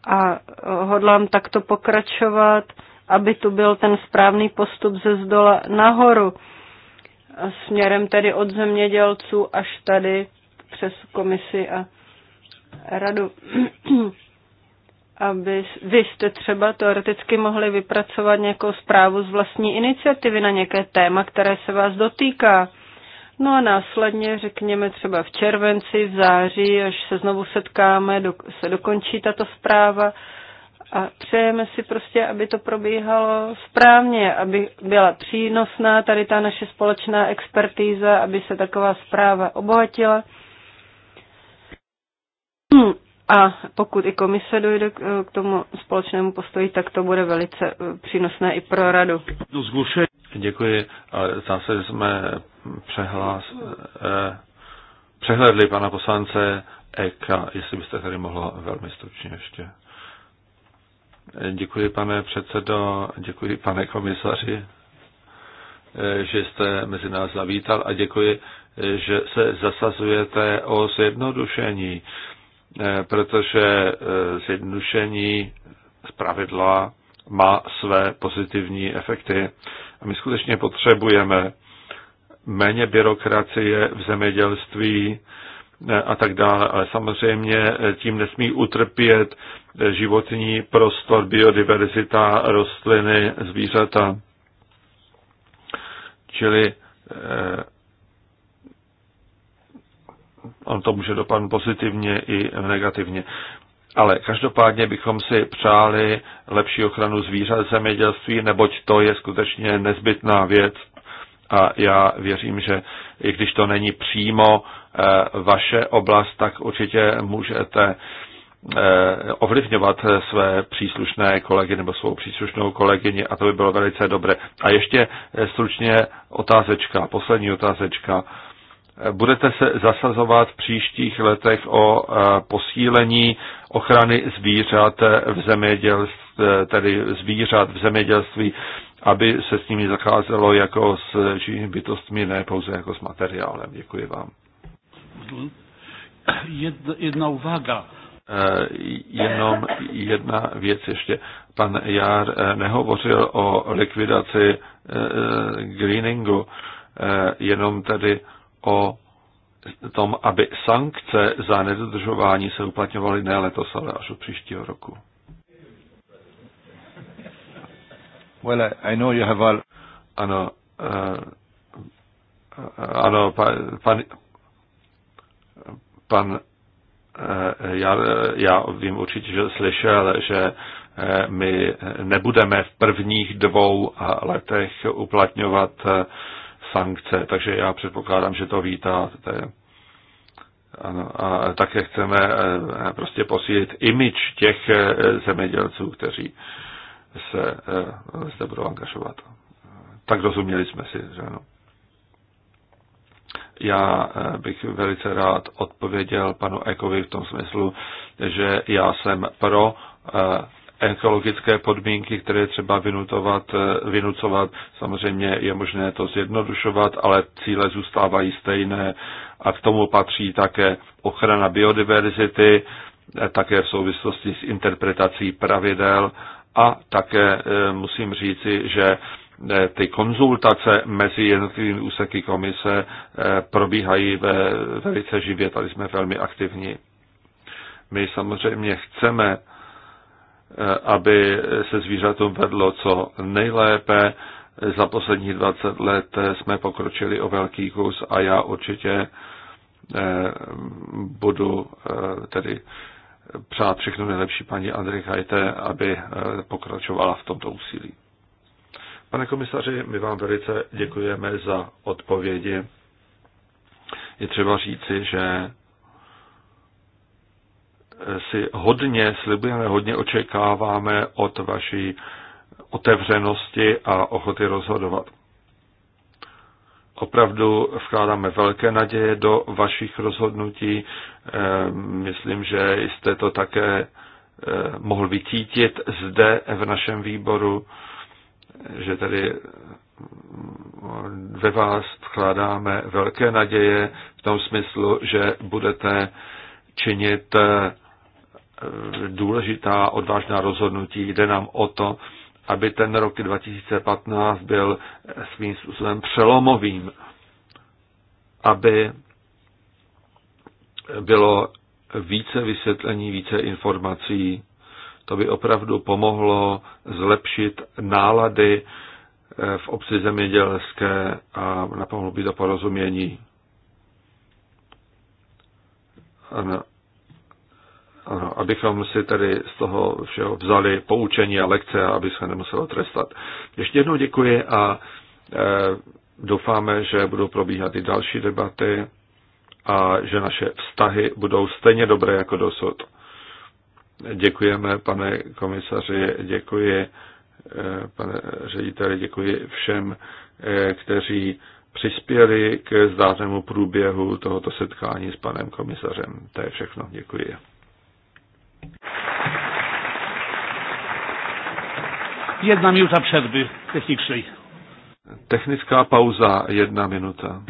[SPEAKER 4] A hodlám takto pokračovat, aby tu byl ten správný postup ze zdola nahoru, směrem tedy od zemědělců až tady přes komisi a radu aby vy jste třeba teoreticky mohli vypracovat nějakou zprávu z vlastní iniciativy na nějaké téma, které se vás dotýká. No a následně, řekněme třeba v červenci, v září, až se znovu setkáme, do, se dokončí tato zpráva a přejeme si prostě, aby to probíhalo správně, aby byla přínosná tady ta naše společná expertíza, aby se taková zpráva obohatila. Hmm. A pokud i komise dojde k tomu společnému postoji, tak to bude velice eh, přínosné i pro radu.
[SPEAKER 2] Děkuji. Zase jsme přehlás, eh, přehledli pana poslance Eka, jestli byste tady mohla velmi stručně ještě. Eh, děkuji, pane předsedo, děkuji, pane komisaři, eh, že jste mezi nás zavítal a děkuji, že se zasazujete o zjednodušení. Eh, protože eh, zjednodušení pravidla má své pozitivní efekty. A my skutečně potřebujeme méně byrokracie v zemědělství eh, a tak dále, ale samozřejmě tím nesmí utrpět životní prostor, biodiverzita, rostliny, zvířata. Čili on to může dopadnout pozitivně i negativně. Ale každopádně bychom si přáli lepší ochranu zvířat v zemědělství, neboť to je skutečně nezbytná věc. A já věřím, že i když to není přímo eh, vaše oblast, tak určitě můžete eh, ovlivňovat eh, své příslušné kolegy nebo svou příslušnou kolegyni a to by bylo velice dobré. A ještě stručně otázečka, poslední otázečka budete se zasazovat v příštích letech o eh, posílení ochrany zvířat v zemědělství, tedy zvířat v zemědělství, aby se s nimi zacházelo jako s živými bytostmi, ne pouze jako s materiálem. Děkuji vám.
[SPEAKER 1] Jedna jedna uvaga.
[SPEAKER 2] Eh, jenom jedna věc ještě. Pan Jár eh, nehovořil o likvidaci greeningu, jenom tady o tom, aby sankce za nedodržování se uplatňovaly ne letos, ale až od příštího roku. Well, I know you have all... Ano, uh, ano, pa, pan, pan eh, já, já vím určitě, že slyšel, že my nebudeme v prvních dvou letech uplatňovat sankce, takže já předpokládám, že to vítáte. Ano, a také chceme eh, prostě posílit imič těch eh, zemědělců, kteří se eh, zde budou angažovat. Tak rozuměli jsme si, že ano. Já bych velice rád odpověděl panu Ekovi v tom smyslu, že já jsem pro ekologické podmínky, které je třeba vynutovat, eh, vynucovat. Samozřejmě je možné to zjednodušovat, ale cíle zůstávají stejné a k tomu patří také ochrana biodiverzity, eh, také v souvislosti s interpretací pravidel a také eh, musím říci, že ty konzultace mezi jednotlivými úseky komise probíhají ve velice živě, tady jsme velmi aktivní. My samozřejmě chceme Eh, aby se zvířatům vedlo co nejlépe. Za posledních 20 let jsme pokročili o velký kus a já určitě eh, budu eh, tedy přát všechno nejlepší paní Andrej Hajte, aby pokračovala v tomto úsilí. Pane komisaři, my vám velice děkujeme za odpovědi. Je třeba říci, že si hodně slibujeme, hodně očekáváme od vaší otevřenosti a ochoty rozhodovat. Opravdu vkládáme velké naděje do vašich rozhodnutí. Eh, myslím, že jste to také eh, mohl vycítit zde v našem výboru, že tedy mm, ve vás vkládáme velké naděje v tom smyslu, že budete činit eh, Eh, důležitá odvážná rozhodnutí. Jde nám o to, aby ten rok 2015 byl eh, svým způsobem přelomovým, aby bylo více vysvětlení, více informací. To by opravdu pomohlo zlepšit nálady eh, v obci zemědělské a napomohlo by to porozumění. Ano abychom si tedy z toho všeho vzali poučení a lekce, aby se nemuselo trestat. Ještě jednou děkuji a e, doufáme, že budou probíhat i další debaty a že naše vztahy budou stejně dobré jako dosud. Děkujeme, pane komisaři, děkuji, e, pane řediteli, děkuji všem, e, kteří přispěli k zdářnému průběhu tohoto setkání s panem komisařem. To je všechno. Děkuji.
[SPEAKER 1] Jedna minuta przerwy technicznej.
[SPEAKER 2] Technická pauza, jedna minuta.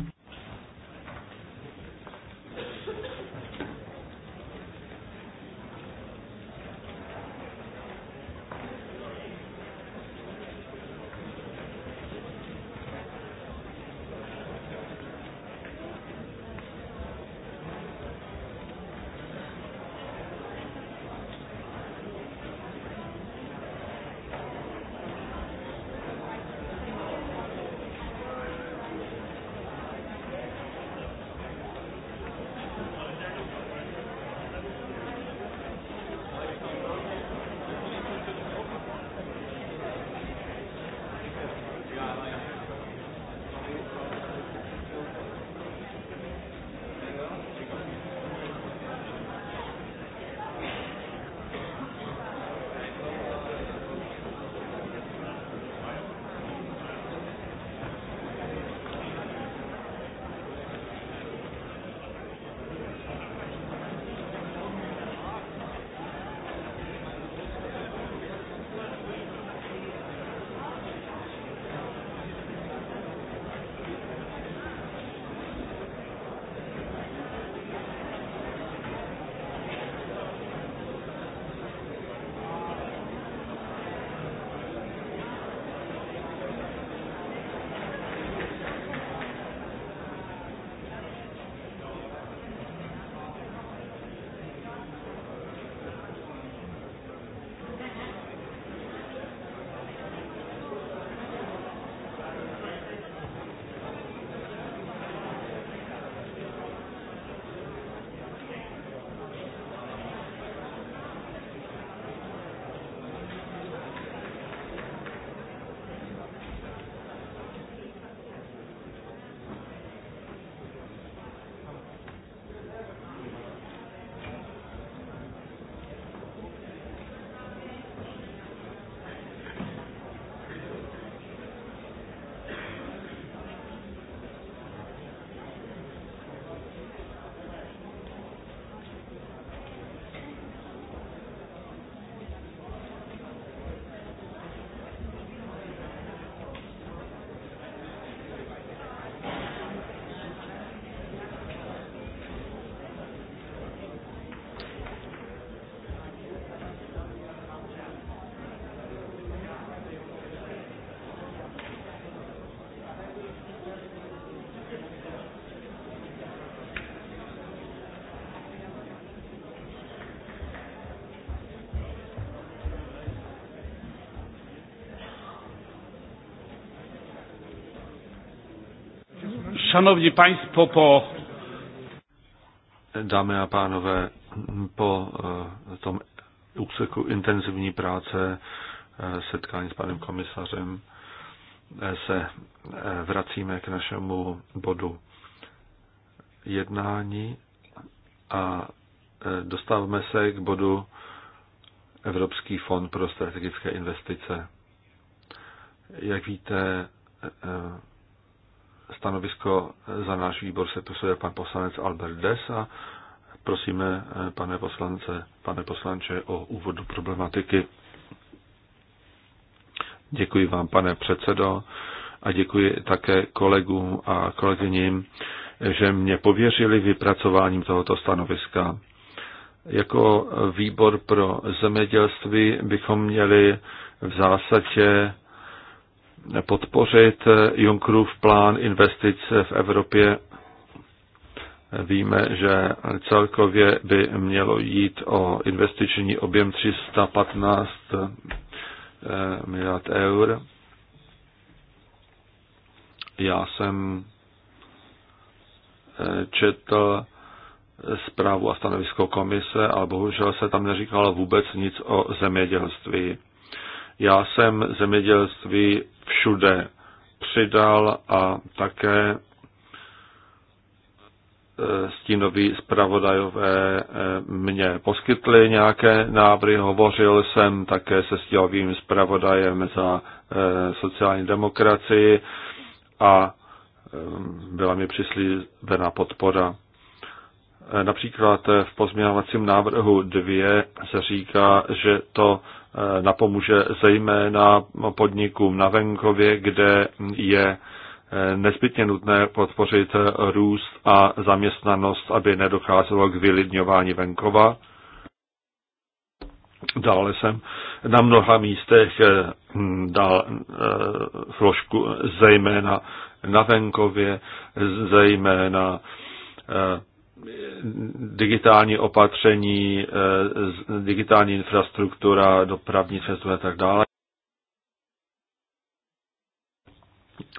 [SPEAKER 2] Szanowni Państwo, po... Dámy a pánové, po eh, tom úseku intenzivní práce, eh, setkání s panem komisařem, eh, se vracíme k našemu bodu jednání a dostáváme se k bodu Evropský fond pro strategické investice. Jak víte, Stanovisko za náš výbor se posuje pan poslanec Albert Des a prosíme eh, pane poslance, pane poslanče o úvodu problematiky. Děkuji vám, pane předsedo, a děkuji také kolegům a kolegyním, že mě pověřili vypracováním tohoto stanoviska. Jako výbor pro zemědělství bychom měli v zásadě podpořit Junckerův plán investic v Evropě. Víme, že celkově by mělo jít o investiční objem 315 eh, miliard eur. Já jsem eh, četl zprávu a stanovisko komise, ale bohužel se tam neříkalo vůbec nic o zemědělství. Já jsem zemědělství všude přidal a také e, stínoví zpravodajové e, mě poskytli nějaké návrhy. Hovořil jsem také se stínovým zpravodajem za e, sociální demokracii a byla mi přislíbena podpora. Eh, například eh, v pozměňovacím návrhu 2 se říká, že to eh, napomůže zejména podnikům na venkově, kde je nezbytně nutné podpořit růst a zaměstnanost, aby nedocházelo k vylidňování venkova. Dále jsem na mnoha místech hm, dal složku zejména na venkově, zejména digitální opatření, eh, digitální infrastruktura, dopravní cestu a tak dále.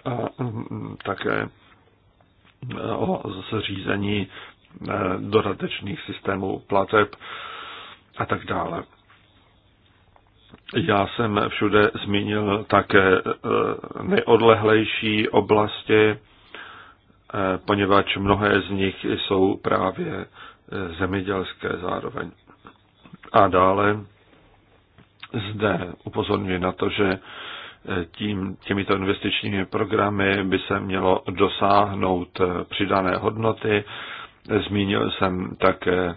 [SPEAKER 2] A mm, také eh, o řízení eh, dodatečných systémů plateb a tak dále. Já jsem všude zmínil také nejodlehlejší oblasti, Eh, poněvadž mnohé z nich jsou právě eh, zemědělské zároveň. A dále zde upozorňuji na to, že eh, tím, těmito investičními programy by se mělo dosáhnout přidané hodnoty. Zmínil jsem také,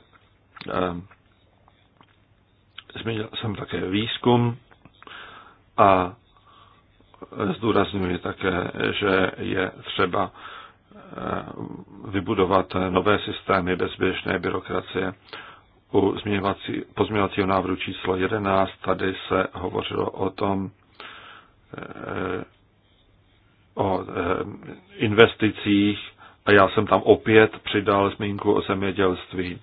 [SPEAKER 2] zmínil jsem také výzkum a zdůraznuju také, že je třeba Eh, vybudovat nové systémy bezběžné byrokracie. U pozměňovacího návrhu číslo 11 tady se hovořilo o tom, eh, o eh, investicích a já jsem tam opět přidal zmínku o zemědělství.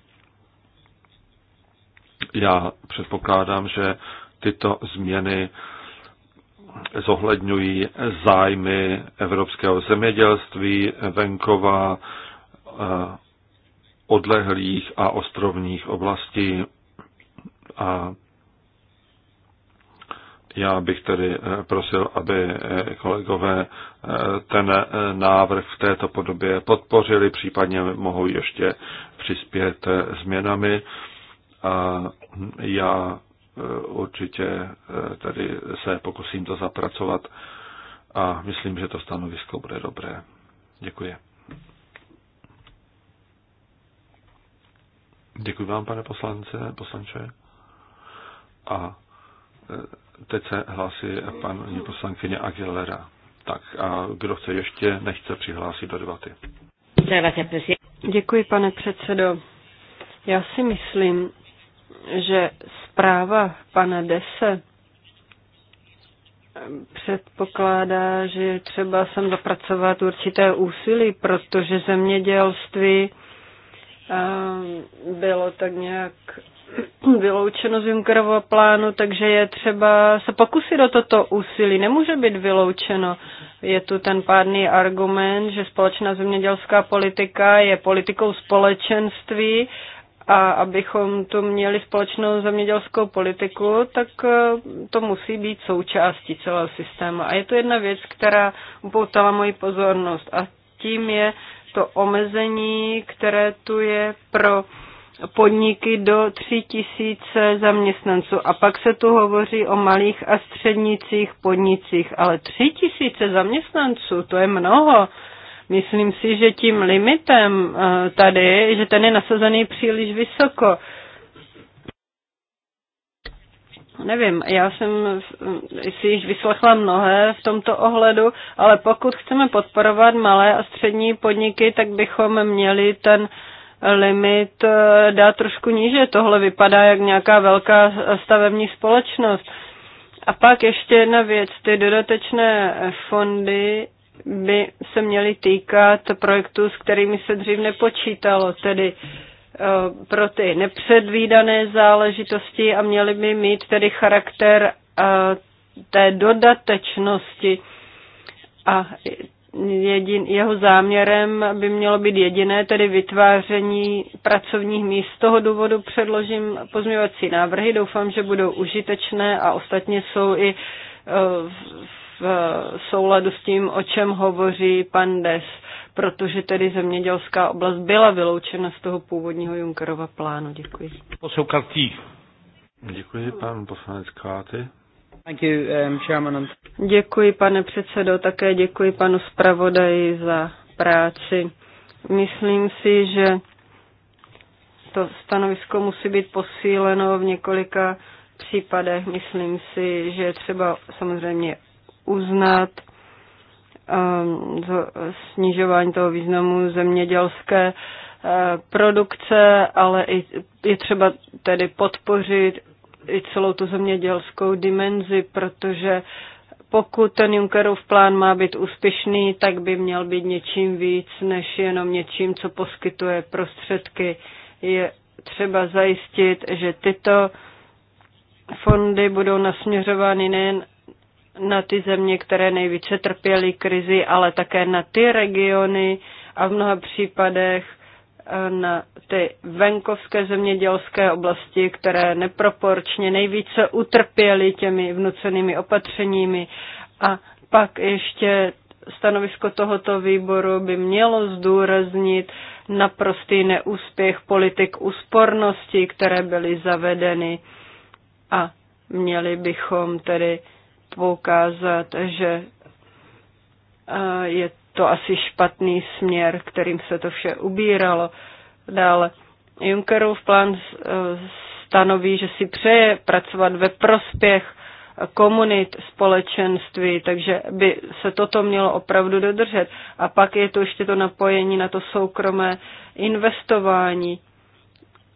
[SPEAKER 2] Já předpokládám, že tyto změny zohledňují zájmy evropského zemědělství, venkova, eh, odlehlých a ostrovních oblastí. A já bych tedy eh, prosil, aby eh, kolegové ten návrh v této podobě podpořili, případně mohou ještě přispět změnami. A já určitě eh, tady se pokusím to zapracovat a myslím, že to stanovisko bude dobré. Děkuji. Děkuji vám, pane poslance, poslanče. A eh, teď se hlásí paní poslankyně Aguilera. Tak a kdo chce ještě, nechce přihlásit do debaty.
[SPEAKER 4] Děkuji, pane předsedo. Já si myslím, že zpráva pana Dese předpokládá, že je třeba sem zapracovat určité úsilí, protože zemědělství bylo tak nějak (clears throat) vyloučeno z Junckerova plánu, takže je třeba se pokusit o toto úsilí. Nemůže být vyloučeno. Je tu ten pádný argument, že společná zemědělská politika je politikou společenství a abychom tu měli společnou zemědělskou politiku, tak eh, to musí být součástí celého systému. A je to jedna věc, která upoutala moji pozornost a tím je to omezení, které tu je pro podniky do tisíce zaměstnanců. A pak se tu hovoří o malých a střednicích podnicích, ale tisíce zaměstnanců, to je mnoho. Myslím si, že tím limitem eh, tady, že ten je nasazený příliš vysoko. Nevím, já jsem eh, si již vyslechla mnohé v tomto ohledu, ale pokud chceme podporovat malé a střední podniky, tak bychom měli ten limit eh, dát trošku níže. Tohle vypadá jak nějaká velká stavební společnost. A pak ještě jedna věc, ty dodatečné fondy by se měly týkat projektů, s kterými se dřív nepočítalo, tedy eh, pro ty nepředvídané záležitosti a měly by mít tedy charakter eh, té dodatečnosti a jedin, jeho záměrem by mělo být jediné, tedy vytváření pracovních míst. Z toho důvodu předložím pozměňovací návrhy, doufám, že budou užitečné a ostatně jsou i eh, v v eh, souladu s tím, o čem hovoří pan Des, protože tedy zemědělská oblast byla vyloučena z toho původního Junkerova plánu. Děkuji.
[SPEAKER 2] Posel Děkuji, pan poslanec Káty.
[SPEAKER 4] Um, děkuji, pane předsedo, také děkuji panu zpravodaji za práci. Myslím si, že to stanovisko musí být posíleno v několika případech. Myslím si, že třeba samozřejmě uznat ehm, snižování toho významu zemědělské eh, produkce, ale i, je třeba tedy podpořit i celou tu zemědělskou dimenzi, protože pokud ten Junckerův plán má být úspěšný, tak by měl být něčím víc, než jenom něčím, co poskytuje prostředky. Je třeba zajistit, že tyto fondy budou nasměřovány nejen na ty země, které nejvíce trpěly krizi, ale také na ty regiony a v mnoha případech eh, na ty venkovské zemědělské oblasti, které neproporčně nejvíce utrpěly těmi vnucenými opatřeními. A pak ještě stanovisko tohoto výboru by mělo zdůraznit naprostý neúspěch politik úspornosti, které byly zavedeny a měli bychom tedy poukázat, že eh, je to asi špatný směr, kterým se to vše ubíralo. Dále Junckerův plán eh, stanoví, že si přeje pracovat ve prospěch komunit, společenství, takže by se toto mělo opravdu dodržet. A pak je to ještě to napojení na to soukromé investování.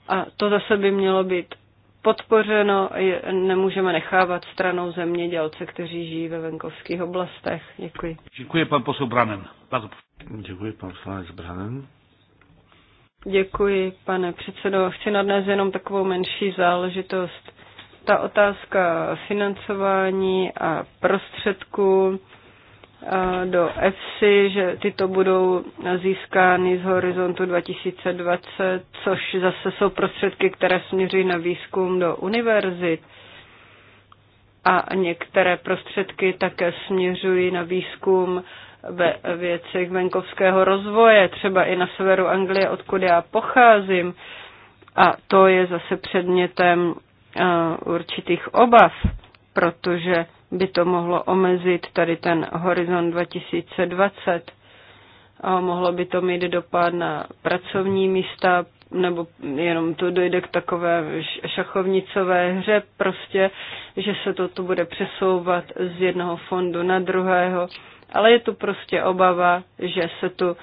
[SPEAKER 4] A to zase by mělo být podpořeno, nemůžeme nechávat stranou zemědělce, kteří žijí ve venkovských oblastech. Děkuji.
[SPEAKER 1] Děkuji pan posl Branen. Děkuji pan poslanec Branen.
[SPEAKER 4] Děkuji, pane předsedo. Chci nadnést jenom takovou menší záležitost. Ta otázka financování a prostředků do EFSI, že tyto budou získány z horizontu 2020, což zase jsou prostředky, které směřují na výzkum do univerzit. A některé prostředky také směřují na výzkum ve věcech venkovského rozvoje, třeba i na severu Anglie, odkud já pocházím. A to je zase předmětem určitých obav, protože by to mohlo omezit tady ten horizont 2020 a mohlo by to mít dopad na pracovní místa, nebo jenom to dojde k takové šachovnicové hře prostě, že se to tu bude přesouvat z jednoho fondu na druhého. Ale je tu prostě obava, že se tu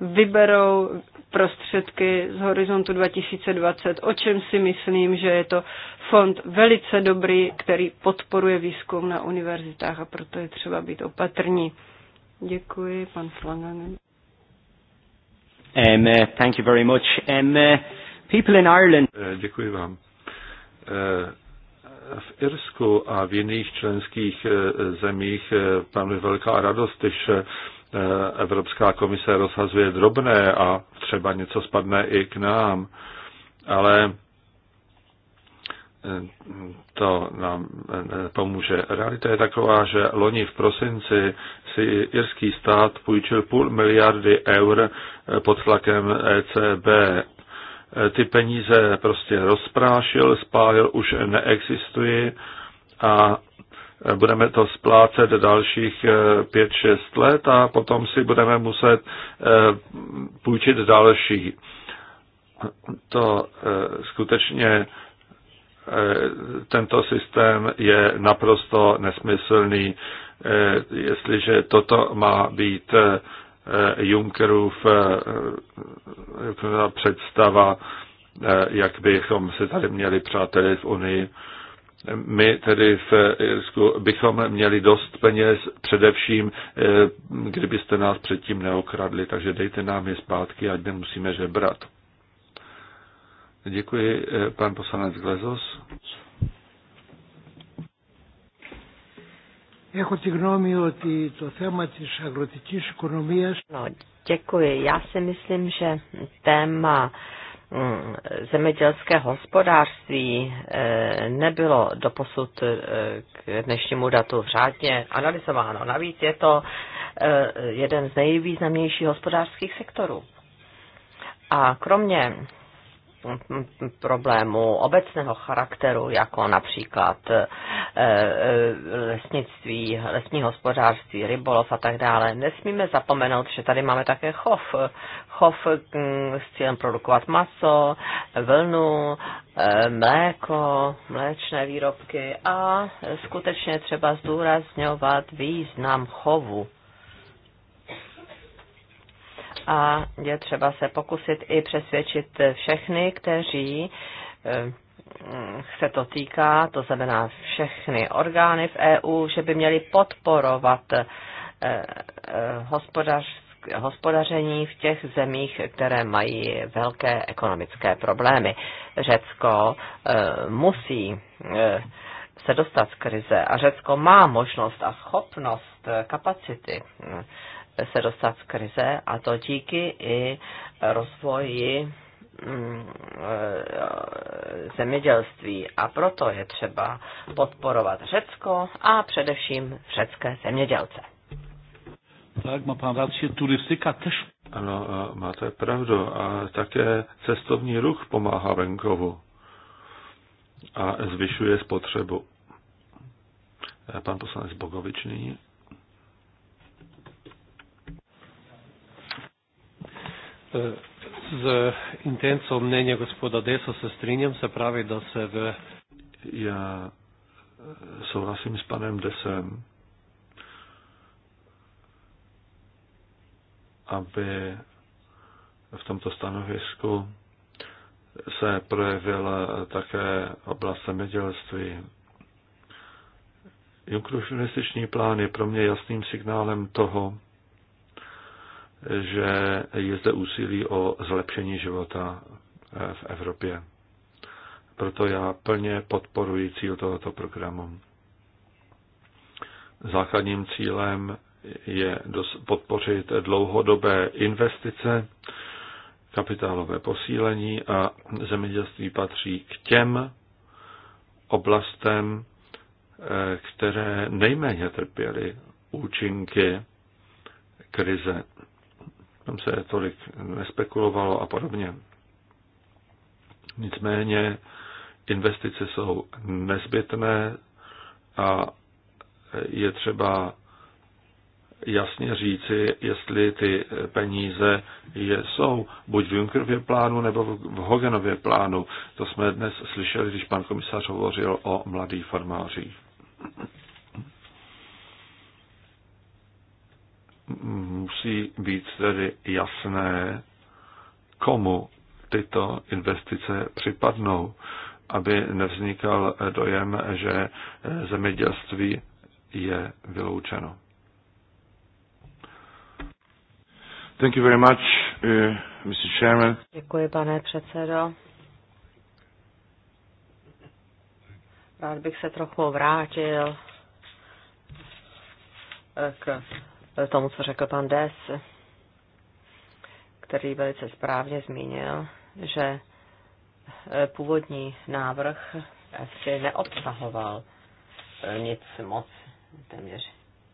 [SPEAKER 4] vyberou prostředky z horizontu 2020, o čem si myslím, že je to fond velice dobrý, který podporuje výzkum na univerzitách a proto je třeba být opatrní. Děkuji, pan Flanagan. Um, uh, thank you very much.
[SPEAKER 2] Um, uh, people in Ireland... Eh, děkuji vám. Uh, v Irsku a v jiných členských eh, zemích panuje velká radost, když Eh, Evropská komise rozhazuje drobné a třeba něco spadne i k nám, ale eh, to nám eh, pomůže. Realita je taková, že loni v prosinci si irský stát půjčil půl miliardy eur pod tlakem ECB. Ty peníze prostě rozprášil, spálil, už neexistují a budeme to splácet dalších 5-6 eh, let a potom si budeme muset eh, půjčit další. To eh, skutečně tento systém je naprosto nesmyslný. Jestliže toto má být Junckerův představa, jak bychom se tady měli přátelit v Unii, my tedy v Irsku bychom měli dost peněz, především eh, kdybyste nás předtím neokradli, takže dejte nám je zpátky, ať nemusíme žebrat. Děkuji, eh, pan poslanec Glezos.
[SPEAKER 1] Έχω
[SPEAKER 3] no, Děkuji. Já si myslím, že téma zemědělské hospodářství eh, nebylo doposud eh, k dnešnímu datu řádně analyzováno. Navíc je to eh, jeden z nejvýznamnějších hospodářských sektorů. A kromě problémů obecného charakteru, jako například eh, eh, lesnictví, lesní hospodářství, rybolov a tak dále. Nesmíme zapomenout, že tady máme také chov. Chov mm, s cílem produkovat maso, vlnu, eh, mléko, mléčné výrobky a skutečně třeba zdůrazňovat význam chovu a je třeba se pokusit i přesvědčit všechny, kteří eh, se to týká, to znamená všechny orgány v EU, že by měli podporovat eh, eh, hospodaření v těch zemích, které mají velké ekonomické problémy. Řecko musí se dostat z krize a Řecko má možnost a schopnost, kapacity se dostat z krize a to díky i rozvoji mm, e, zemědělství a proto je třeba podporovat Řecko a především řecké zemědělce.
[SPEAKER 1] Tak, má pan radši, turistika tež.
[SPEAKER 2] Ano, máte pravdu. A také cestovní ruch pomáhá venkovu a zvyšuje spotřebu. E, pan poslanec Bogovič nyní.
[SPEAKER 1] Z intenco
[SPEAKER 2] mnenja gospoda Deso se strinjam, se pravi, da se v... Já souhlasím s panem Desem, aby v tomto stanovisku se projevila také oblast zemědělství. Junckerův plán je pro mě jasným signálem toho, že je zde úsilí o zlepšení života eh, v Evropě. Proto já plně podporuji cíl tohoto programu. Základním cílem je podpořit dlouhodobé investice, kapitálové posílení a zemědělství patří k těm oblastem, eh, které nejméně trpěly účinky krize tam se tolik nespekulovalo a podobně. Nicméně investice jsou nezbytné a je třeba jasně říci, jestli ty peníze je, jsou buď v Junckerově plánu nebo v Hoganově plánu. To jsme dnes slyšeli, když pan komisař hovořil o mladých farmářích. musí být tedy jasné, komu tyto investice připadnou, aby nevznikal dojem, že zemědělství je vyloučeno. Thank you very much, uh, Mr. Chairman.
[SPEAKER 3] Děkuji, pane předsedo. Rád bych se trochu vrátil k tomu, co řekl pan Des, který velice správně zmínil, že eh, původní návrh ještě neobsahoval eh, nic moc, téměř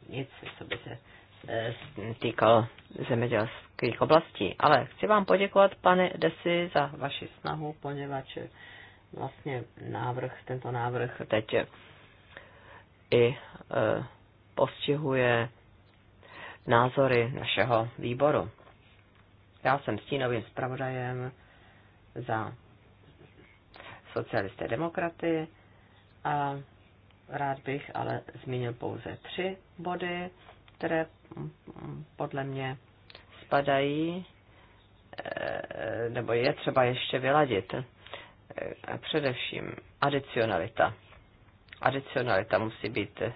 [SPEAKER 3] nic, co by se eh, týkal zemědělských oblastí. Ale chci vám poděkovat, pane Desi, za vaši snahu, poněvadž vlastně návrh, tento návrh teď i postihuje názory našeho výboru. Já jsem stínovým zpravodajem za socialisté demokraty a rád bych ale zmínil pouze tři body, které podle mě spadají, eh, nebo je třeba ještě vyladit. Eh, především adicionalita. Adicionalita musí být eh,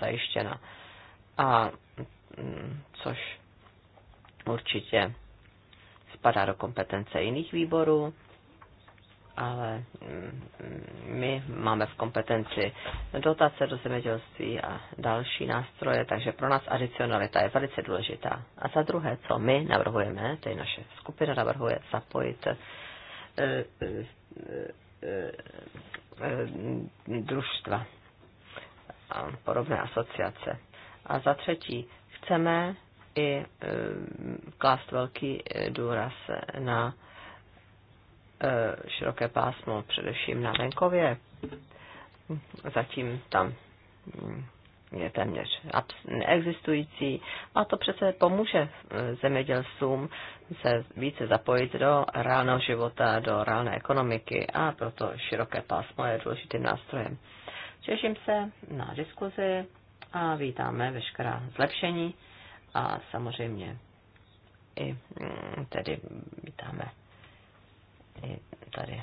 [SPEAKER 3] zajištěna. A Mm, což určitě spadá do kompetence jiných výborů, ale mm, my máme v kompetenci dotace do zemědělství a další nástroje, takže pro nás adicionalita je velice důležitá. A za druhé, co my navrhujeme, tedy naše skupina navrhuje zapojit eh, eh, eh, družstva a podobné asociace. A za třetí, chceme i eh, klást velký eh, důraz na eh, široké pásmo, především na venkově. Zatím tam hm, je téměř neexistující a to přece pomůže zemědělcům se více zapojit do reálného života, do reálné ekonomiky a proto široké pásmo je důležitým nástrojem. Těším se na diskuzi a vítáme veškerá zlepšení a samozřejmě i mm, tedy vítáme i tady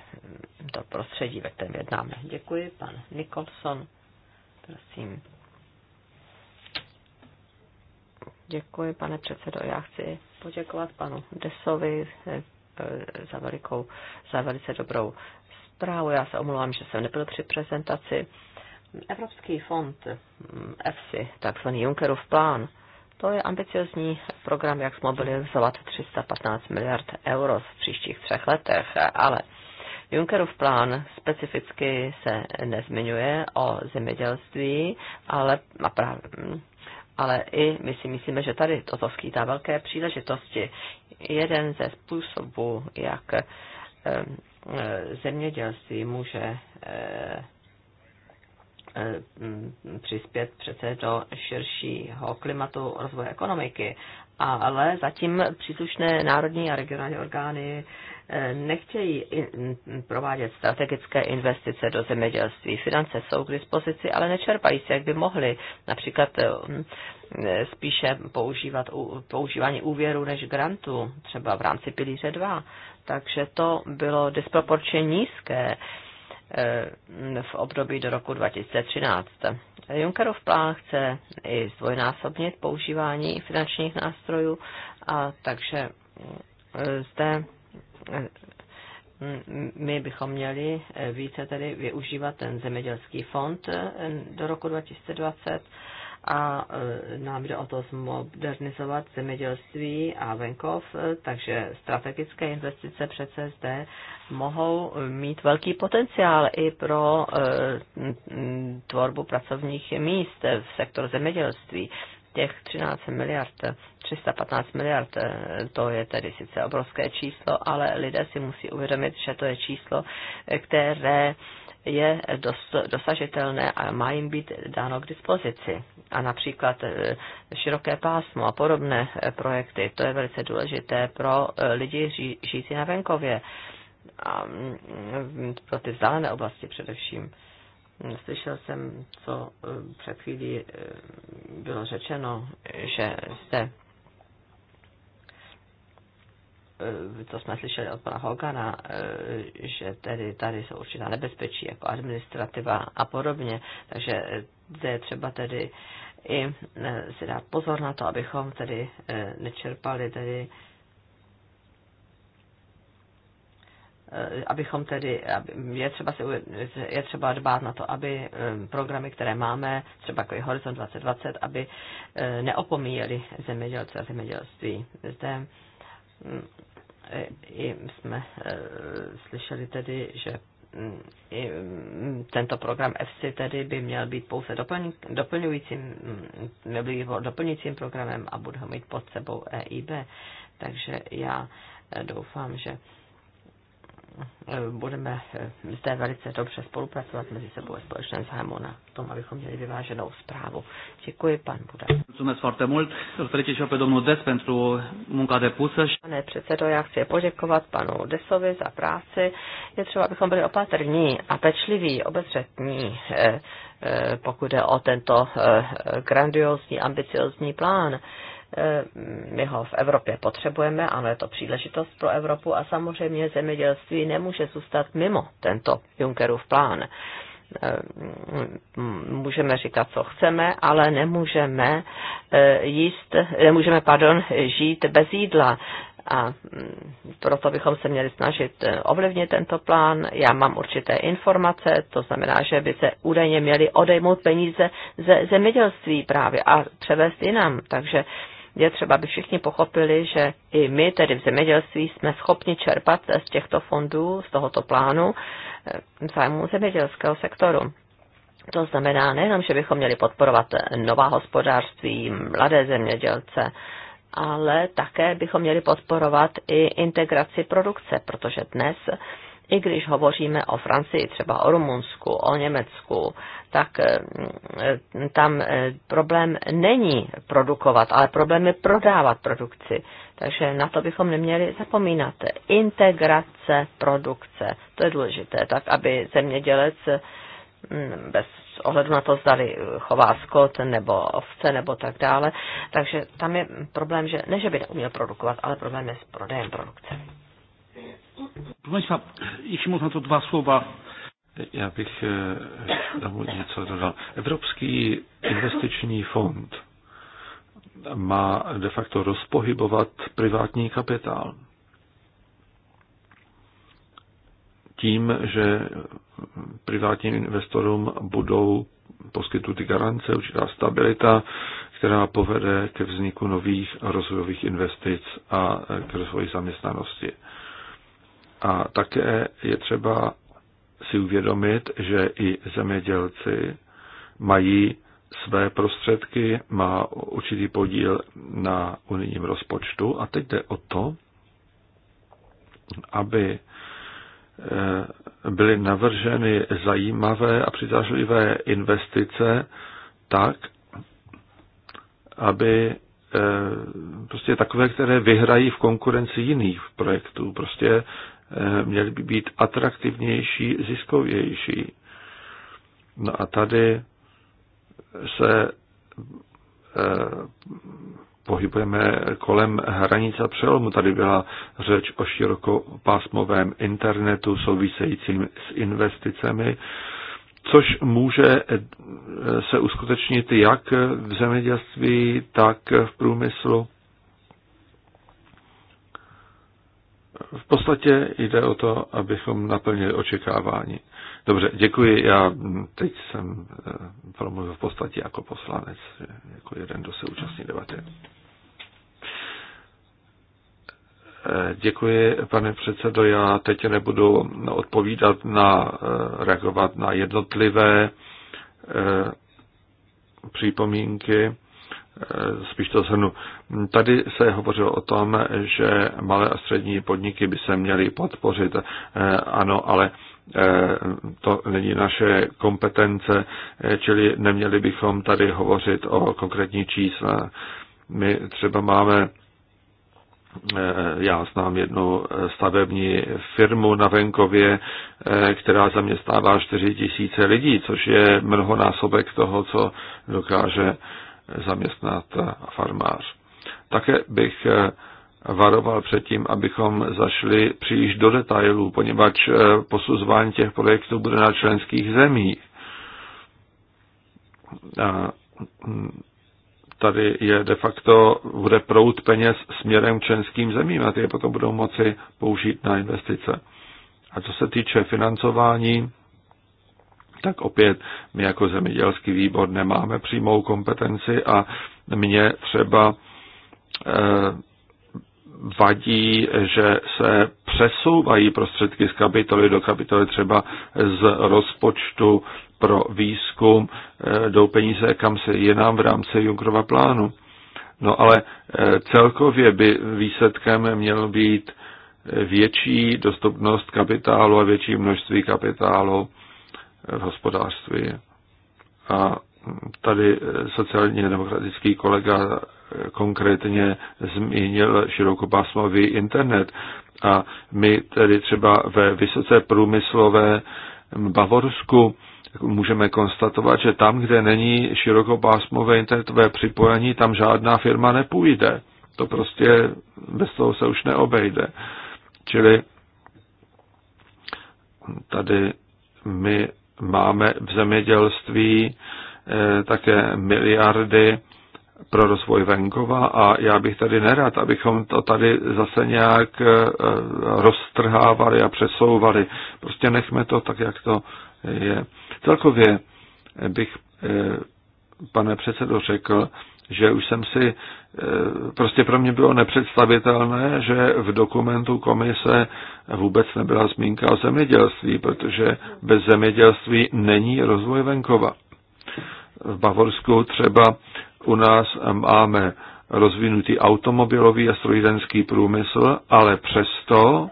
[SPEAKER 3] to prostředí, ve kterém jednáme. Děkuji, pan Nicholson, prosím. Děkuji, pane předsedo. Já chci poděkovat panu Desovi eh, eh, za, velikou, za velice dobrou zprávu. Já se omlouvám, že jsem nebyl při prezentaci Evropský fond mm, EFSI, takzvaný Junckerův plán, to je ambiciozní program, jak zmobilizovat 315 miliard euro v příštích třech letech, ale Junckerův plán specificky se nezmiňuje o zemědělství, ale, mm, ale i my si myslíme, že tady toto skýtá velké příležitosti. Jeden ze způsobů, jak eh, eh, zemědělství může eh, Eh, mm, přispět přece do širšího klimatu rozvoje ekonomiky. Ale zatím příslušné národní a regionální orgány eh, nechtějí mm, provádět strategické investice do zemědělství. Finance jsou k dispozici, ale nečerpají se, jak by mohly. Například eh, mm, spíše používat, používání úvěru než grantu, třeba v rámci pilíře 2. Takže to bylo disproporčně nízké Eh, v období do roku 2013. Junckerův plán chce i zdvojnásobnit používání finančních nástrojů, a takže eh, zde eh, my bychom měli více tedy využívat ten zemědělský fond do roku 2020 a e, nám jde o to zmodernizovat zemědělství a venkov, e, takže strategické investice přece zde mohou mít velký potenciál i pro e, tvorbu pracovních míst v sektoru zemědělství. Těch 13 miliard, 315 miliard, to je tedy sice obrovské číslo, ale lidé si musí uvědomit, že to je číslo, které je dost, dosažitelné a má jim být dáno k dispozici. A například e, široké pásmo a podobné e, projekty, to je velice důležité pro e, lidi ži, žijící na venkově a mm, pro ty vzdálené oblasti především. Slyšel jsem, co před chvílí bylo řečeno, že se to eh, jsme slyšeli od pana Hogana, eh, že tedy tady jsou určitá nebezpečí, jako administrativa a podobně, takže zde eh, je třeba tedy i si dát pozor na to, abychom tedy nečerpali tedy abychom tedy, je třeba, si, je třeba dbát na to, aby programy, které máme, třeba jako je Horizon 2020, aby neopomíjeli zemědělce a zemědělství. Zde i jsme eh, slyšeli tedy, že mm, i mm, tento program FC tedy by měl být pouze doplňujícím, mm, měl by být doplňujícím programem a bude ho mít pod sebou EIB. Takže já eh, doufám, že Eh, budeme eh, zde velice dobře spolupracovat mezi sebou a společném zájmu na tom, abychom měli vyváženou zprávu. Děkuji, pan Buda. Pane předsedo, já chci poděkovat panu Desovi za práci. Je třeba, abychom byli opatrní a pečliví, obezřetní, eh, pokud jde o tento grandiózní, ambiciozní plán Eh, my ho v Evropě potřebujeme, ano, je to příležitost pro Evropu a samozřejmě zemědělství nemůže zůstat mimo tento Junckerův plán eh, můžeme říkat, co chceme, ale nemůžeme eh, jíst, nemůžeme, pardon, žít bez jídla. A mm, proto bychom se měli snažit ovlivnit tento plán. Já mám určité informace, to znamená, že by se údajně měli odejmout peníze ze zemědělství právě a převést jinam. Takže eh, je třeba, aby všichni pochopili, že i my, tedy v zemědělství, jsme schopni čerpat z těchto fondů, z tohoto plánu eh, zájmu zemědělského sektoru. To znamená nejenom, že bychom měli podporovat nová hospodářství, mladé zemědělce, ale také bychom měli podporovat i integraci produkce, protože dnes i když hovoříme o Francii, třeba o Rumunsku, o Německu, tak eh, mm, tam eh, problém není produkovat, ale problém je prodávat produkci. Takže na to bychom neměli zapomínat. Integrace produkce, to je důležité, tak aby zemědělec eh, mm, bez ohledu na to, zdali chová skot nebo ovce nebo tak dále. Takže tam je problém, že ne, že by neuměl produkovat, ale problém je s prodejem produkce.
[SPEAKER 2] Proszę Państwa, jeśli można to dwa słowa. Já bych tomu eh, něco dodal. Evropský investiční fond má de facto rozpohybovat privátní kapitál. Tím, že privátním investorům budou poskytnuty garance, určitá stabilita, která povede ke vzniku nových rozvojových investic a eh, k rozvoji zaměstnanosti. A také je třeba si uvědomit, že i zemědělci mají své prostředky, má určitý podíl na unijním rozpočtu a teď jde o to, aby eh, byly navrženy zajímavé a přitažlivé investice tak, aby eh, prostě takové, které vyhrají v konkurenci jiných projektů. Prostě měly by být atraktivnější, ziskovější. No a tady se eh, pohybujeme kolem hranice přelomu. Tady byla řeč o širokopásmovém internetu souvisejícím s investicemi, což může eh, se uskutečnit jak v zemědělství, tak v průmyslu. v podstatě jde o to, abychom naplnili očekávání. Dobře, děkuji. Já hm, teď jsem eh, promluvil v podstatě jako poslanec, jako jeden, kdo se účastní debaty. Eh, děkuji, pane předsedo. Já teď nebudu odpovídat na, eh, reagovat na jednotlivé připomínky. Eh, spíš to zhrnu. Tady se hovořilo o tom, že malé a střední podniky by se měly podpořit. Eh, ano, ale eh, to není naše kompetence, čili neměli bychom tady hovořit o konkrétní čísla. My třeba máme já znám jednu stavební firmu na venkově, která zaměstnává 4 tisíce lidí, což je mnohonásobek toho, co dokáže zaměstnat farmář. Také bych varoval před tím, abychom zašli příliš do detailů, poněvadž posuzování těch projektů bude na členských zemích. A tady je de facto bude prout peněz směrem k členským zemím a ty je potom budou moci použít na investice. A co se týče financování, tak opět my jako zemědělský výbor nemáme přímou kompetenci a mě třeba eh, vadí, že se přesouvají prostředky z kapitoly do kapitoly třeba z rozpočtu pro výzkum, eh, jdou peníze kam se jinam v rámci Junkrova plánu. No ale eh, celkově by výsledkem měl být větší dostupnost kapitálu a větší množství kapitálu v hospodářství. A tady sociálně demokratický kolega konkrétně zmínil širokopásmový internet. A my tedy třeba ve vysoce průmyslové Bavorsku můžeme konstatovat, že tam, kde není širokopásmové internetové připojení, tam žádná firma nepůjde. To prostě bez toho se už neobejde. Čili tady my máme v zemědělství eh, také miliardy pro rozvoj venkova a já bych tady nerad, abychom to tady zase nějak eh, roztrhávali a přesouvali. Prostě nechme to tak, jak to je. Celkově bych, eh, pane předsedo, řekl, že už jsem si Eh, prostě pro mě bylo nepředstavitelné, že v dokumentu komise vůbec nebyla zmínka o zemědělství, protože bez zemědělství není rozvoj venkova. V Bavorsku třeba u nás máme rozvinutý automobilový a strojírenský průmysl, ale přesto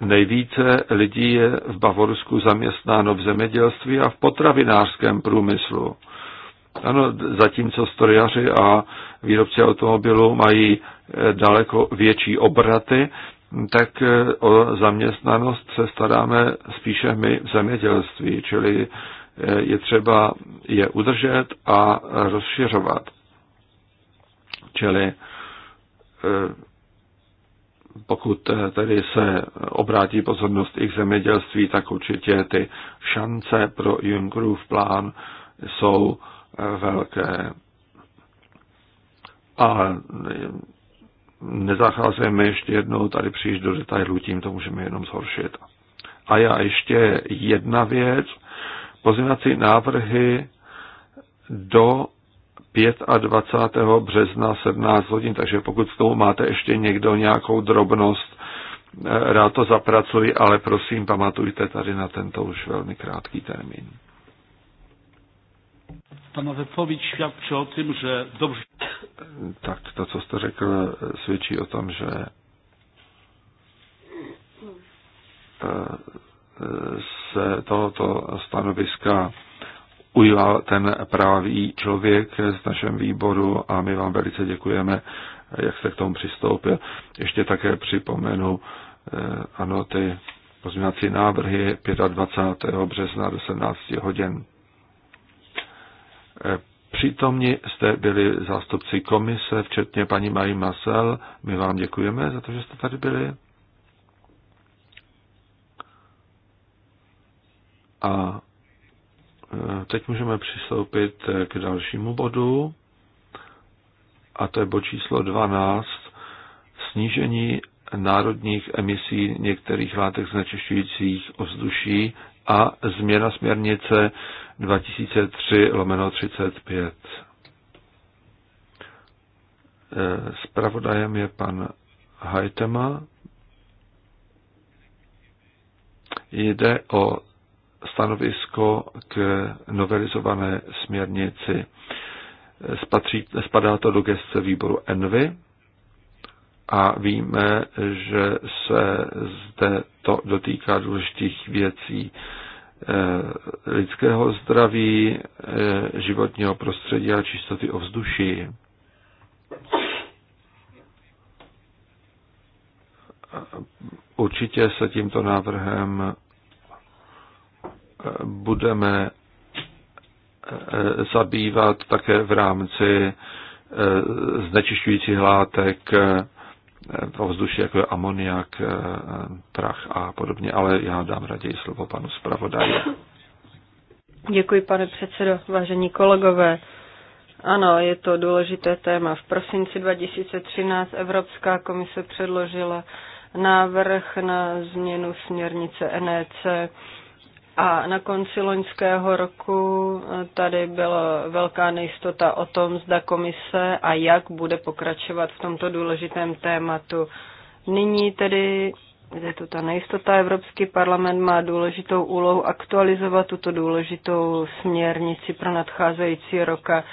[SPEAKER 2] nejvíce lidí je v Bavorsku zaměstnáno v zemědělství a v potravinářském průmyslu. Ano, zatímco strojaři a výrobci automobilů mají eh, daleko větší obraty, tak eh, o zaměstnanost se staráme spíše my v zemědělství, čili eh, je třeba je udržet a rozšiřovat. Čili pokud tedy se obrátí pozornost i k zemědělství, tak určitě ty šance pro Junckerův plán jsou velké. A nezacházejme ještě jednou tady přijít do detailů, tím to můžeme jenom zhoršit. A já ještě jedna věc. Pozměňovací návrhy do 25. března 17 hodin, takže pokud k tomu máte ještě někdo nějakou drobnost, eh, rád to zapracuji, ale prosím, pamatujte tady na tento už velmi krátký termín.
[SPEAKER 1] Pana wypowiedź świadczy o tym, że dobrze...
[SPEAKER 2] Tak, to, co jste řekl, svědčí o tom, že eh, se tohoto stanoviska ujal ten právý člověk z našem výboru a my vám velice děkujeme, jak jste k tomu přistoupil. Ještě také připomenu, eh, ano, ty pozměňovací návrhy 25. března do 17 hodin. Eh, přítomni jste byli zástupci komise, včetně paní Marie Masel. My vám děkujeme za to, že jste tady byli. A eh, teď můžeme přistoupit eh, k dalšímu bodu, a to je bod číslo 12, snížení národních emisí některých látek znečišťujících ovzduší a změna směrnice 2003 lomeno 35. Spravodajem eh, je pan Hajtema. Jde o stanovisko k novelizované směrnici. Eh, spatří, spadá to do gestce výboru Envy a víme, že se zde to dotýká důležitých věcí Eh, lidského zdraví, eh, životního prostředí a čistoty ovzduší. Určitě se tímto návrhem eh, budeme zabývat také v rámci znečišťujících látek ovzduší, jako je amoniak, eh, prach a podobně, ale já dám raději slovo panu zpravodaji.
[SPEAKER 4] Děkuji, pane předsedo, vážení kolegové. Ano, je to důležité téma. V prosinci 2013 Evropská komise předložila návrh na změnu směrnice NEC a na konci loňského roku eh, tady byla velká nejistota o tom, zda komise a jak bude pokračovat v tomto důležitém tématu. Nyní tedy je tu ta nejistota. Evropský parlament má důležitou úlohu aktualizovat tuto důležitou směrnici pro nadcházející roka.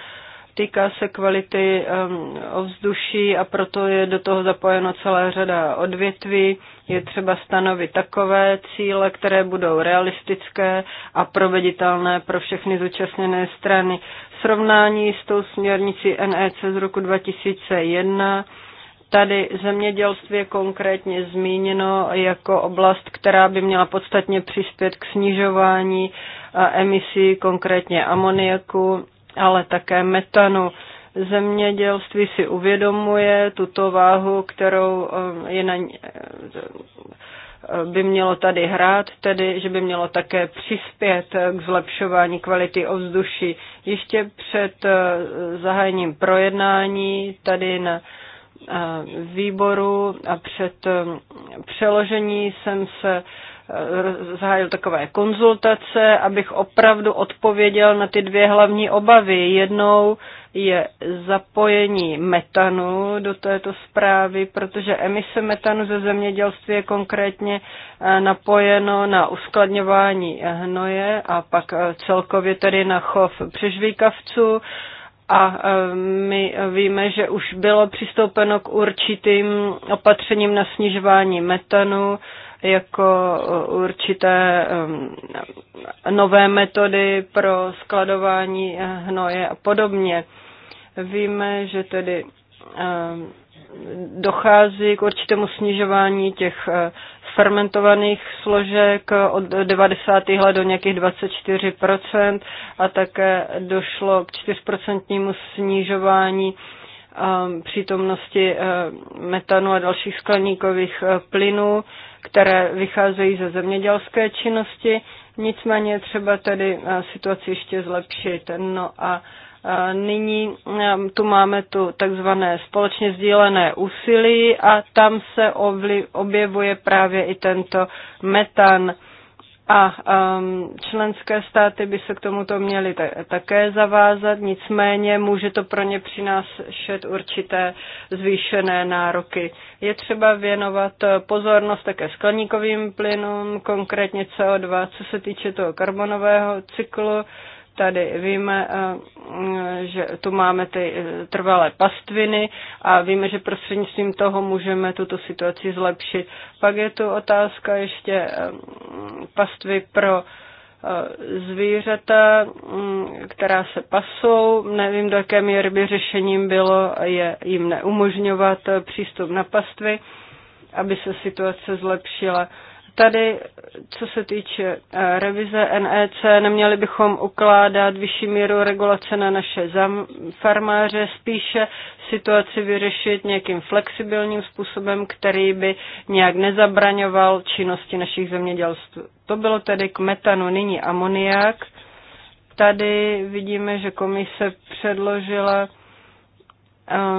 [SPEAKER 4] Týká se kvality um, ovzduší a proto je do toho zapojeno celá řada odvětví. Je třeba stanovit takové cíle, které budou realistické a proveditelné pro všechny zúčastněné strany. Srovnání s tou směrnicí NEC z roku 2001 Tady zemědělství je konkrétně zmíněno jako oblast, která by měla podstatně přispět k snižování eh, emisí, konkrétně amoniaku, ale také metanu. Zemědělství si uvědomuje tuto váhu, kterou um, je na, eh, by mělo tady hrát, tedy že by mělo také přispět k zlepšování kvality ovzduší. Ještě před eh, zahájením projednání tady na eh, výboru a před přeložení jsem se Eh, zahájil takové konzultace, abych opravdu odpověděl na ty dvě hlavní obavy. Jednou je zapojení metanu do této zprávy, protože emise metanu ze zemědělství je konkrétně eh, napojeno na uskladňování hnoje a pak eh, celkově tedy na chov přežvíkavců. A my víme, že už bylo přistoupeno k určitým opatřením na snižování metanu, jako eh, určité eh, nové metody pro skladování eh, hnoje a podobně. Víme, že tedy dochází k určitému snižování těch fermentovaných složek od 90. let do nějakých 24% a také došlo k 4% snižování přítomnosti metanu a dalších skleníkových plynů které vycházejí ze zemědělské činnosti, nicméně třeba tedy eh, situaci ještě zlepšit. No a eh, Nyní eh, tu máme tu takzvané společně sdílené úsilí a tam se objevuje právě i tento metan a um, členské státy by se k tomuto měly ta- také zavázat, nicméně může to pro ně přinášet určité zvýšené nároky. Je třeba věnovat pozornost také skleníkovým plynům, konkrétně CO2, co se týče toho karbonového cyklu. Tady víme, eh, mm, že tu máme ty eh, trvalé pastviny a víme, že prostřednictvím toho můžeme tuto situaci zlepšit. Pak je tu otázka ještě eh, mm, pastvy pro zvířata, mm, která se pasou. Nevím, do jaké míry by řešením bylo je jim neumožňovat přístup na pastvy, aby se situace zlepšila. Tady, co se týče eh, revize NEC, neměli bychom ukládat vyšší míru regulace na naše farmáře, spíše situaci vyřešit nějakým flexibilním způsobem, který by nějak nezabraňoval činnosti našich zemědělství. To bylo tedy k metanu, nyní amoniak. Tady vidíme, že komise předložila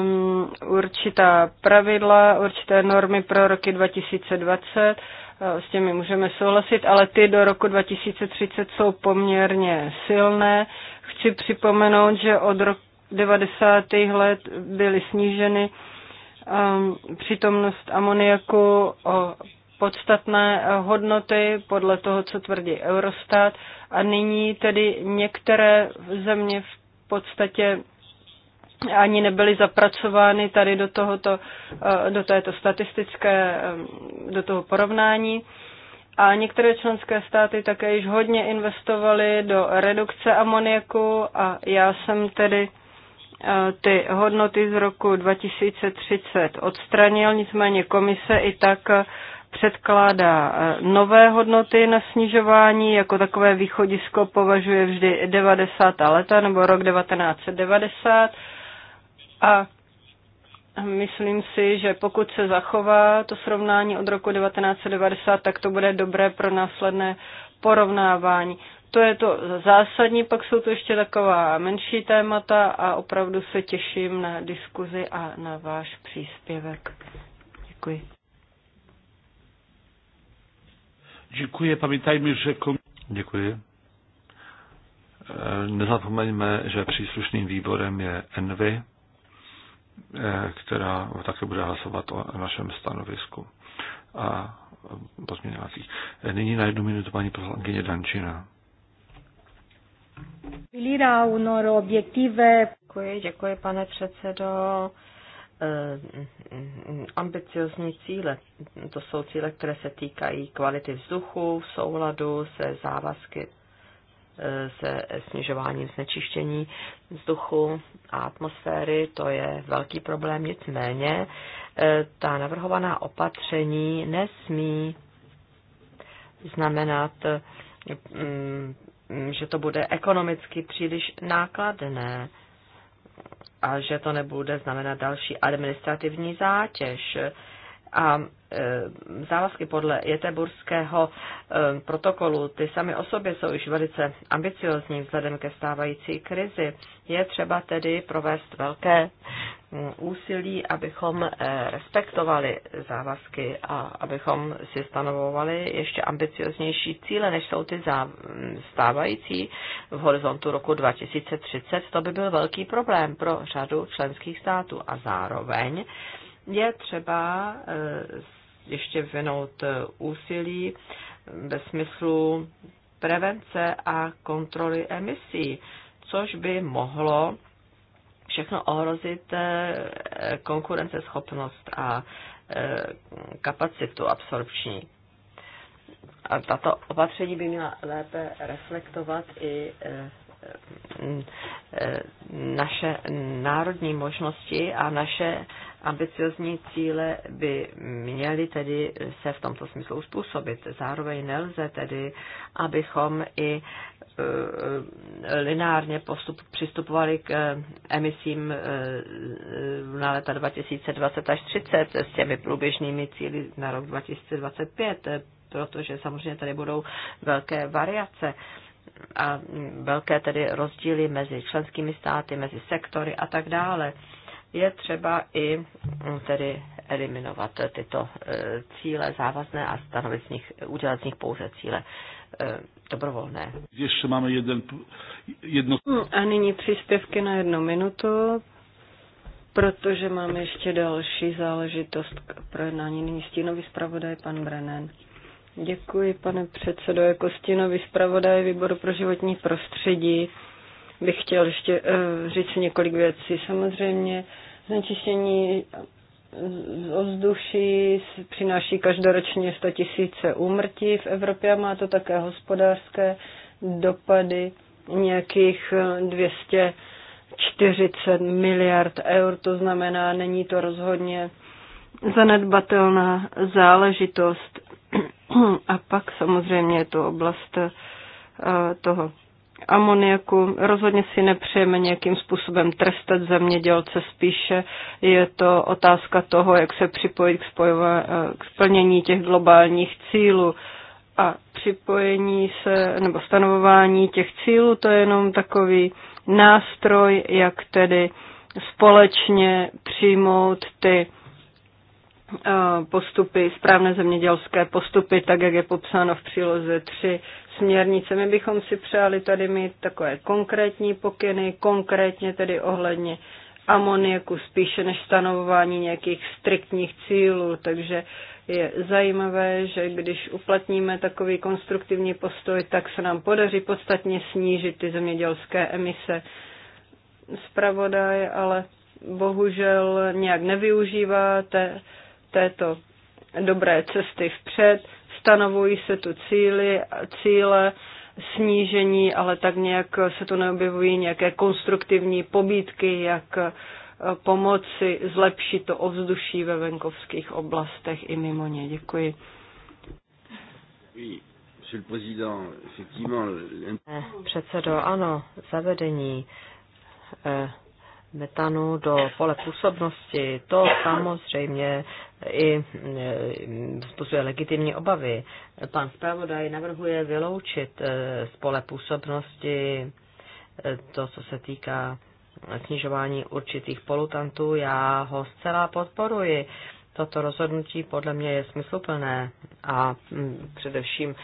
[SPEAKER 4] um, určitá pravidla, určité normy pro roky 2020 Eh, s těmi můžeme souhlasit, ale ty do roku 2030 jsou poměrně silné. Chci připomenout, že od roku 90. let byly sníženy um, přítomnost amoniaku o podstatné eh, hodnoty podle toho, co tvrdí Eurostat. A nyní tedy některé země v podstatě ani nebyly zapracovány tady do, tohoto, eh, do této statistické, eh, do toho porovnání. A některé členské státy také již hodně investovaly do redukce amoniaku a já jsem tedy eh, ty hodnoty z roku 2030 odstranil, nicméně komise i tak předkládá nové hodnoty na snižování, jako takové východisko považuje vždy 90. leta nebo rok 1990 a myslím si, že pokud se zachová to srovnání od roku 1990, tak to bude dobré pro následné porovnávání. To je to zásadní, pak jsou to ještě taková menší témata a opravdu se těším na diskuzi a na váš příspěvek. Děkuji.
[SPEAKER 2] Děkuji, pamětajme, že... Děkuji. E, nezapomeňme, že příslušným výborem je ENVY, Eh, která také bude hlasovat o našem stanovisku a pozměňovacích. Eh, nyní na jednu minutu paní poslankyně Dančina.
[SPEAKER 3] Stabilirea unor obiective. Děkuji, děkuji, pane předsedo. Eh, ambiciozní cíle. To jsou cíle, které se týkají kvality vzduchu v souladu se závazky se snižováním znečištění vzduchu a atmosféry. To je velký problém, nicméně eh, ta navrhovaná opatření nesmí znamenat, mm, že to bude ekonomicky příliš nákladné a že to nebude znamenat další administrativní zátěž a e, závazky podle Jeteburského e, protokolu, ty samy o sobě jsou již velice ambiciozní vzhledem ke stávající krizi. Je třeba tedy provést velké úsilí, abychom e, respektovali závazky a abychom si stanovovali ještě ambicioznější cíle, než jsou ty stávající v horizontu roku 2030. To by byl velký problém pro řadu členských států a zároveň je třeba eh, ještě vynout eh, úsilí ve smyslu prevence a kontroly emisí, což by mohlo všechno ohrozit eh, konkurenceschopnost a kapacitu absorpční. A tato opatření by měla lépe reflektovat i naše národní možnosti a naše ambiciozní cíle by měly tedy se v tomto smyslu způsobit. Zároveň nelze tedy, abychom i eh, lineárně postup, přistupovali k eh, emisím eh, na leta 2020 až 30 s těmi průběžnými cíly na rok 2025, protože samozřejmě tady budou velké variace a velké tedy rozdíly mezi členskými státy, mezi sektory a tak dále. Je třeba i mm, tedy eliminovat tyto e, cíle závazné a stanovit z nich, udělat
[SPEAKER 4] z nich pouze cíle e, dobrovolné.
[SPEAKER 2] Ještě máme jeden, jedno... Hm,
[SPEAKER 4] a nyní příspěvky na jednu minutu, protože máme ještě další záležitost k projednání. Nyní stínový zpravodaj pan Brennan. Děkuji, pane předsedo. Jako stínový zpravodaj výboru pro životní prostředí bych chtěl ještě uh, říct několik věcí. Samozřejmě znečištění ovzduší přináší každoročně 100 tisíce úmrtí v Evropě a má to také hospodářské dopady nějakých 240 miliard eur, to znamená, není to rozhodně zanedbatelná záležitost. A pak samozřejmě je to oblast eh, toho amoniaku. Rozhodně si nepřejeme nějakým způsobem trestat zemědělce, spíše je to otázka toho, jak se připojit k, spojova, eh, k splnění těch globálních cílů. A připojení se nebo stanovování těch cílů, to je jenom takový nástroj, jak tedy společně přijmout ty Eh, postupy, správné zemědělské postupy, tak jak je popsáno v příloze 3 směrnice. My bychom si přáli tady mít takové konkrétní pokyny, konkrétně tedy ohledně amoniaku spíše než stanovování nějakých striktních cílů, takže je zajímavé, že když uplatníme takový konstruktivní postoj, tak se nám podaří podstatně snížit ty zemědělské emise. Spravodaj ale bohužel nějak nevyužívá té této dobré cesty vpřed. Stanovují se tu cíly, cíle, snížení, ale tak nějak se tu neobjevují nějaké konstruktivní pobídky, jak eh, pomoci zlepšit to ovzduší ve venkovských oblastech i mimo ně. Děkuji. Předsedo, ano,
[SPEAKER 3] zavedení eh, metanu do pole působnosti, to samozřejmě i e, způsobuje legitimní obavy. Pan zpravodaj navrhuje vyloučit spole e, působnosti e, to, co se týká snižování určitých polutantů. Já ho zcela podporuji Toto rozhodnutí podle mě je smysluplné a mm, především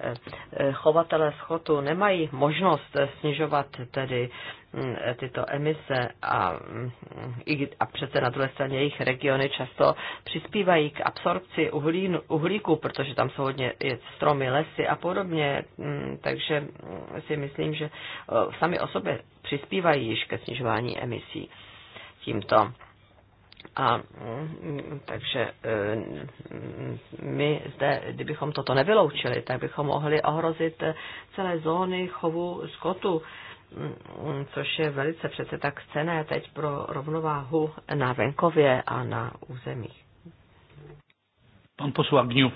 [SPEAKER 3] eh, eh, chovatelé schotu nemají možnost snižovat tedy mm, tyto emise a, mm, a přece na druhé straně jejich regiony často přispívají k absorpci uhlínu, uhlíku, protože tam jsou hodně stromy, lesy a podobně, takže si myslím, že eh, sami o sobě přispívají již ke snižování emisí tímto. A mm, takže e, mm, my zde, kdybychom toto nevyloučili, tak bychom mohli ohrozit celé zóny chovu skotu, mm, což je velice přece tak cené teď pro rovnováhu na venkově a na
[SPEAKER 1] územích. Pan Agniu.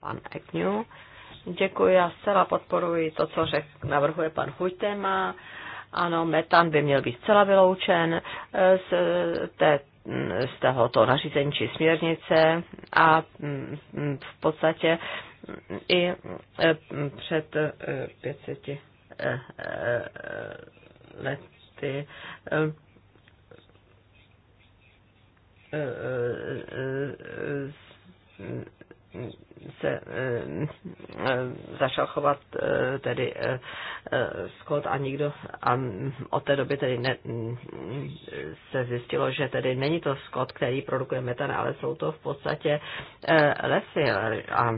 [SPEAKER 3] Pan Agniu. Děkuji, já zcela podporuji to, co řek, navrhuje pan Hujtema ano, metan by měl být zcela vyloučen eh, z, té, mm, z tohoto nařízení či směrnice a mm, v podstatě i před 500 lety se eh, eh, začal chovat eh, tedy Scott a nikdo a od té doby tedy ne, se zjistilo, že tedy není to Scott, který produkuje metan, ale jsou to v podstatě lesy a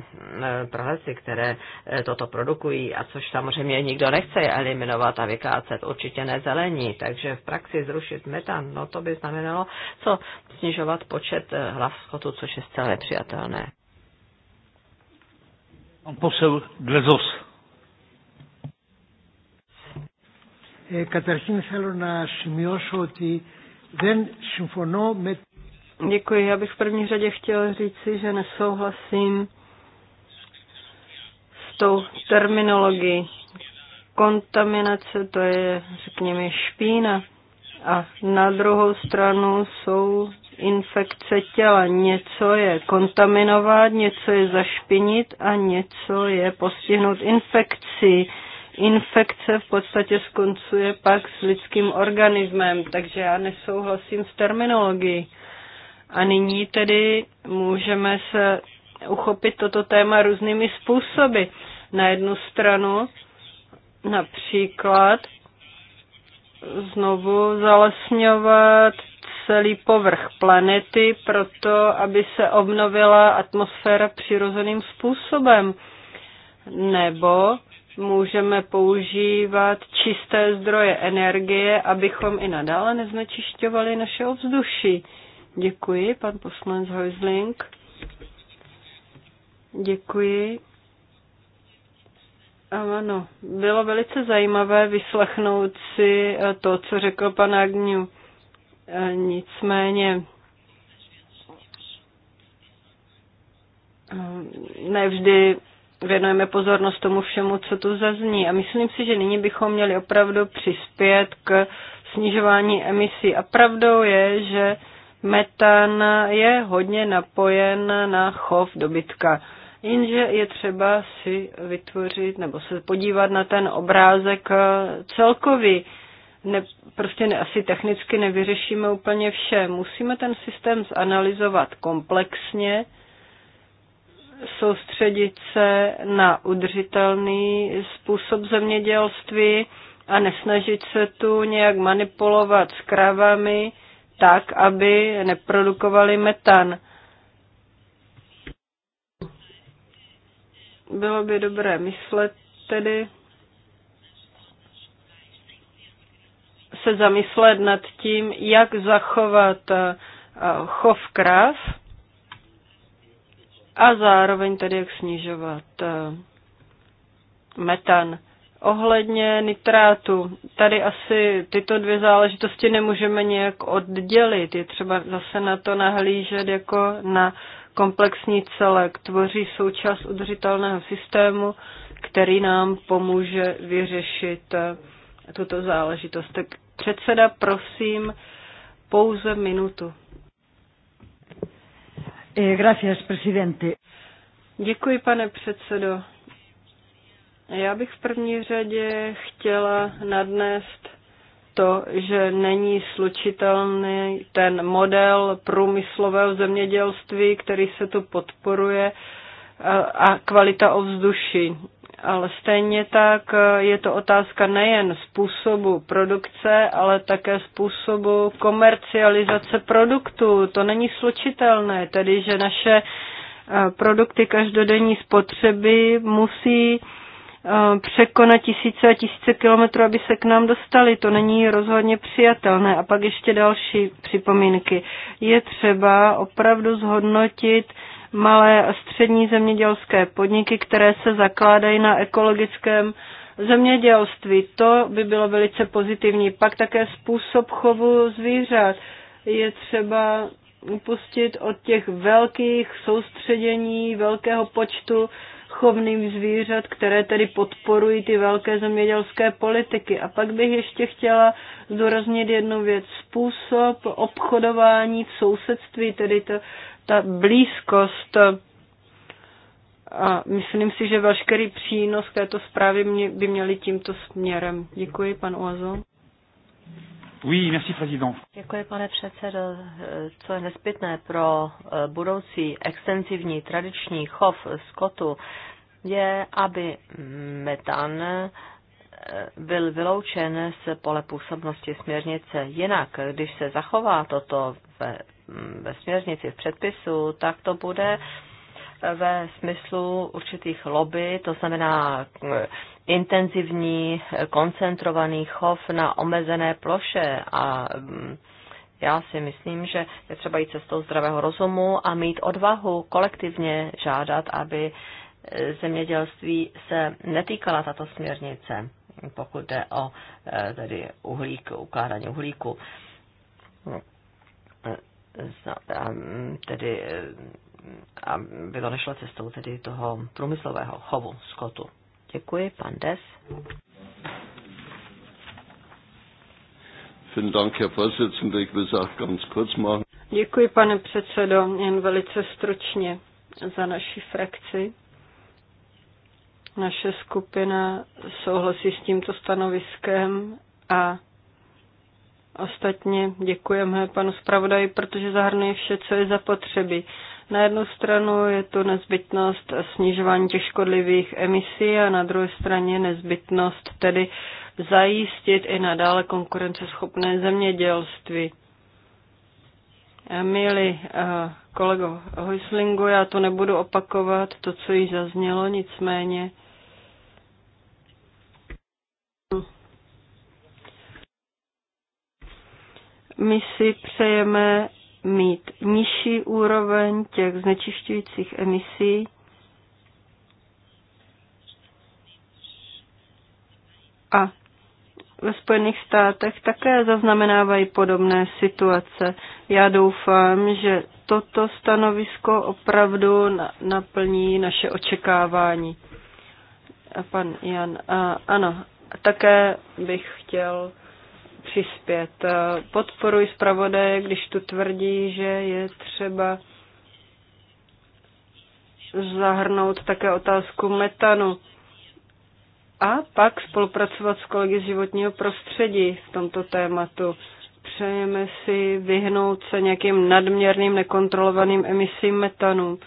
[SPEAKER 3] pralesy, které toto produkují a což samozřejmě nikdo nechce eliminovat a vykácet, určitě ne zelení, takže v praxi zrušit metan, no to by znamenalo co snižovat počet hlav skotu, což je zcela nepřijatelné.
[SPEAKER 1] Pan poseł Glezos. Ε, καταρχήν θέλω να σημειώσω ότι δεν συμφωνώ με...
[SPEAKER 4] Děkuji, já bych v první řadě chtěl říci, že nesouhlasím s tou terminologií. Kontaminace to je, řekněme, špína. A na druhou stranu jsou infekce těla. Něco je kontaminovat, něco je zašpinit a něco je postihnout infekci. Infekce v podstatě skoncuje pak s lidským organismem, takže já nesouhlasím s terminologií. A nyní tedy můžeme se uchopit toto téma různými způsoby. Na jednu stranu například znovu zalesňovat celý povrch planety proto, aby se obnovila atmosféra přirozeným způsobem. Nebo můžeme používat čisté zdroje energie, abychom i nadále neznečišťovali naše ovzduší. Děkuji, pan poslanec Heusling. Děkuji. Ano, bylo velice zajímavé vyslechnout si eh, to, co řekl pan Agňu. E, nicméně e, nevždy věnujeme pozornost tomu všemu, co tu zazní. A myslím si, že nyní bychom měli opravdu přispět k snižování emisí. A pravdou je, že metan je hodně napojen na chov dobytka. Jinže je třeba si vytvořit nebo se podívat na ten obrázek e, celkový ne, prostě ne, asi technicky nevyřešíme úplně vše. Musíme ten systém zanalizovat komplexně, soustředit se na udržitelný způsob zemědělství a nesnažit se tu nějak manipulovat s kravami tak, aby neprodukovali metan. Bylo by dobré myslet tedy se zamyslet nad tím, jak zachovat eh, chov krav a zároveň tedy jak snižovat eh, metan. Ohledně nitrátu, tady asi tyto dvě záležitosti nemůžeme nějak oddělit. Je třeba zase na to nahlížet jako na komplexní celek. Tvoří součást udržitelného systému, který nám pomůže vyřešit eh, tuto záležitost. Tak Předseda, prosím, pouze minutu.
[SPEAKER 3] Eh, gracias, presidente.
[SPEAKER 4] Děkuji, pane předsedo. Já bych v první řadě chtěla nadnést to, že není slučitelný ten model průmyslového zemědělství, který se tu podporuje, a kvalita ovzduší. Ale stejně tak je to otázka nejen způsobu produkce, ale také způsobu komercializace produktu. To není slučitelné, tedy že naše eh, produkty každodenní spotřeby musí eh, překonat tisíce a tisíce kilometrů, aby se k nám dostali. To není rozhodně přijatelné. A pak ještě další připomínky. Je třeba opravdu zhodnotit malé a střední zemědělské podniky, které se zakládají na ekologickém zemědělství. To by bylo velice pozitivní. Pak také způsob chovu zvířat. Je třeba upustit od těch velkých soustředění, velkého počtu chovných zvířat, které tedy podporují ty velké zemědělské politiky. A pak bych ještě chtěla zdůraznit jednu věc. Způsob obchodování v sousedství, tedy to ta blízkost a myslím si, že veškerý přínos k této zprávy mě, by měli tímto směrem. Děkuji, pan Oazo.
[SPEAKER 1] Oui, merci, président.
[SPEAKER 4] Děkuji, pane předsedo.
[SPEAKER 3] Co je nezbytné pro eh, budoucí extenzivní tradiční chov skotu, je, aby metan eh, byl vyloučen z pole působnosti směrnice. Jinak, když se zachová toto ve ve směrnici, v předpisu, tak to bude ve smyslu určitých lobby, to znamená intenzivní, koncentrovaný chov na omezené ploše a mm, já si myslím, že je třeba jít cestou zdravého rozumu a mít odvahu kolektivně žádat, aby e, zemědělství se netýkala tato směrnice, pokud jde o e, tedy uhlík, ukládání uhlíku. Mm, tedy e, a bylo to nešlo cestou tedy toho průmyslového chovu skotu. Děkuji, pan Des.
[SPEAKER 4] Děkuji, pane předsedo, jen velice stručně za naši frakci. Naše skupina souhlasí s tímto stanoviskem a Ostatně děkujeme panu zpravodaji, protože zahrnuje vše, co je zapotřebí. Na jednu stranu je to nezbytnost snižování těch škodlivých emisí a na druhé straně nezbytnost tedy zajistit i nadále konkurenceschopné zemědělství. Milí eh, kolego Hojslingu, já to nebudu opakovat, to, co již zaznělo, nicméně My si přejeme mít nižší úroveň těch znečišťujících emisí a ve Spojených státech také zaznamenávají podobné situace. Já doufám, že toto stanovisko opravdu naplní naše očekávání. A pan Jan, a, ano, také bych chtěl přispět. Eh, podporuji zpravodaje, když tu tvrdí, že je třeba zahrnout také otázku metanu a pak spolupracovat s kolegy z životního prostředí v tomto tématu. Přejeme si vyhnout se nějakým nadměrným nekontrolovaným emisím metanu.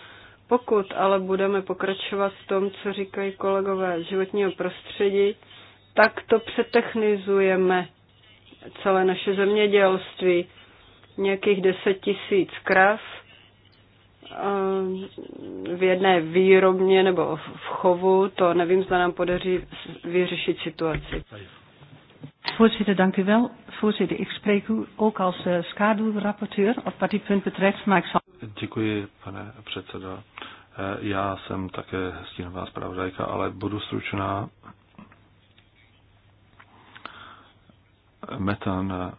[SPEAKER 4] Pokud ale budeme pokračovat v tom, co říkají kolegové životního prostředí, tak to přetechnizujeme celé naše zemědělství. Nějakých deset tisíc krav v jedné výrobně nebo v chovu, to nevím, zda nám podaří vyřešit situaci. Voorzitter, dank u wel. Voorzitter, ik spreek u ook als uh, schaduwrapporteur of wat die punt
[SPEAKER 2] betreft, maar ik zal... Děkuji, pane předsedo. Eh, já jsem také stínová zpravodajka, ale budu stručná. metan eh,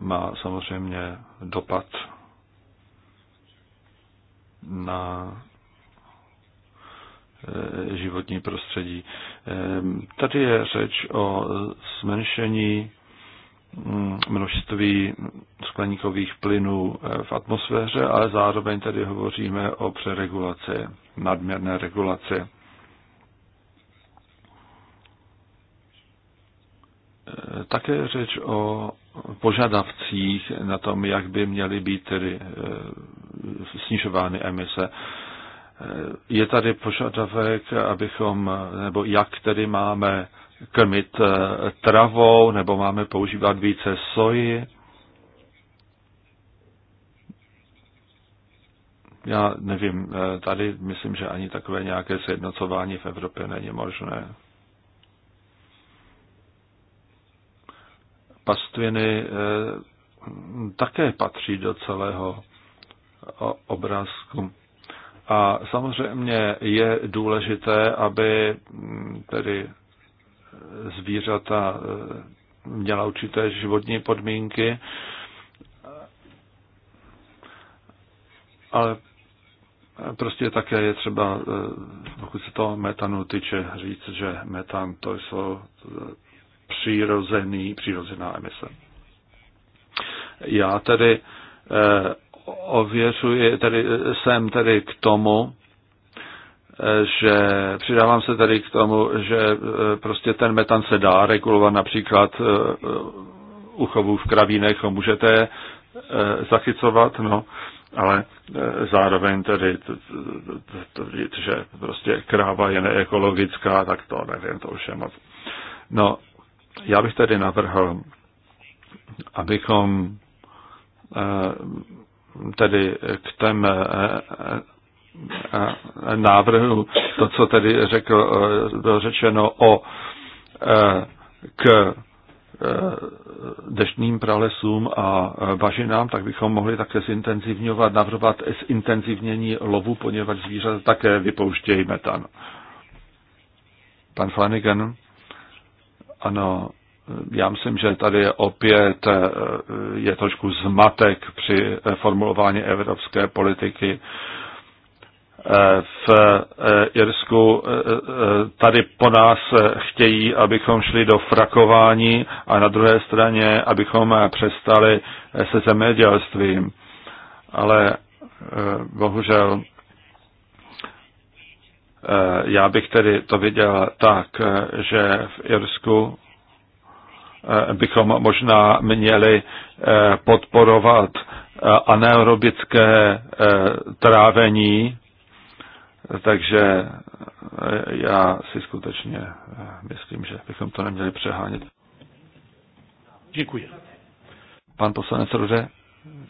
[SPEAKER 2] má samozřejmě dopad na eh, životní prostředí. Eh, tady je řeč o zmenšení mm, množství skleníkových plynů v atmosféře, ale zároveň tady hovoříme o přeregulaci, nadměrné regulaci. také řeč o požadavcích na tom, jak by měly být tedy eh, snižovány emise. Eh, je tady požadavek, abychom, nebo jak tedy máme krmit eh, travou, nebo máme používat více soji. Já nevím, tady myslím, že ani takové nějaké sjednocování v Evropě není možné. pastviny eh, také patří do celého obrázku. A samozřejmě je důležité, aby mm, tedy zvířata eh, měla určité životní podmínky, ale prostě také je třeba, eh, pokud se to metanu tyče, říct, že metan to jsou přirozený, přirozená emise. Já tedy eh, ověřuji, tedy eh, jsem tedy k tomu, eh, že přidávám se tady k tomu, že prostě ten metan se dá regulovat například chovů v kravínech, ho můžete zachycovat, no, ale zároveň tedy, že prostě kráva je neekologická, tak to nevím, to už je moc. No, já bych tedy navrhl, abychom eh, tedy k tém eh, eh, návrhu, to, co tedy řekl, bylo řečeno o k deštným pralesům a bažinám, tak bychom mohli také zintenzivňovat, navrhovat zintenzivnění lovu, poněvadž zvířata také vypouštějí metan. Pan Flanagan. Ano, já myslím, že tady opět eh, je trošku zmatek při eh, formulování evropské politiky. Eh, v Irsku tady po nás chtějí, abychom šli do frakování a na druhé straně, abychom přestali se zemědělstvím. Ale bohužel Eh, já bych tedy to viděl tak, eh, že v Irsku eh, bychom možná měli podporovat anaerobické trávení, takže já si skutečně myslím, že bychom to neměli přehánět. Děkuji. Pan poslanec Rude?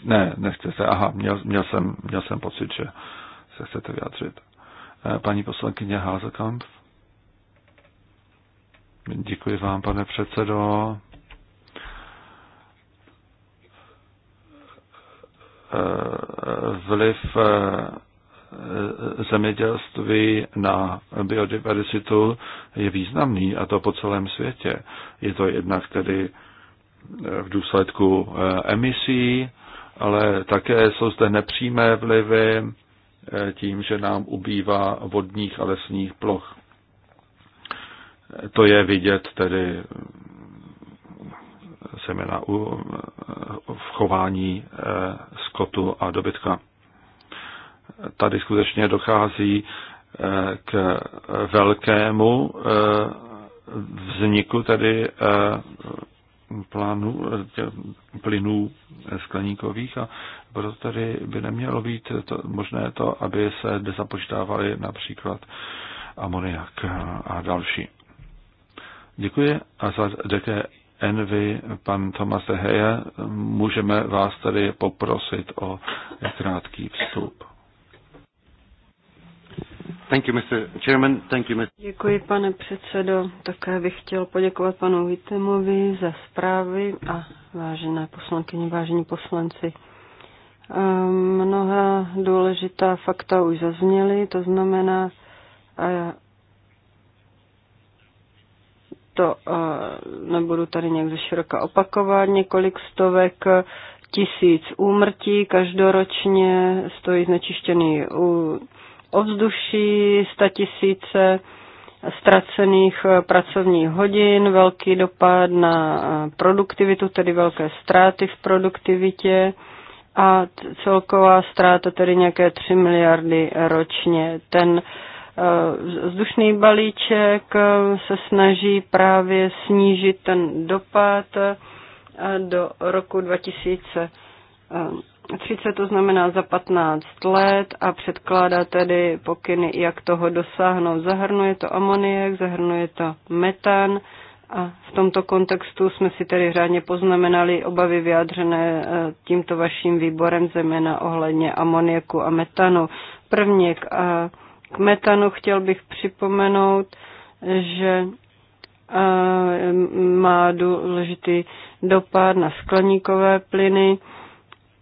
[SPEAKER 2] Ne, nechcete. Aha, měl, měl, jsem, měl jsem pocit, že se chcete vyjádřit paní poslankyně Házekamp. Děkuji vám, pane předsedo. Vliv eh, zemědělství na biodiverzitu je významný a to po celém světě. Je to jednak tedy eh, v důsledku eh, emisí, ale také jsou zde nepřímé vlivy, tím, že nám ubývá vodních a lesních ploch. To je vidět tedy semena u, v chování eh, skotu a dobytka. Tady skutečně dochází eh, k velkému eh, vzniku tedy plánu, eh, plynů eh, skleníkových a proto tady by nemělo být to, možné to, aby se dezapočítávaly například amoniak a další. Děkuji a za DK Envy, pan Tomase Heje, můžeme vás tady poprosit o krátký vstup. Thank you, Mr. Chairman. Thank you, Mr.
[SPEAKER 4] Děkuji, pane předsedo. Také bych chtěl poděkovat panu Vitemovi za zprávy a vážené poslankyně, vážení poslanci. Ehm, Mnoha důležitá fakta už zazněly, to znamená, a já to nebudu tady nějak široka opakovat, několik stovek tisíc úmrtí každoročně stojí znečištěný ovzduší, statisíce ztracených eh, pracovních hodin, velký dopad na eh, produktivitu, tedy velké ztráty v produktivitě a celková ztráta tedy nějaké 3 miliardy ročně. Ten eh, vzdušný balíček se snaží právě snížit ten dopad do roku 2000. 30, to znamená za 15 let a předkládá tedy pokyny, jak toho dosáhnout. Zahrnuje to amoniak, zahrnuje to metan a v tomto kontextu jsme si tedy řádně poznamenali obavy vyjádřené eh, tímto vaším výborem zejména ohledně amoniaku a metanu. Prvně k, eh, k metanu chtěl bych připomenout, že eh, má důležitý dopad na skleníkové plyny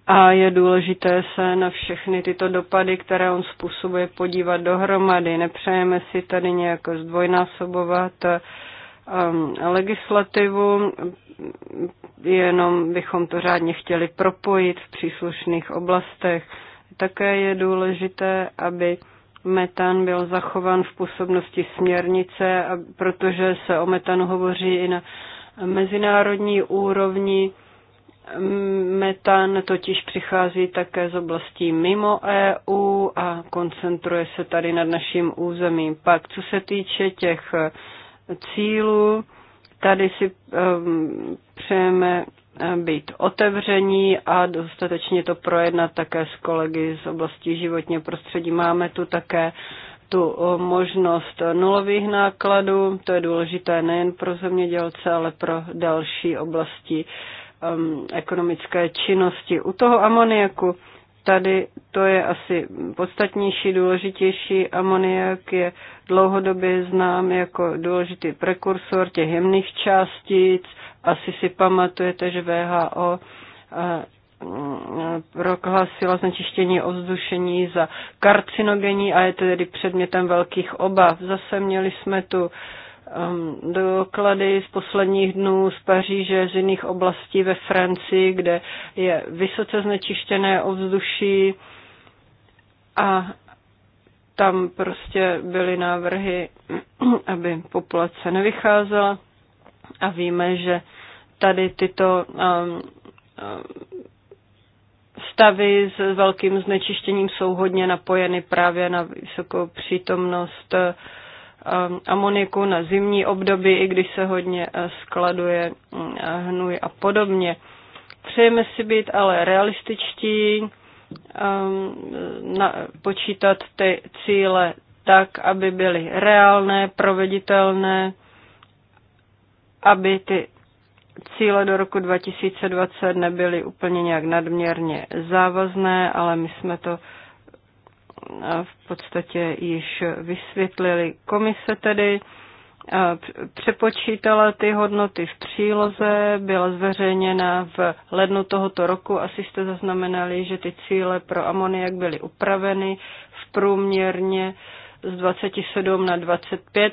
[SPEAKER 4] a je důležité se na všechny tyto dopady, které on způsobuje, podívat dohromady. Nepřejeme si tady nějak zdvojnásobovat um, legislativu, jenom bychom to řádně chtěli propojit v příslušných oblastech. Také je důležité, aby metan byl zachován v působnosti směrnice, protože se o metanu hovoří i na mezinárodní úrovni Metan totiž přichází také z oblastí mimo EU a koncentruje se tady nad naším územím. Pak, co se týče těch cílů, tady si um, přejeme eh, být otevření a dostatečně to projednat také s kolegy z oblasti životního prostředí. Máme tu také tu eh, možnost nulových nákladů, to je důležité nejen pro zemědělce, ale pro další oblasti um, ekonomické činnosti. U toho amoniaku tady to je asi podstatnější, důležitější. Amoniak je dlouhodobě znám jako důležitý prekursor těch jemných částic. Asi si pamatujete, že VHO eh, eh, prohlásila znečištění ovzdušení za karcinogenní a je tedy předmětem velkých obav. Zase měli jsme tu uh, Ehm, doklady z posledních dnů z Paříže, z jiných oblastí ve Francii, kde je vysoce znečištěné ovzduší a tam prostě byly návrhy, (clears throat) aby populace nevycházela a víme, že tady tyto ehm, ehm, stavy s velkým znečištěním jsou hodně napojeny právě na vysokou přítomnost uh, Eh, amoniku na zimní období, i když se hodně eh, skladuje mm, hnůj a podobně. Přejeme si být ale realističtí, eh, na, počítat ty cíle tak, aby byly reálné, proveditelné, aby ty cíle do roku 2020 nebyly úplně nějak nadměrně závazné, ale my jsme to v podstatě již vysvětlili. Komise tedy e, přepočítala ty hodnoty v příloze, byla zveřejněna v lednu tohoto roku. Asi jste zaznamenali, že ty cíle pro amoniak byly upraveny v průměrně z 27 na 25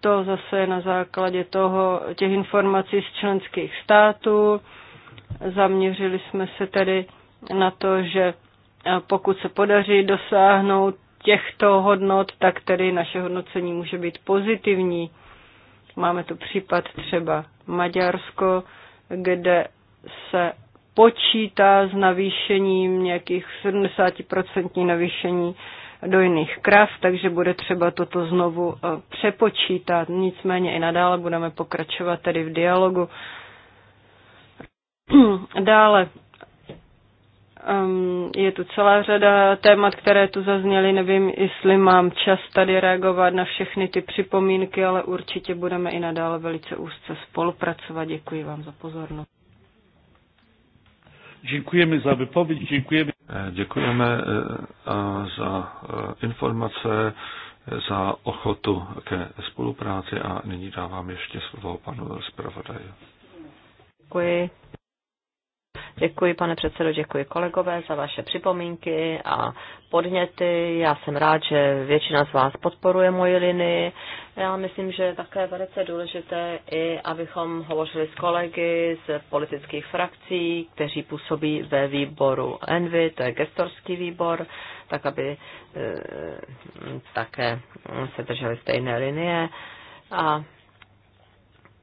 [SPEAKER 4] To zase na základě toho, těch informací z členských států. Zaměřili jsme se tedy na to, že pokud se podaří dosáhnout těchto hodnot, tak tedy naše hodnocení může být pozitivní. Máme tu případ třeba Maďarsko, kde se počítá s navýšením nějakých 70% navýšení do jiných krav, takže bude třeba toto znovu eh, přepočítat. Nicméně i nadále budeme pokračovat tedy v dialogu. (clears throat) Dále Um, je tu celá řada témat, které tu zazněly. Nevím, jestli mám čas tady reagovat na všechny ty připomínky, ale určitě budeme i nadále velice úzce spolupracovat. Děkuji vám za pozornost.
[SPEAKER 2] Děkujeme za vypověď, děkujeme. Eh, děkujeme eh, za eh, informace, za ochotu ke spolupráci a nyní dávám ještě slovo panu zpravodaji.
[SPEAKER 3] Děkuji. Děkuji, pane předsedo, děkuji kolegové za vaše připomínky a podněty. Já jsem rád, že většina z vás podporuje moji linii. Já myslím, že je také velice důležité i, abychom hovořili s kolegy z politických frakcí, kteří působí ve výboru ENVY, to je gestorský výbor, tak aby e, také se drželi stejné linie. A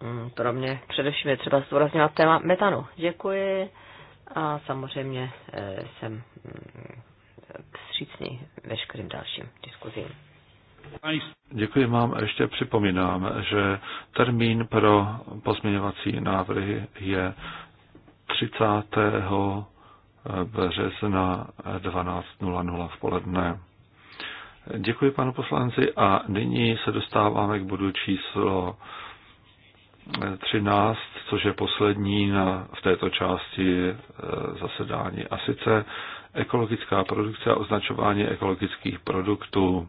[SPEAKER 3] mm, pro mě především je třeba zdůrazňovat téma metanu. Děkuji a samozřejmě eh, jsem mm, vstřícný veškerým dalším diskuzím.
[SPEAKER 2] Děkuji vám. Ještě připomínám, že termín pro pozměňovací návrhy je 30. března 12.00 v poledne. Děkuji panu poslanci a nyní se dostáváme k bodu číslo 13, což je poslední na, v této části e, zasedání. A sice ekologická produkce a označování ekologických produktů.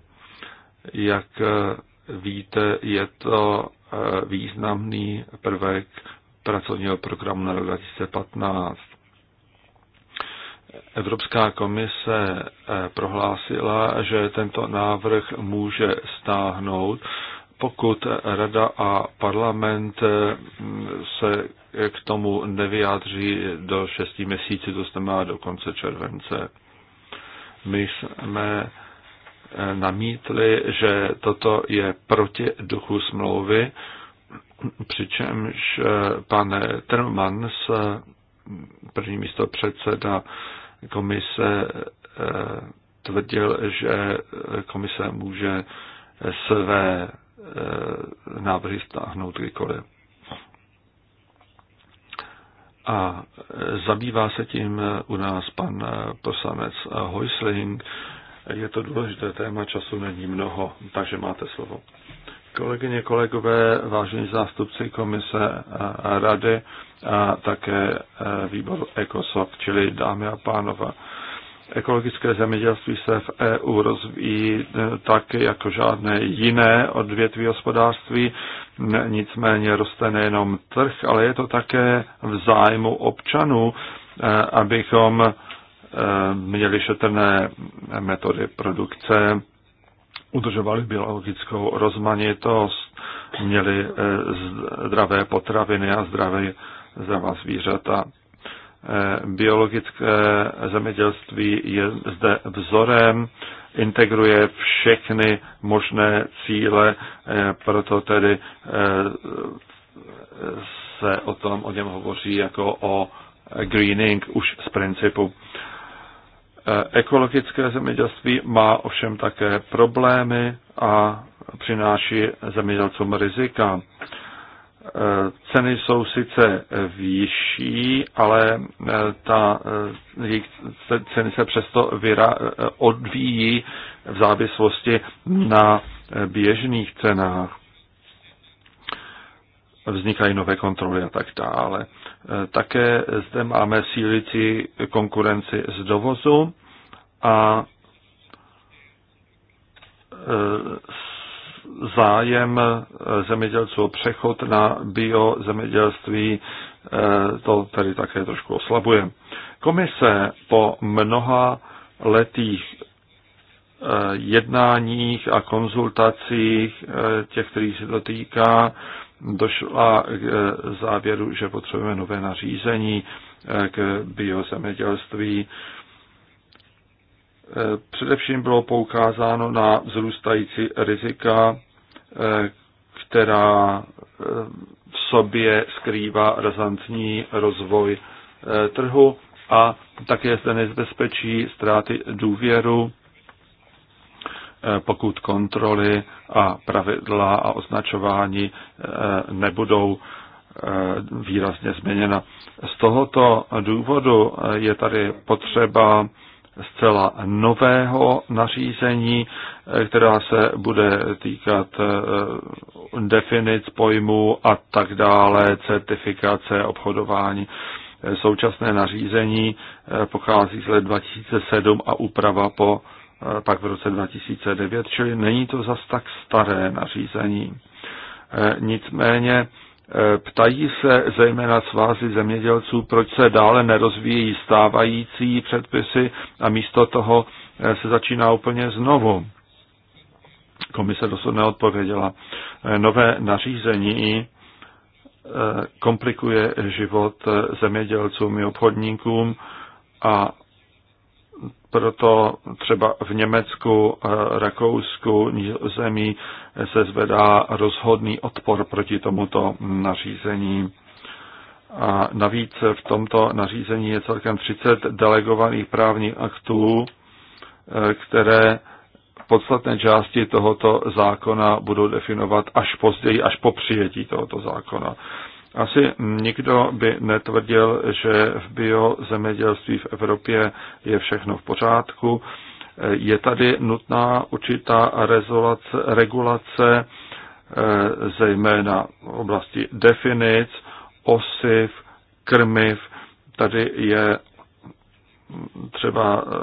[SPEAKER 2] Jak e, víte, je to e, významný prvek pracovního programu na rok 2015. Evropská komise e, prohlásila, že tento návrh může stáhnout, pokud Rada a parlament eh, se k tomu nevyjádří do šesti měsíců, to znamená do konce července. My jsme eh, namítli, že toto je proti duchu smlouvy, přičemž eh, pan Trman, první místo předseda komise, tvrdil, že komise může své Eh, návrhy stáhnout kdykoliv. A eh, zabývá se tím eh, u nás pan poslanec Heusling. Je to důležité téma, času není mnoho, takže máte slovo. Kolegyně, kolegové, vážení zástupci komise a rady a také výbor ECOSOC, čili dámy a pánové, Ekologické zemědělství se v EU rozvíjí e, tak jako žádné jiné odvětví hospodářství, nicméně roste nejenom trh, ale je to také v zájmu občanů, e, abychom e, měli šetrné metody produkce, udržovali biologickou rozmanitost, měli zdravé potraviny a zdravé, zdravá zvířata. Eh, biologické zemědělství je zde vzorem, integruje všechny možné cíle, eh, proto tedy eh, se o tom o něm hovoří jako o greening už z principu. Ekologické zemědělství má ovšem také problémy a přináší zemědělcům rizika. Ceny jsou sice vyšší, ale e, ta, e, jejich ceny se přesto vyra, e, odvíjí v závislosti na běžných cenách. Vznikají nové kontroly a tak dále. Také zde máme sílící konkurenci z dovozu a zájem eh, zemědělců o přechod na biozemědělství eh, to tady také trošku oslabuje. Komise po mnoha letých eh, jednáních a konzultacích těch, kterých se to týká, došla k závěru, že potřebujeme nové nařízení k biozemědělství Eh, především bylo poukázáno na vzrůstající rizika, eh, která eh, v sobě skrývá razantní rozvoj trhu a také zde nezbezpečí ztráty důvěru, pokud kontroly a pravidla a označování nebudou výrazně změněna. Z tohoto důvodu je tady potřeba zcela nového nařízení, eh, která se bude týkat eh, definic pojmů a tak dále, certifikace, obchodování. Eh, současné nařízení pochází z let 2007 a úprava po pak v roce 2009, čili není to zas tak staré nařízení. Nicméně E, ptají se zejména svázy zemědělců, proč se dále nerozvíjí stávající předpisy a místo toho e, se začíná úplně znovu. Komise dosud neodpověděla. E, nové nařízení komplikuje život zemědělcům i obchodníkům a proto třeba v Německu, eh, Rakousku, zemí se zvedá rozhodný odpor proti tomuto nařízení. A navíc v tomto nařízení je celkem 30 delegovaných právních aktů, eh, které podstatné části tohoto zákona budou definovat až později, až po přijetí tohoto zákona. Asi nikdo by netvrdil, že v biozemědělství v Evropě je všechno v pořádku. Je tady nutná určitá rezolace, regulace, eh, zejména v oblasti definic, osiv, krmiv. Tady je třeba eh,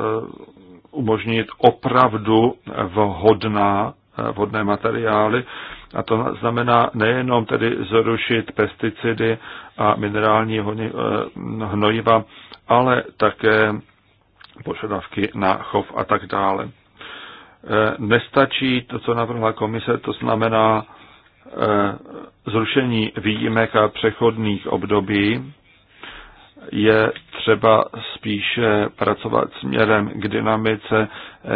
[SPEAKER 2] umožnit opravdu vhodná, eh, vhodné materiály, a to znamená nejenom tedy zrušit pesticidy a minerální eh, hnojiva, ale také požadavky na chov a tak dále. Eh, nestačí to, co navrhla komise, to znamená eh, zrušení výjimek a přechodných období, je třeba spíše pracovat směrem k dynamice,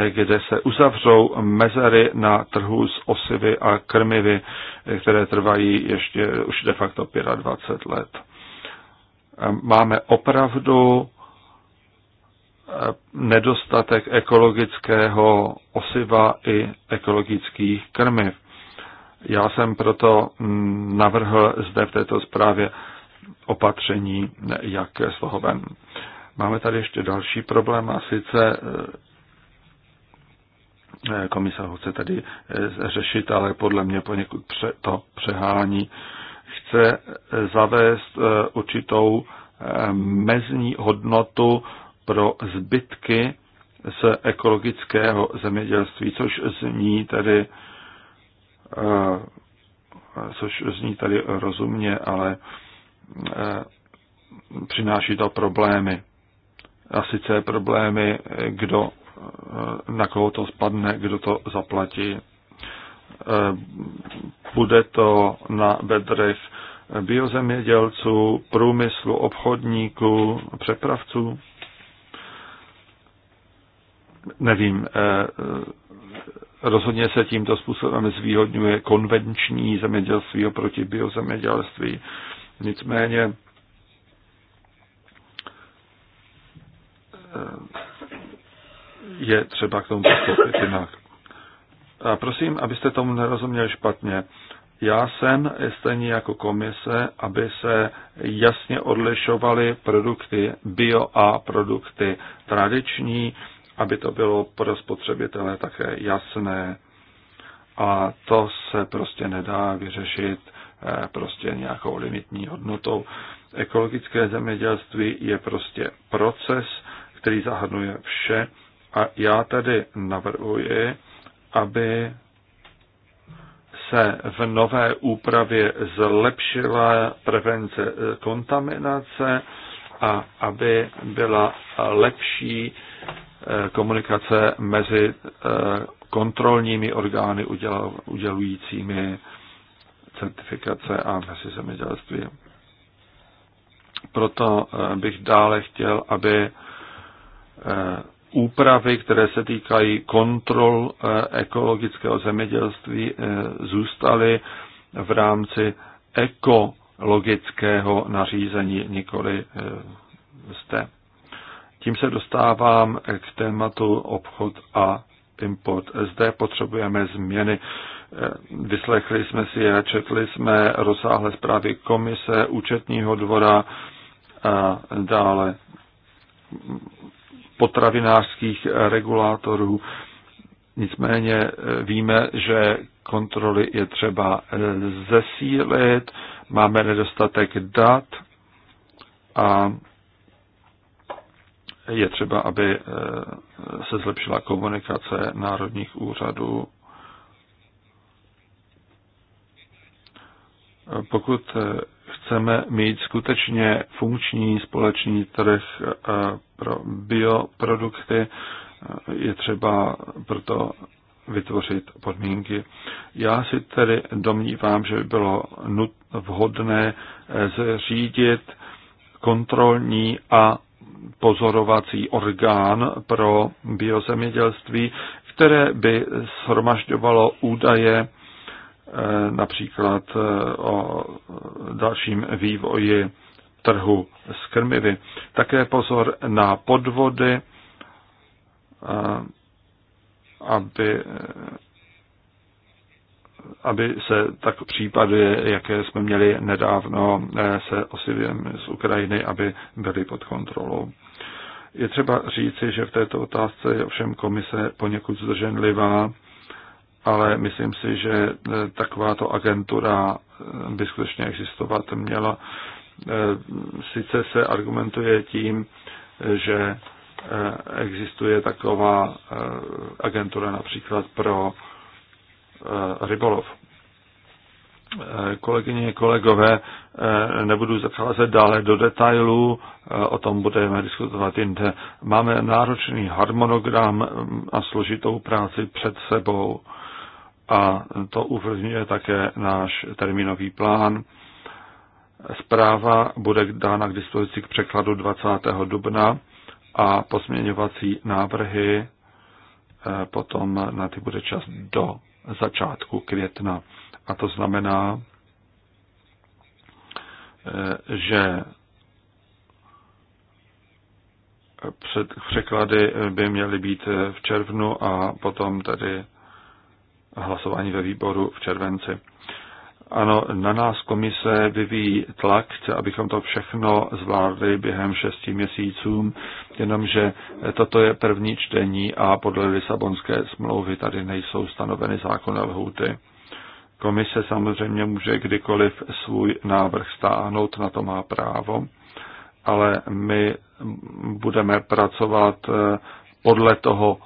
[SPEAKER 2] eh, kde se uzavřou mezery na trhu s osivy a krmivy, eh, které trvají ještě už de facto 25 let. Eh, máme opravdu nedostatek ekologického osiva i ekologických krmiv. Já jsem proto mm, navrhl zde v této zprávě opatření, jak z toho ven. Máme tady ještě další problém a sice eh, komisa ho chce tady eh, řešit, ale podle mě poněkud to přehání. Chce eh, zavést určitou mezní hodnotu pro zbytky z ekologického zemědělství, což zní tedy což zní tady rozumně, ale Eh, přináší to problémy. A sice problémy, eh, kdo, eh, na koho to spadne, kdo to zaplatí. Bude to na bedrech biozemědělců, průmyslu, obchodníků, přepravců? Nevím, rozhodně se tímto způsobem zvýhodňuje konvenční zemědělství oproti biozemědělství. Nicméně eh, je třeba k tomu postupit jinak. A prosím, abyste tomu nerozuměli špatně. Já jsem stejně jako komise, aby se jasně odlišovaly produkty bio a produkty tradiční, aby to bylo pro spotřebitele také jasné. A to se prostě nedá vyřešit Eh, prostě nějakou limitní hodnotou. Ekologické zemědělství je prostě proces, který zahrnuje vše a já tady navrhuji, aby se v nové úpravě zlepšila prevence eh, kontaminace a aby byla lepší eh, komunikace mezi kontrolními orgány udělujícími certifikace a mezi zemědělství. Proto eh, bych dále chtěl, aby eh, úpravy, které se týkají kontrol eh, ekologického zemědělství, zůstaly v rámci ekologického nařízení, nikoli zde. Tím se dostávám k tématu obchod a import. Zde potřebujeme změny. Eh, vyslechli jsme si je, četli jsme rozsáhlé zprávy komise, účetního dvora a dále potravinářských regulátorů. Nicméně eh, víme, že kontroly je třeba eh, zesílit, máme nedostatek dat a je třeba, aby se zlepšila komunikace národních úřadů pokud eh, chceme mít skutečně funkční společný trh eh, pro bioprodukty, eh, je třeba proto vytvořit podmínky. Já si tedy domnívám, že by bylo vhodné zřídit kontrolní a pozorovací orgán pro biozemědělství, které by shromažďovalo údaje Eh, například eh, o dalším vývoji trhu s krmivy. Také pozor na podvody, eh, aby, aby se tak případy, jaké jsme měli nedávno se osivěm z Ukrajiny, aby byly pod kontrolou. Je třeba říci, že v této otázce je ovšem komise poněkud zdrženlivá ale myslím si, že eh, takováto agentura eh, by skutečně existovat měla. Eh, sice se argumentuje tím, že existuje taková agentura například pro rybolov. Kolegyně, kolegové, nebudu zacházet dále do detailů, o tom budeme diskutovat jinde. Máme náročný harmonogram mm, a složitou práci před sebou a to uvlivňuje také náš termínový plán. Zpráva bude dána k dispozici k překladu 20. dubna a posměňovací návrhy eh, potom na ty bude čas do začátku května. A to znamená, eh, že před, překlady by měly být v červnu a potom tedy hlasování ve výboru v červenci. Ano, na nás komise vyvíjí tlak, chce, abychom to všechno zvládli během šesti měsíců, jenomže toto je první čtení a podle Lisabonské smlouvy tady nejsou stanoveny zákonné lhůty. Komise samozřejmě může kdykoliv svůj návrh stáhnout, na to má právo, ale my budeme pracovat eh, podle toho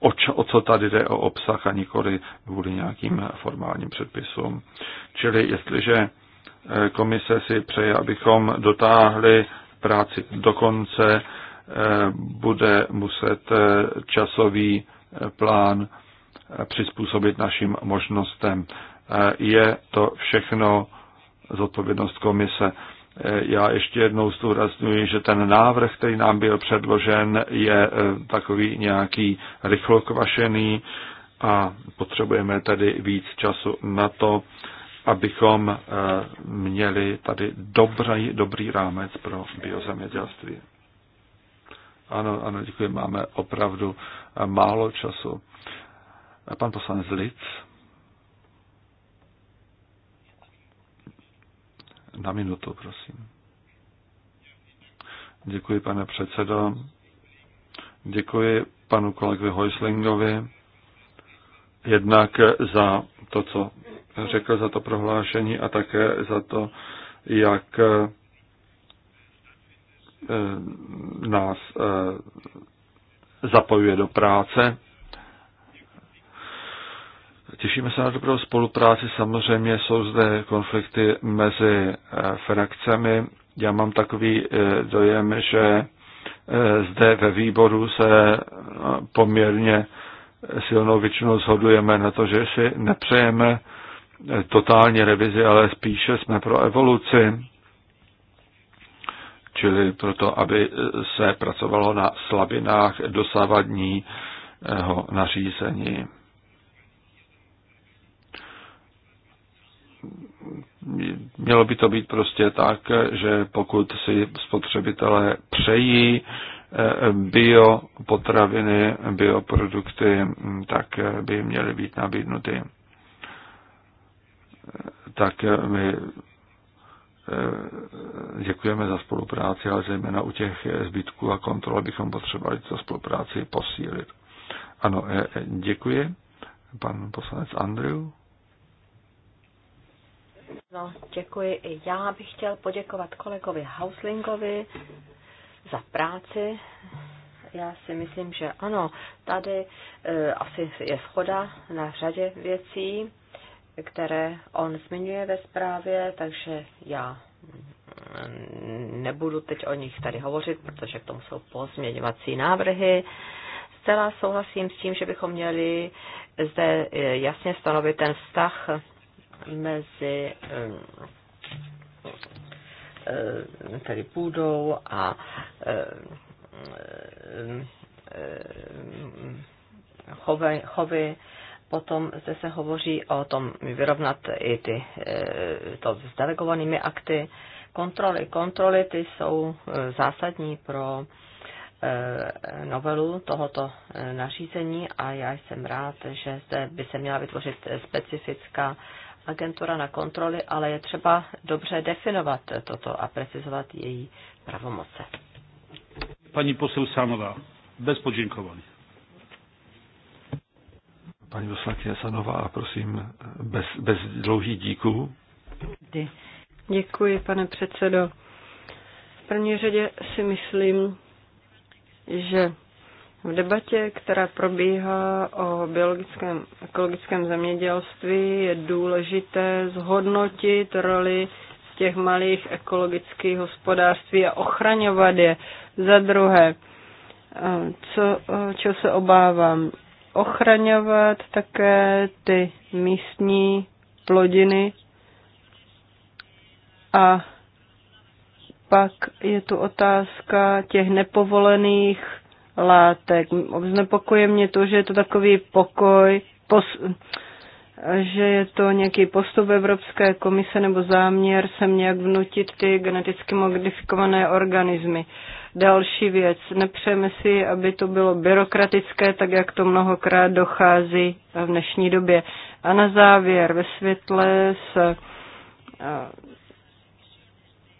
[SPEAKER 2] o, čo, o co tady jde o obsah a nikoli kvůli nějakým formálním předpisům. Čili jestliže e, komise si přeje, abychom dotáhli práci do konce, e, bude muset e, časový plán přizpůsobit našim možnostem. Je to všechno zodpovědnost komise. Eh, já ještě jednou zdůraznuju, že ten návrh, který nám byl předložen, je eh, takový nějaký rychlokvašený a potřebujeme tady víc času na to, abychom eh, měli tady dobrý, dobrý rámec pro biozemědělství. Ano, ano, děkuji, máme opravdu málo času. Pan poslanec Lic. na minutu, prosím. Děkuji, pane předsedo. Děkuji panu kolegovi Hojslingovi jednak za to, co řekl, za to prohlášení a také za to, jak eh, nás eh, zapojuje do práce Těšíme se na dobrou spolupráci. Samozřejmě jsou zde konflikty mezi eh, frakcemi. Já mám takový eh, dojem, že eh, zde ve výboru se no, poměrně silnou většinou shodujeme na to, že si nepřejeme totální revizi, ale spíše jsme pro evoluci, čili proto, aby se pracovalo na slabinách dosávadního nařízení. mělo by to být prostě tak, že pokud si spotřebitelé přejí eh, bio potraviny, bioprodukty, tak by měly být nabídnuty. Tak my eh, děkujeme za spolupráci, ale zejména u těch zbytků a kontrol bychom potřebovali tu spolupráci posílit. Ano, eh, děkuji. Pan poslanec Andrew.
[SPEAKER 3] No, děkuji i já bych chtěl poděkovat kolegovi Hauslingovi za práci. Já si myslím, že ano, tady e, asi je schoda na řadě věcí, které on zmiňuje ve zprávě, takže já mm, nebudu teď o nich tady hovořit, protože k tomu jsou pozměňovací návrhy. Zcela souhlasím s tím, že bychom měli zde e, jasně stanovit ten vztah mezi tedy půdou a chovy, chovy. Potom zde se hovoří o tom vyrovnat i ty, e, to s delegovanými akty. Kontroly. Kontroly ty jsou e, zásadní pro e, novelu tohoto nařízení a já jsem rád, že zde by se měla vytvořit specifická agentura na kontroly, ale je třeba dobře definovat toto a precizovat její pravomoce.
[SPEAKER 2] Paní posel Sanová, bez poděkování. Paní poslankyně Sanová, prosím, bez, bez dlouhých díků.
[SPEAKER 4] Děkuji, pane předsedo. V první řadě si myslím, že v debatě, která probíhá o biologickém ekologickém zemědělství, je důležité zhodnotit roli těch malých ekologických hospodářství a ochraňovat je. Za druhé, eh, co, eh, čeho se obávám, ochraňovat také ty místní plodiny a pak je tu otázka těch nepovolených látek. Znepokuje mě to, že je to takový pokoj, pos, že je to nějaký postup Evropské komise nebo záměr sem nějak vnutit ty geneticky modifikované organismy. Další věc, nepřejeme si, aby to bylo byrokratické, tak jak to mnohokrát dochází v dnešní době. A na závěr, ve světle s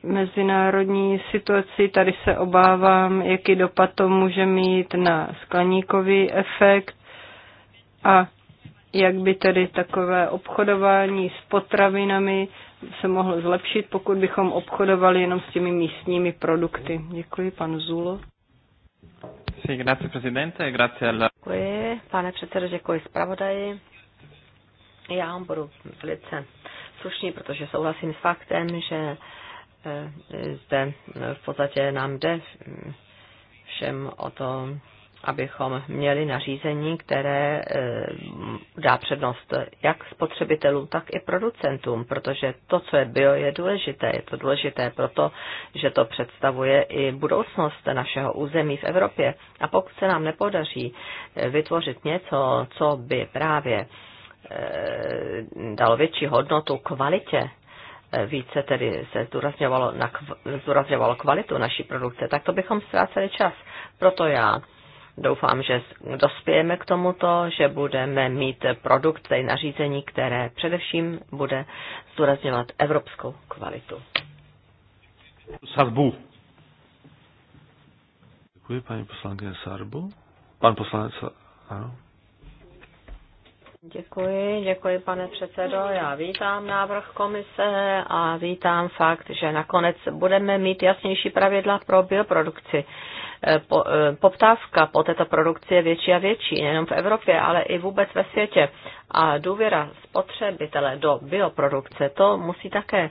[SPEAKER 4] mezinárodní situaci. Tady se obávám, jaký dopad to může mít na skleníkový efekt a jak by tedy takové obchodování s potravinami se mohlo zlepšit, pokud bychom obchodovali jenom s těmi místními produkty. Děkuji, pan Zulo. Děkuji, pane předsedo, děkuji zpravodaji. Já
[SPEAKER 3] budu velice slušný, protože souhlasím s faktem, že Eh, zde eh, v podstatě nám jde mm, všem o to, abychom měli nařízení, které eh, dá přednost jak spotřebitelům, tak i producentům, protože to, co je bio, je důležité. Je to důležité proto, že to představuje i budoucnost našeho území v Evropě. A pokud se nám nepodaří vytvořit něco, co by právě dalo větší hodnotu kvalitě více tedy se zdůrazňovalo, na, zdůrazňovalo kvalitu naší produkce, tak to bychom ztráceli čas. Proto já doufám, že dospějeme k tomuto, že budeme mít produkt, tedy nařízení, které především bude zdůrazňovat evropskou kvalitu.
[SPEAKER 2] Sarbu. Děkuji, paní poslankyně Sarbu. Pan poslanec, ano.
[SPEAKER 3] Děkuji, děkuji pane předsedo. Já vítám návrh komise a vítám fakt, že nakonec budeme mít jasnější pravidla pro bioprodukci. E, po, e, poptávka po této produkci je větší a větší, nejenom v Evropě, ale i vůbec ve světě. A důvěra spotřebitele do bioprodukce, to musí také e,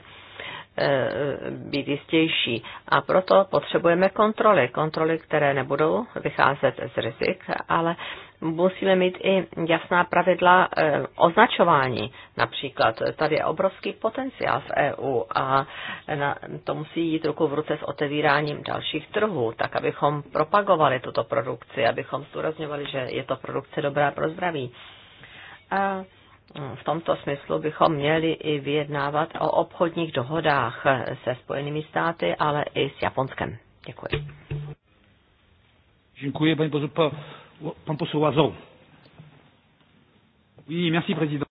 [SPEAKER 3] být jistější. A proto potřebujeme kontroly. Kontroly, které nebudou vycházet z rizik, ale musíme mít i jasná pravidla eh, označování. Například tady je obrovský potenciál v EU a na, to musí jít ruku v ruce s otevíráním dalších trhů, tak abychom propagovali tuto produkci, abychom zdůrazňovali, že je to produkce dobrá pro zdraví. A mm, v tomto smyslu bychom měli i vyjednávat o obchodních dohodách se Spojenými státy, ale i s Japonskem. Děkuji. Děkuji, paní Pan posel Lazov.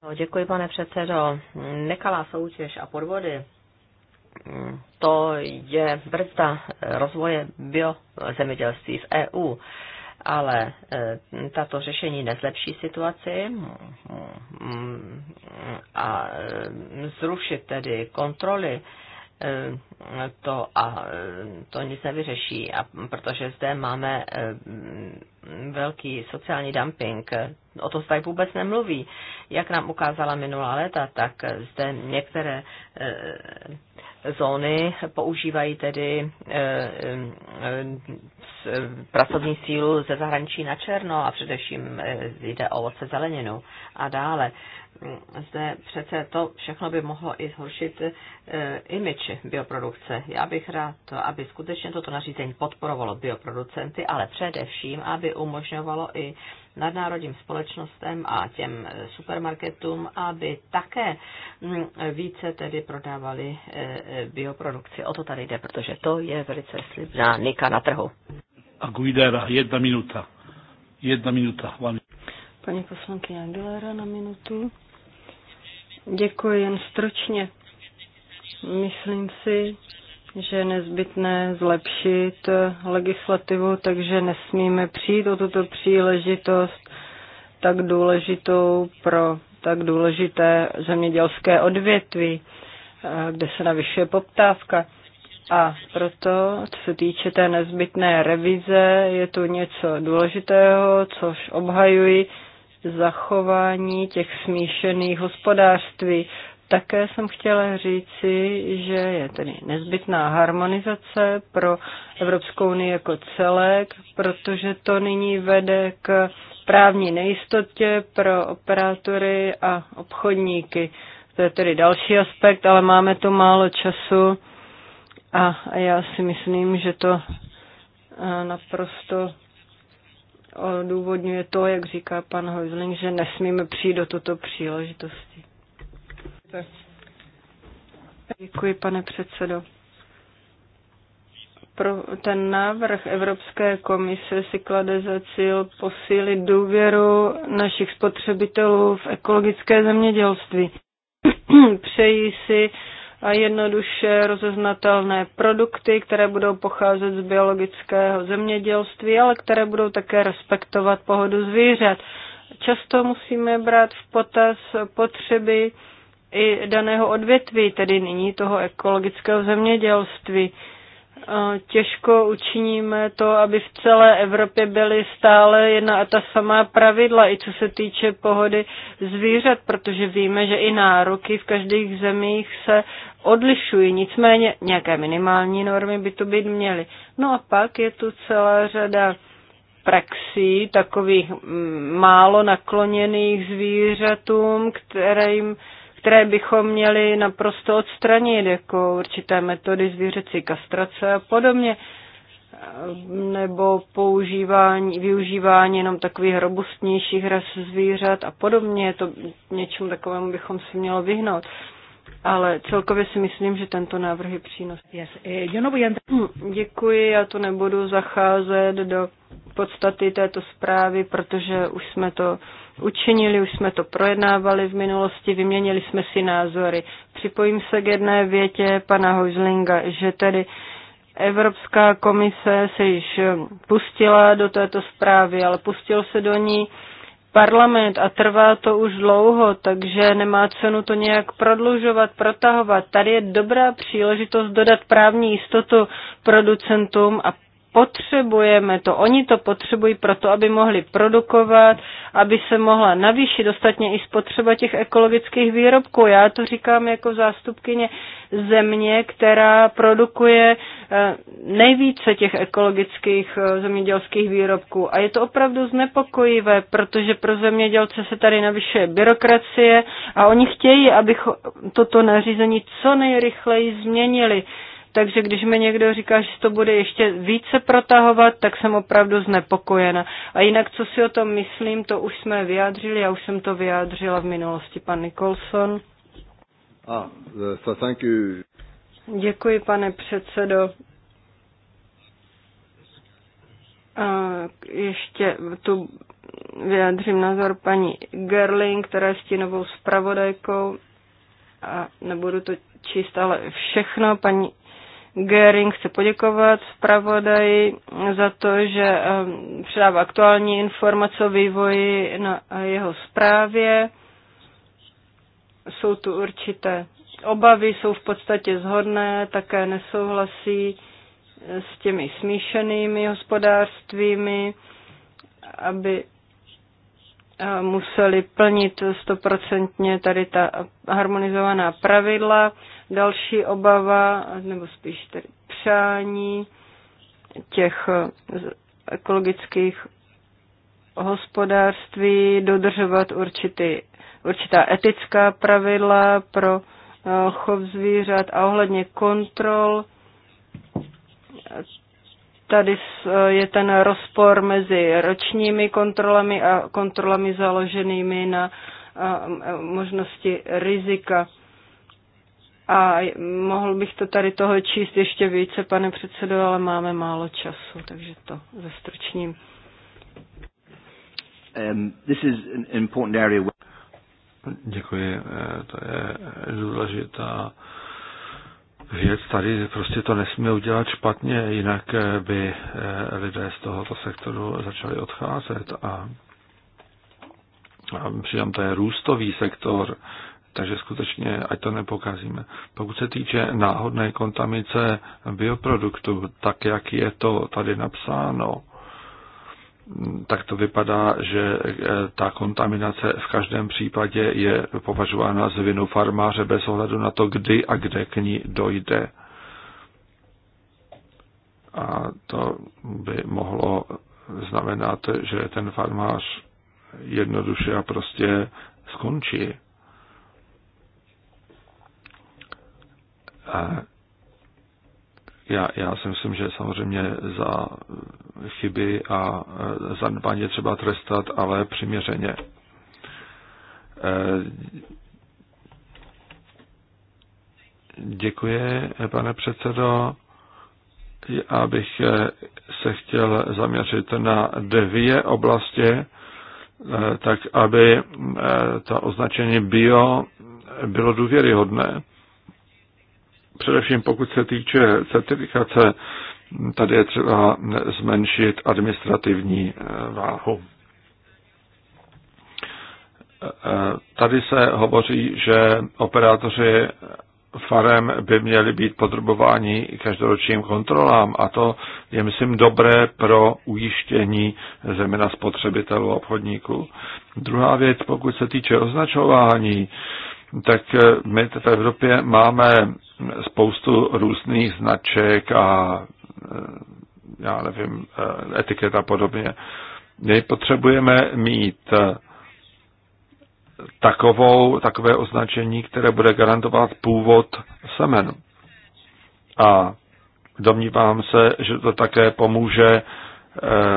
[SPEAKER 3] No, děkuji, pane předsedo. Nekalá soutěž a podvody, mm, to je brzda rozvoje biozemědělství v EU, ale e, tato řešení nezlepší situaci mm, mm, a e, zrušit tedy kontroly to a to nic nevyřeší, a protože zde máme eh, velký sociální dumping. O to se tady vůbec nemluví. Jak nám ukázala minulá léta, tak zde některé eh, zóny používají tedy eh, pracovní sílu ze zahraničí na černo a především jde o ovoce zeleninu a dále zde přece to všechno by mohlo i zhoršit eh, image bioprodukce. Já bych rád, aby skutečně toto nařízení podporovalo bioproducenty, ale především, aby umožňovalo i nadnárodním společnostem a těm eh, supermarketům, aby také hm, více tedy prodávali eh, bioprodukci. O to tady jde, protože to je velice slibná nika na trhu.
[SPEAKER 1] A Guidera, jedna minuta. Jedna minuta.
[SPEAKER 4] Pani poslankyně Aguilera na minutu. Děkuji jen stručně. Myslím si, že je nezbytné zlepšit legislativu, takže nesmíme přijít o tuto příležitost tak důležitou pro tak důležité zemědělské odvětví, kde se navyšuje poptávka. A proto, co se týče té nezbytné revize, je tu něco důležitého, což obhajuji, zachování těch smíšených hospodářství. Také jsem chtěla říci, že je tedy nezbytná harmonizace pro Evropskou unii jako celek, protože to nyní vede k právní nejistotě pro operátory a obchodníky. To je tedy další aspekt, ale máme tu málo času a já si myslím, že to eh, naprosto odůvodňuje to, jak říká pan Hojzling, že nesmíme přijít do toto příležitosti. Děkuji, pane předsedo. Pro ten návrh Evropské komise si klade za cíl posílit důvěru našich spotřebitelů v ekologické zemědělství. (clears throat) Přeji si a jednoduše rozeznatelné produkty, které budou pocházet z biologického zemědělství, ale které budou také respektovat pohodu zvířat. Často musíme brát v potaz potřeby i daného odvětví, tedy nyní toho ekologického zemědělství. E, těžko učiníme to, aby v celé Evropě byly stále jedna a ta samá pravidla, i co se týče pohody zvířat, protože víme, že i nároky v každých zemích se odlišují, nicméně nějaké minimální normy by tu být měly. No a pak je tu celá řada praxí takových mm, málo nakloněných zvířatům, kterým, které bychom měli naprosto odstranit, jako určité metody zvířecí kastrace a podobně nebo používání, využívání jenom takových robustnějších ras zvířat a podobně. To něčemu takovému bychom si mělo vyhnout ale celkově si myslím, že tento návrh je přínosný. Eh, no, hm, děkuji, já to nebudu zacházet do podstaty této zprávy, protože už jsme to učinili, už jsme to projednávali v minulosti, vyměnili jsme si názory. Připojím se k jedné větě pana Hojzlinga, že tedy Evropská komise se již pustila do této zprávy, ale pustil se do ní parlament a trvá to už dlouho, takže nemá cenu to nějak prodlužovat, protahovat. Tady je dobrá příležitost dodat právní jistotu producentům a potřebujeme to, oni to potřebují proto, aby mohli produkovat, aby se mohla navýšit ostatně i spotřeba těch ekologických výrobků. Já to říkám jako zástupkyně země, která produkuje eh, nejvíce těch ekologických eh, zemědělských výrobků. A je to opravdu znepokojivé, protože pro zemědělce se tady navyšuje byrokracie a oni chtějí, aby toto nařízení co nejrychleji změnili. Takže když mi někdo říká, že to bude ještě více protahovat, tak jsem opravdu znepokojena. A jinak, co si o tom myslím, to už jsme vyjádřili, já už jsem to vyjádřila v minulosti, pan Nicholson.
[SPEAKER 2] Ah, eh, so thank you.
[SPEAKER 4] Děkuji, pane předsedo. A ještě tu vyjádřím názor paní Gerling, která je stínovou zpravodajkou. A nebudu to číst, ale všechno. Paní Gering chce poděkovat zpravodaji za to, že ehm, předává aktuální informace o vývoji na jeho zprávě. Jsou tu určité obavy, jsou v podstatě zhodné, také nesouhlasí eh, s těmi smíšenými hospodářstvími, aby eh, museli plnit stoprocentně tady ta harmonizovaná pravidla. Další obava, nebo spíš tedy přání těch ekologických hospodářství dodržovat určitý, určitá etická pravidla pro eh, chov zvířat a ohledně kontrol. Tady eh, je ten rozpor mezi ročními kontrolami a kontrolami založenými na eh, možnosti rizika. A mohl bych to tady toho číst ještě více, pane předsedo, ale máme málo času, takže to zestručním.
[SPEAKER 2] Um, this is an important area where... Děkuji, eh, to je důležitá věc. Tady prostě to nesmí udělat špatně, jinak eh, by eh, lidé z tohoto sektoru začali odcházet a, a přitom to je růstový sektor, takže skutečně, ať to nepokazíme. Pokud se týče náhodné kontaminace bioproduktu, tak jak je to tady napsáno, tak to vypadá, že eh, ta kontaminace v každém případě je považována za vinu farmáře bez ohledu na to, kdy a kde k ní dojde. A to by mohlo znamenat, že ten farmář jednoduše a prostě skončí. já, já si myslím, že samozřejmě za chyby a e, zanedbání je třeba trestat, ale přiměřeně. E, děkuji, pane předsedo. Já bych e, se chtěl zaměřit na dvě oblasti, tak aby to označení bio bylo důvěryhodné. Především pokud se týče certifikace, tady je třeba zmenšit administrativní eh, váhu. Eh, tady se hovoří, že operátoři farem by měli být podrobováni každoročním kontrolám a to je, myslím, dobré pro ujištění zejména spotřebitelů a obchodníků. Druhá věc, pokud se týče označování, tak eh, my v Evropě máme spoustu různých značek a eh, já nevím, eh, etiket a podobně. My potřebujeme mít takovou, takové označení, které bude garantovat původ semen. A domnívám se, že to také pomůže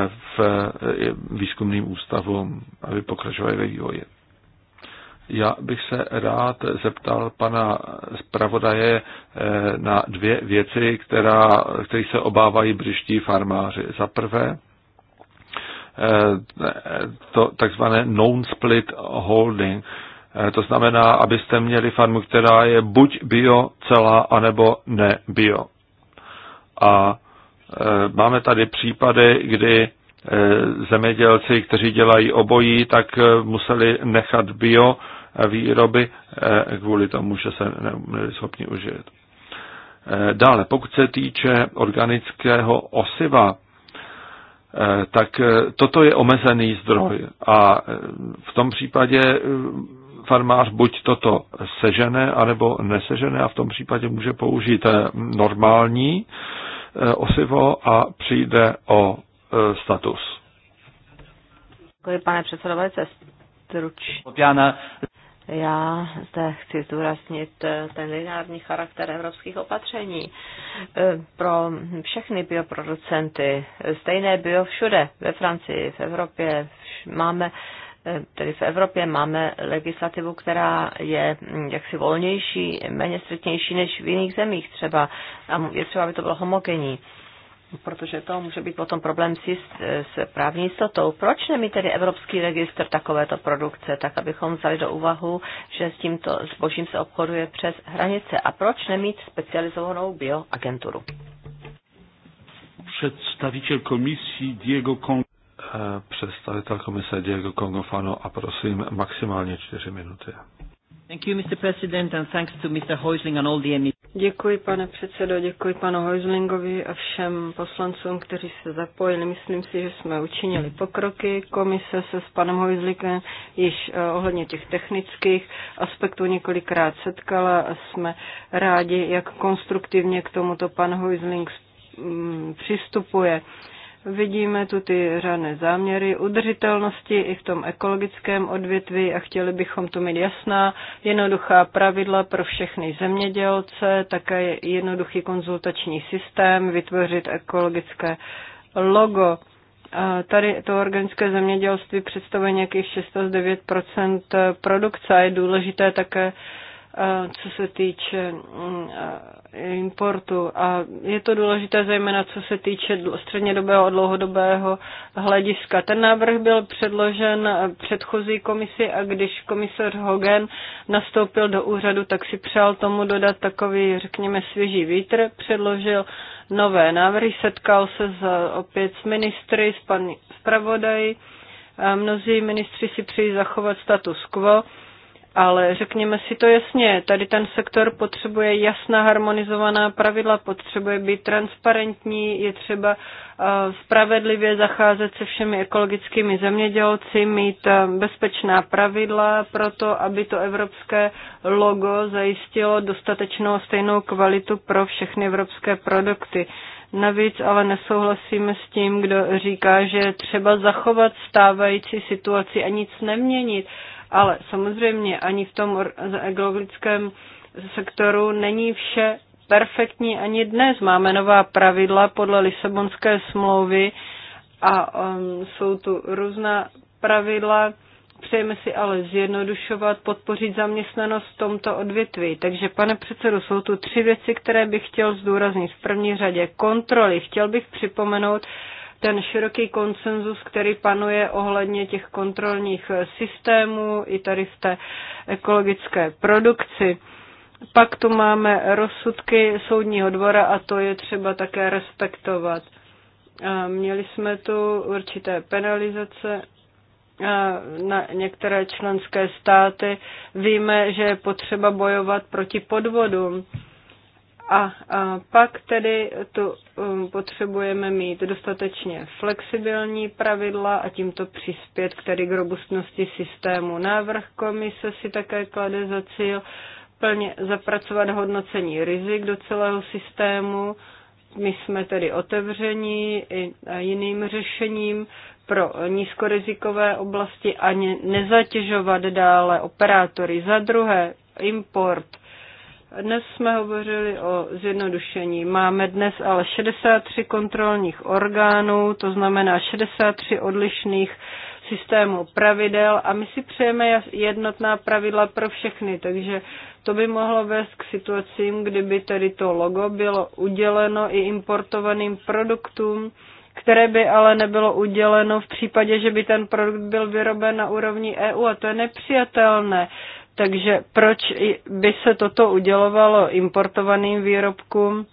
[SPEAKER 2] v výzkumným ústavům, aby pokračovali ve vývoji. Já bych se rád zeptal pana zpravodaje eh, na dvě věci, která, který se obávají břiští farmáři. Za prvé, eh, to takzvané non-split holding. Eh, to znamená, abyste měli farmu, která je buď bio celá, anebo ne bio. A máme tady případy, kdy zemědělci, kteří dělají obojí, tak museli nechat bio výroby eh, kvůli tomu, že se neměli schopni užít. Eh, dále, pokud se týče organického osiva, eh, tak toto je omezený zdroj a v tom případě farmář buď toto sežené, anebo nesežené a v tom případě může použít normální osivo a přijde o status.
[SPEAKER 3] Děkuji, pane předsedo, velice stručně. Já zde chci zdůraznit eh, ten lineární charakter evropských opatření eh, pro všechny bioproducenty. Stejné bio všude, ve Francii, v Evropě, máme eh, tedy v Evropě máme legislativu, která je mm, jaksi volnější, méně striktnější než v jiných zemích třeba. A je třeba, aby to bylo homogenní protože to může být potom problém si s, s právní jistotou. Proč nemít tedy Evropský registr takovéto produkce, tak abychom vzali do úvahu, že s tímto zbožím se obchoduje přes hranice a proč nemít specializovanou
[SPEAKER 2] bioagenturu? Představitel komisí Diego Kong. Eh, představitel komise Diego Kongofano a prosím maximálně čtyři minuty.
[SPEAKER 4] Děkuji, pane předsedo, děkuji panu Heuslingovi a všem poslancům, kteří se zapojili. Myslím si, že jsme učinili pokroky. Komise se s panem Heuslinkem již eh, ohledně těch technických aspektů několikrát setkala a jsme rádi, jak konstruktivně k tomuto pan Heusling přistupuje. Vidíme tu ty řádné záměry udržitelnosti i v tom ekologickém odvětví a chtěli bychom tu mít jasná, jednoduchá pravidla pro všechny zemědělce, také jednoduchý konzultační systém, vytvořit ekologické logo. Tady to organické zemědělství představuje nějakých 6 až 9 produkce a je důležité také co se týče mm, importu. A je to důležité zejména co se týče střednědobého a dlouhodobého hlediska. Ten návrh byl předložen předchozí komisi a když komisař Hogan nastoupil do úřadu, tak si přál tomu dodat takový, řekněme, svěží vítr, předložil nové návrhy, setkal se za, opět s ministry, s paní zpravodají. Mnozí ministři si přijí zachovat status quo ale řekněme si to jasně, tady ten sektor potřebuje jasná harmonizovaná pravidla, potřebuje být transparentní, je třeba eh, spravedlivě zacházet se všemi ekologickými zemědělci, mít eh, bezpečná pravidla pro to, aby to evropské logo zajistilo dostatečnou stejnou kvalitu pro všechny evropské produkty. Navíc ale nesouhlasíme s tím, kdo říká, že třeba zachovat stávající situaci a nic neměnit. Ale samozřejmě ani v tom ekologickém sektoru není vše perfektní ani dnes. Máme nová pravidla podle Lisabonské smlouvy a um, jsou tu různá pravidla. Přejeme si ale zjednodušovat, podpořit zaměstnanost v tomto odvětví. Takže, pane předsedo, jsou tu tři věci, které bych chtěl zdůraznit. V první řadě kontroly. Chtěl bych připomenout, ten široký konsenzus, který panuje ohledně těch kontrolních systémů i tady v té ekologické produkci. Pak tu máme rozsudky soudního dvora a to je třeba také respektovat. Měli jsme tu určité penalizace na některé členské státy. Víme, že je potřeba bojovat proti podvodům. A, a pak tedy to um, potřebujeme mít dostatečně flexibilní pravidla a tímto přispět k tedy k robustnosti systému. Návrh komise si také klade za cíl plně zapracovat hodnocení rizik do celého systému. My jsme tedy otevření i jiným řešením pro nízkorizikové oblasti a nezatěžovat dále operátory. Za druhé, import dnes jsme hovořili o zjednodušení. Máme dnes ale 63 kontrolních orgánů, to znamená 63 odlišných systému pravidel a my si přejeme jednotná pravidla pro všechny, takže to by mohlo vést k situacím, kdyby tedy to logo bylo uděleno i importovaným produktům, které by ale nebylo uděleno v případě, že by ten produkt byl vyroben na úrovni EU a to je nepřijatelné. Takže proč by se toto udělovalo importovaným výrobkům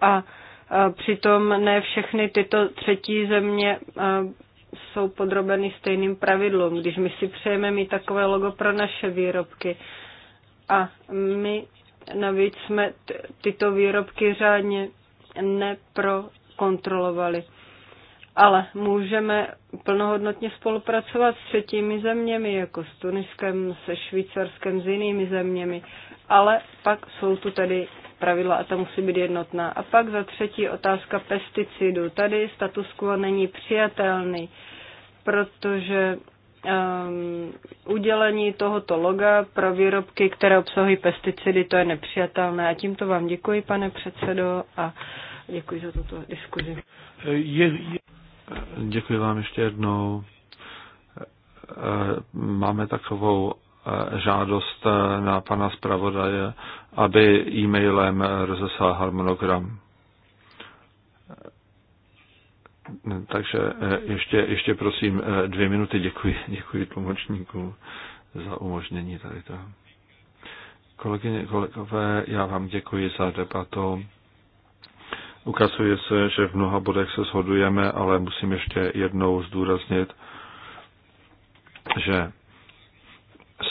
[SPEAKER 4] a přitom ne všechny tyto třetí země jsou podrobeny stejným pravidlům, když my si přejeme mít takové logo pro naše výrobky. A my navíc jsme tyto výrobky řádně neprokontrolovali ale můžeme plnohodnotně spolupracovat s třetími zeměmi, jako s Tuniskem, se Švýcarskem, s jinými zeměmi, ale pak jsou tu tedy pravidla a ta musí být jednotná. A pak za třetí otázka pesticidů. Tady status quo není přijatelný, protože um, udělení tohoto loga pro výrobky, které obsahují pesticidy, to je nepřijatelné. A tímto vám děkuji, pane předsedo, a děkuji za tuto diskuzi. Eh,
[SPEAKER 2] je, je... Děkuji vám ještě jednou. Máme takovou žádost na pana zpravodaje, aby e-mailem rozeslal harmonogram. Takže ještě, ještě prosím dvě minuty. Děkuji, děkuji tlumočníku za umožnění tady toho. Kolegyně, kolegové, já vám děkuji za debatu. Ukazuje se, že v mnoha bodech se shodujeme, ale musím ještě jednou zdůraznit, že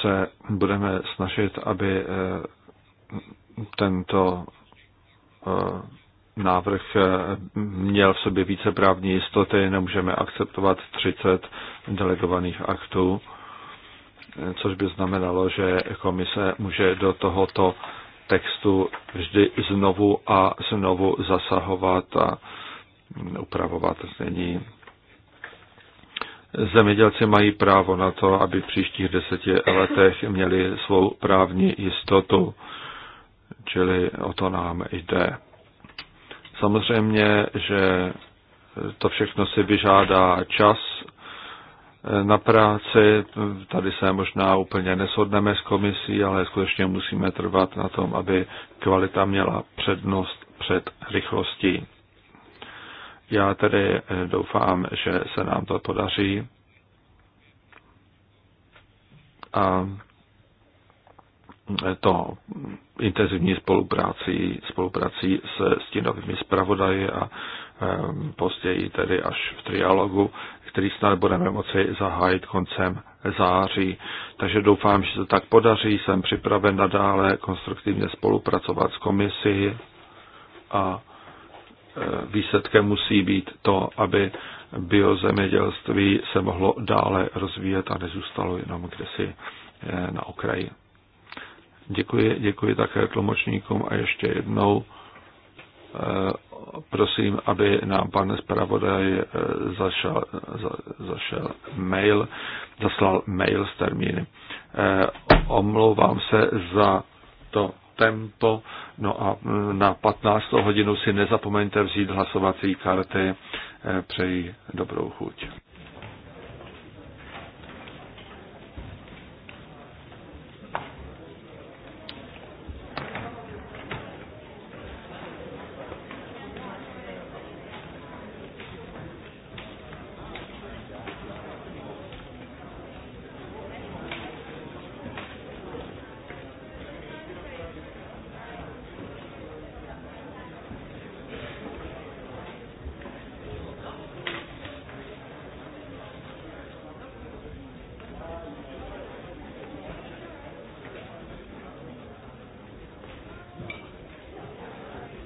[SPEAKER 2] se budeme snažit, aby eh, tento eh, návrh eh, měl v sobě více právní jistoty, nemůžeme akceptovat 30 delegovaných aktů, což by znamenalo, že komise může do tohoto textu vždy znovu a znovu zasahovat a upravovat znění. Zemědělci mají právo na to, aby v příštích deseti letech měli svou právní jistotu, čili o to nám jde. Samozřejmě, že to všechno si vyžádá čas na práci. Tady se možná úplně neshodneme s komisí, ale skutečně musíme trvat na tom, aby kvalita měla přednost před rychlostí. Já tedy eh, doufám, že se nám to podaří. A eh, to intenzivní spoluprací, spoluprací se stínovými zpravodaji a eh, později tedy až v trialogu který snad budeme moci zahájit koncem září. Takže doufám, že se tak podaří. Jsem připraven nadále konstruktivně spolupracovat s komisí a e, výsledkem musí být to, aby biozemědělství se mohlo dále rozvíjet a nezůstalo jenom kdesi e, na okraji. Děkuji, děkuji také tlumočníkům a ještě jednou prosím, aby nám pan zpravodaj eh, zašel, zašel mail, zaslal mail s termíny. Eh, omlouvám se za to tempo, no a mm, na 15. hodinu si nezapomeňte vzít hlasovací karty. Eh, přeji dobrou chuť.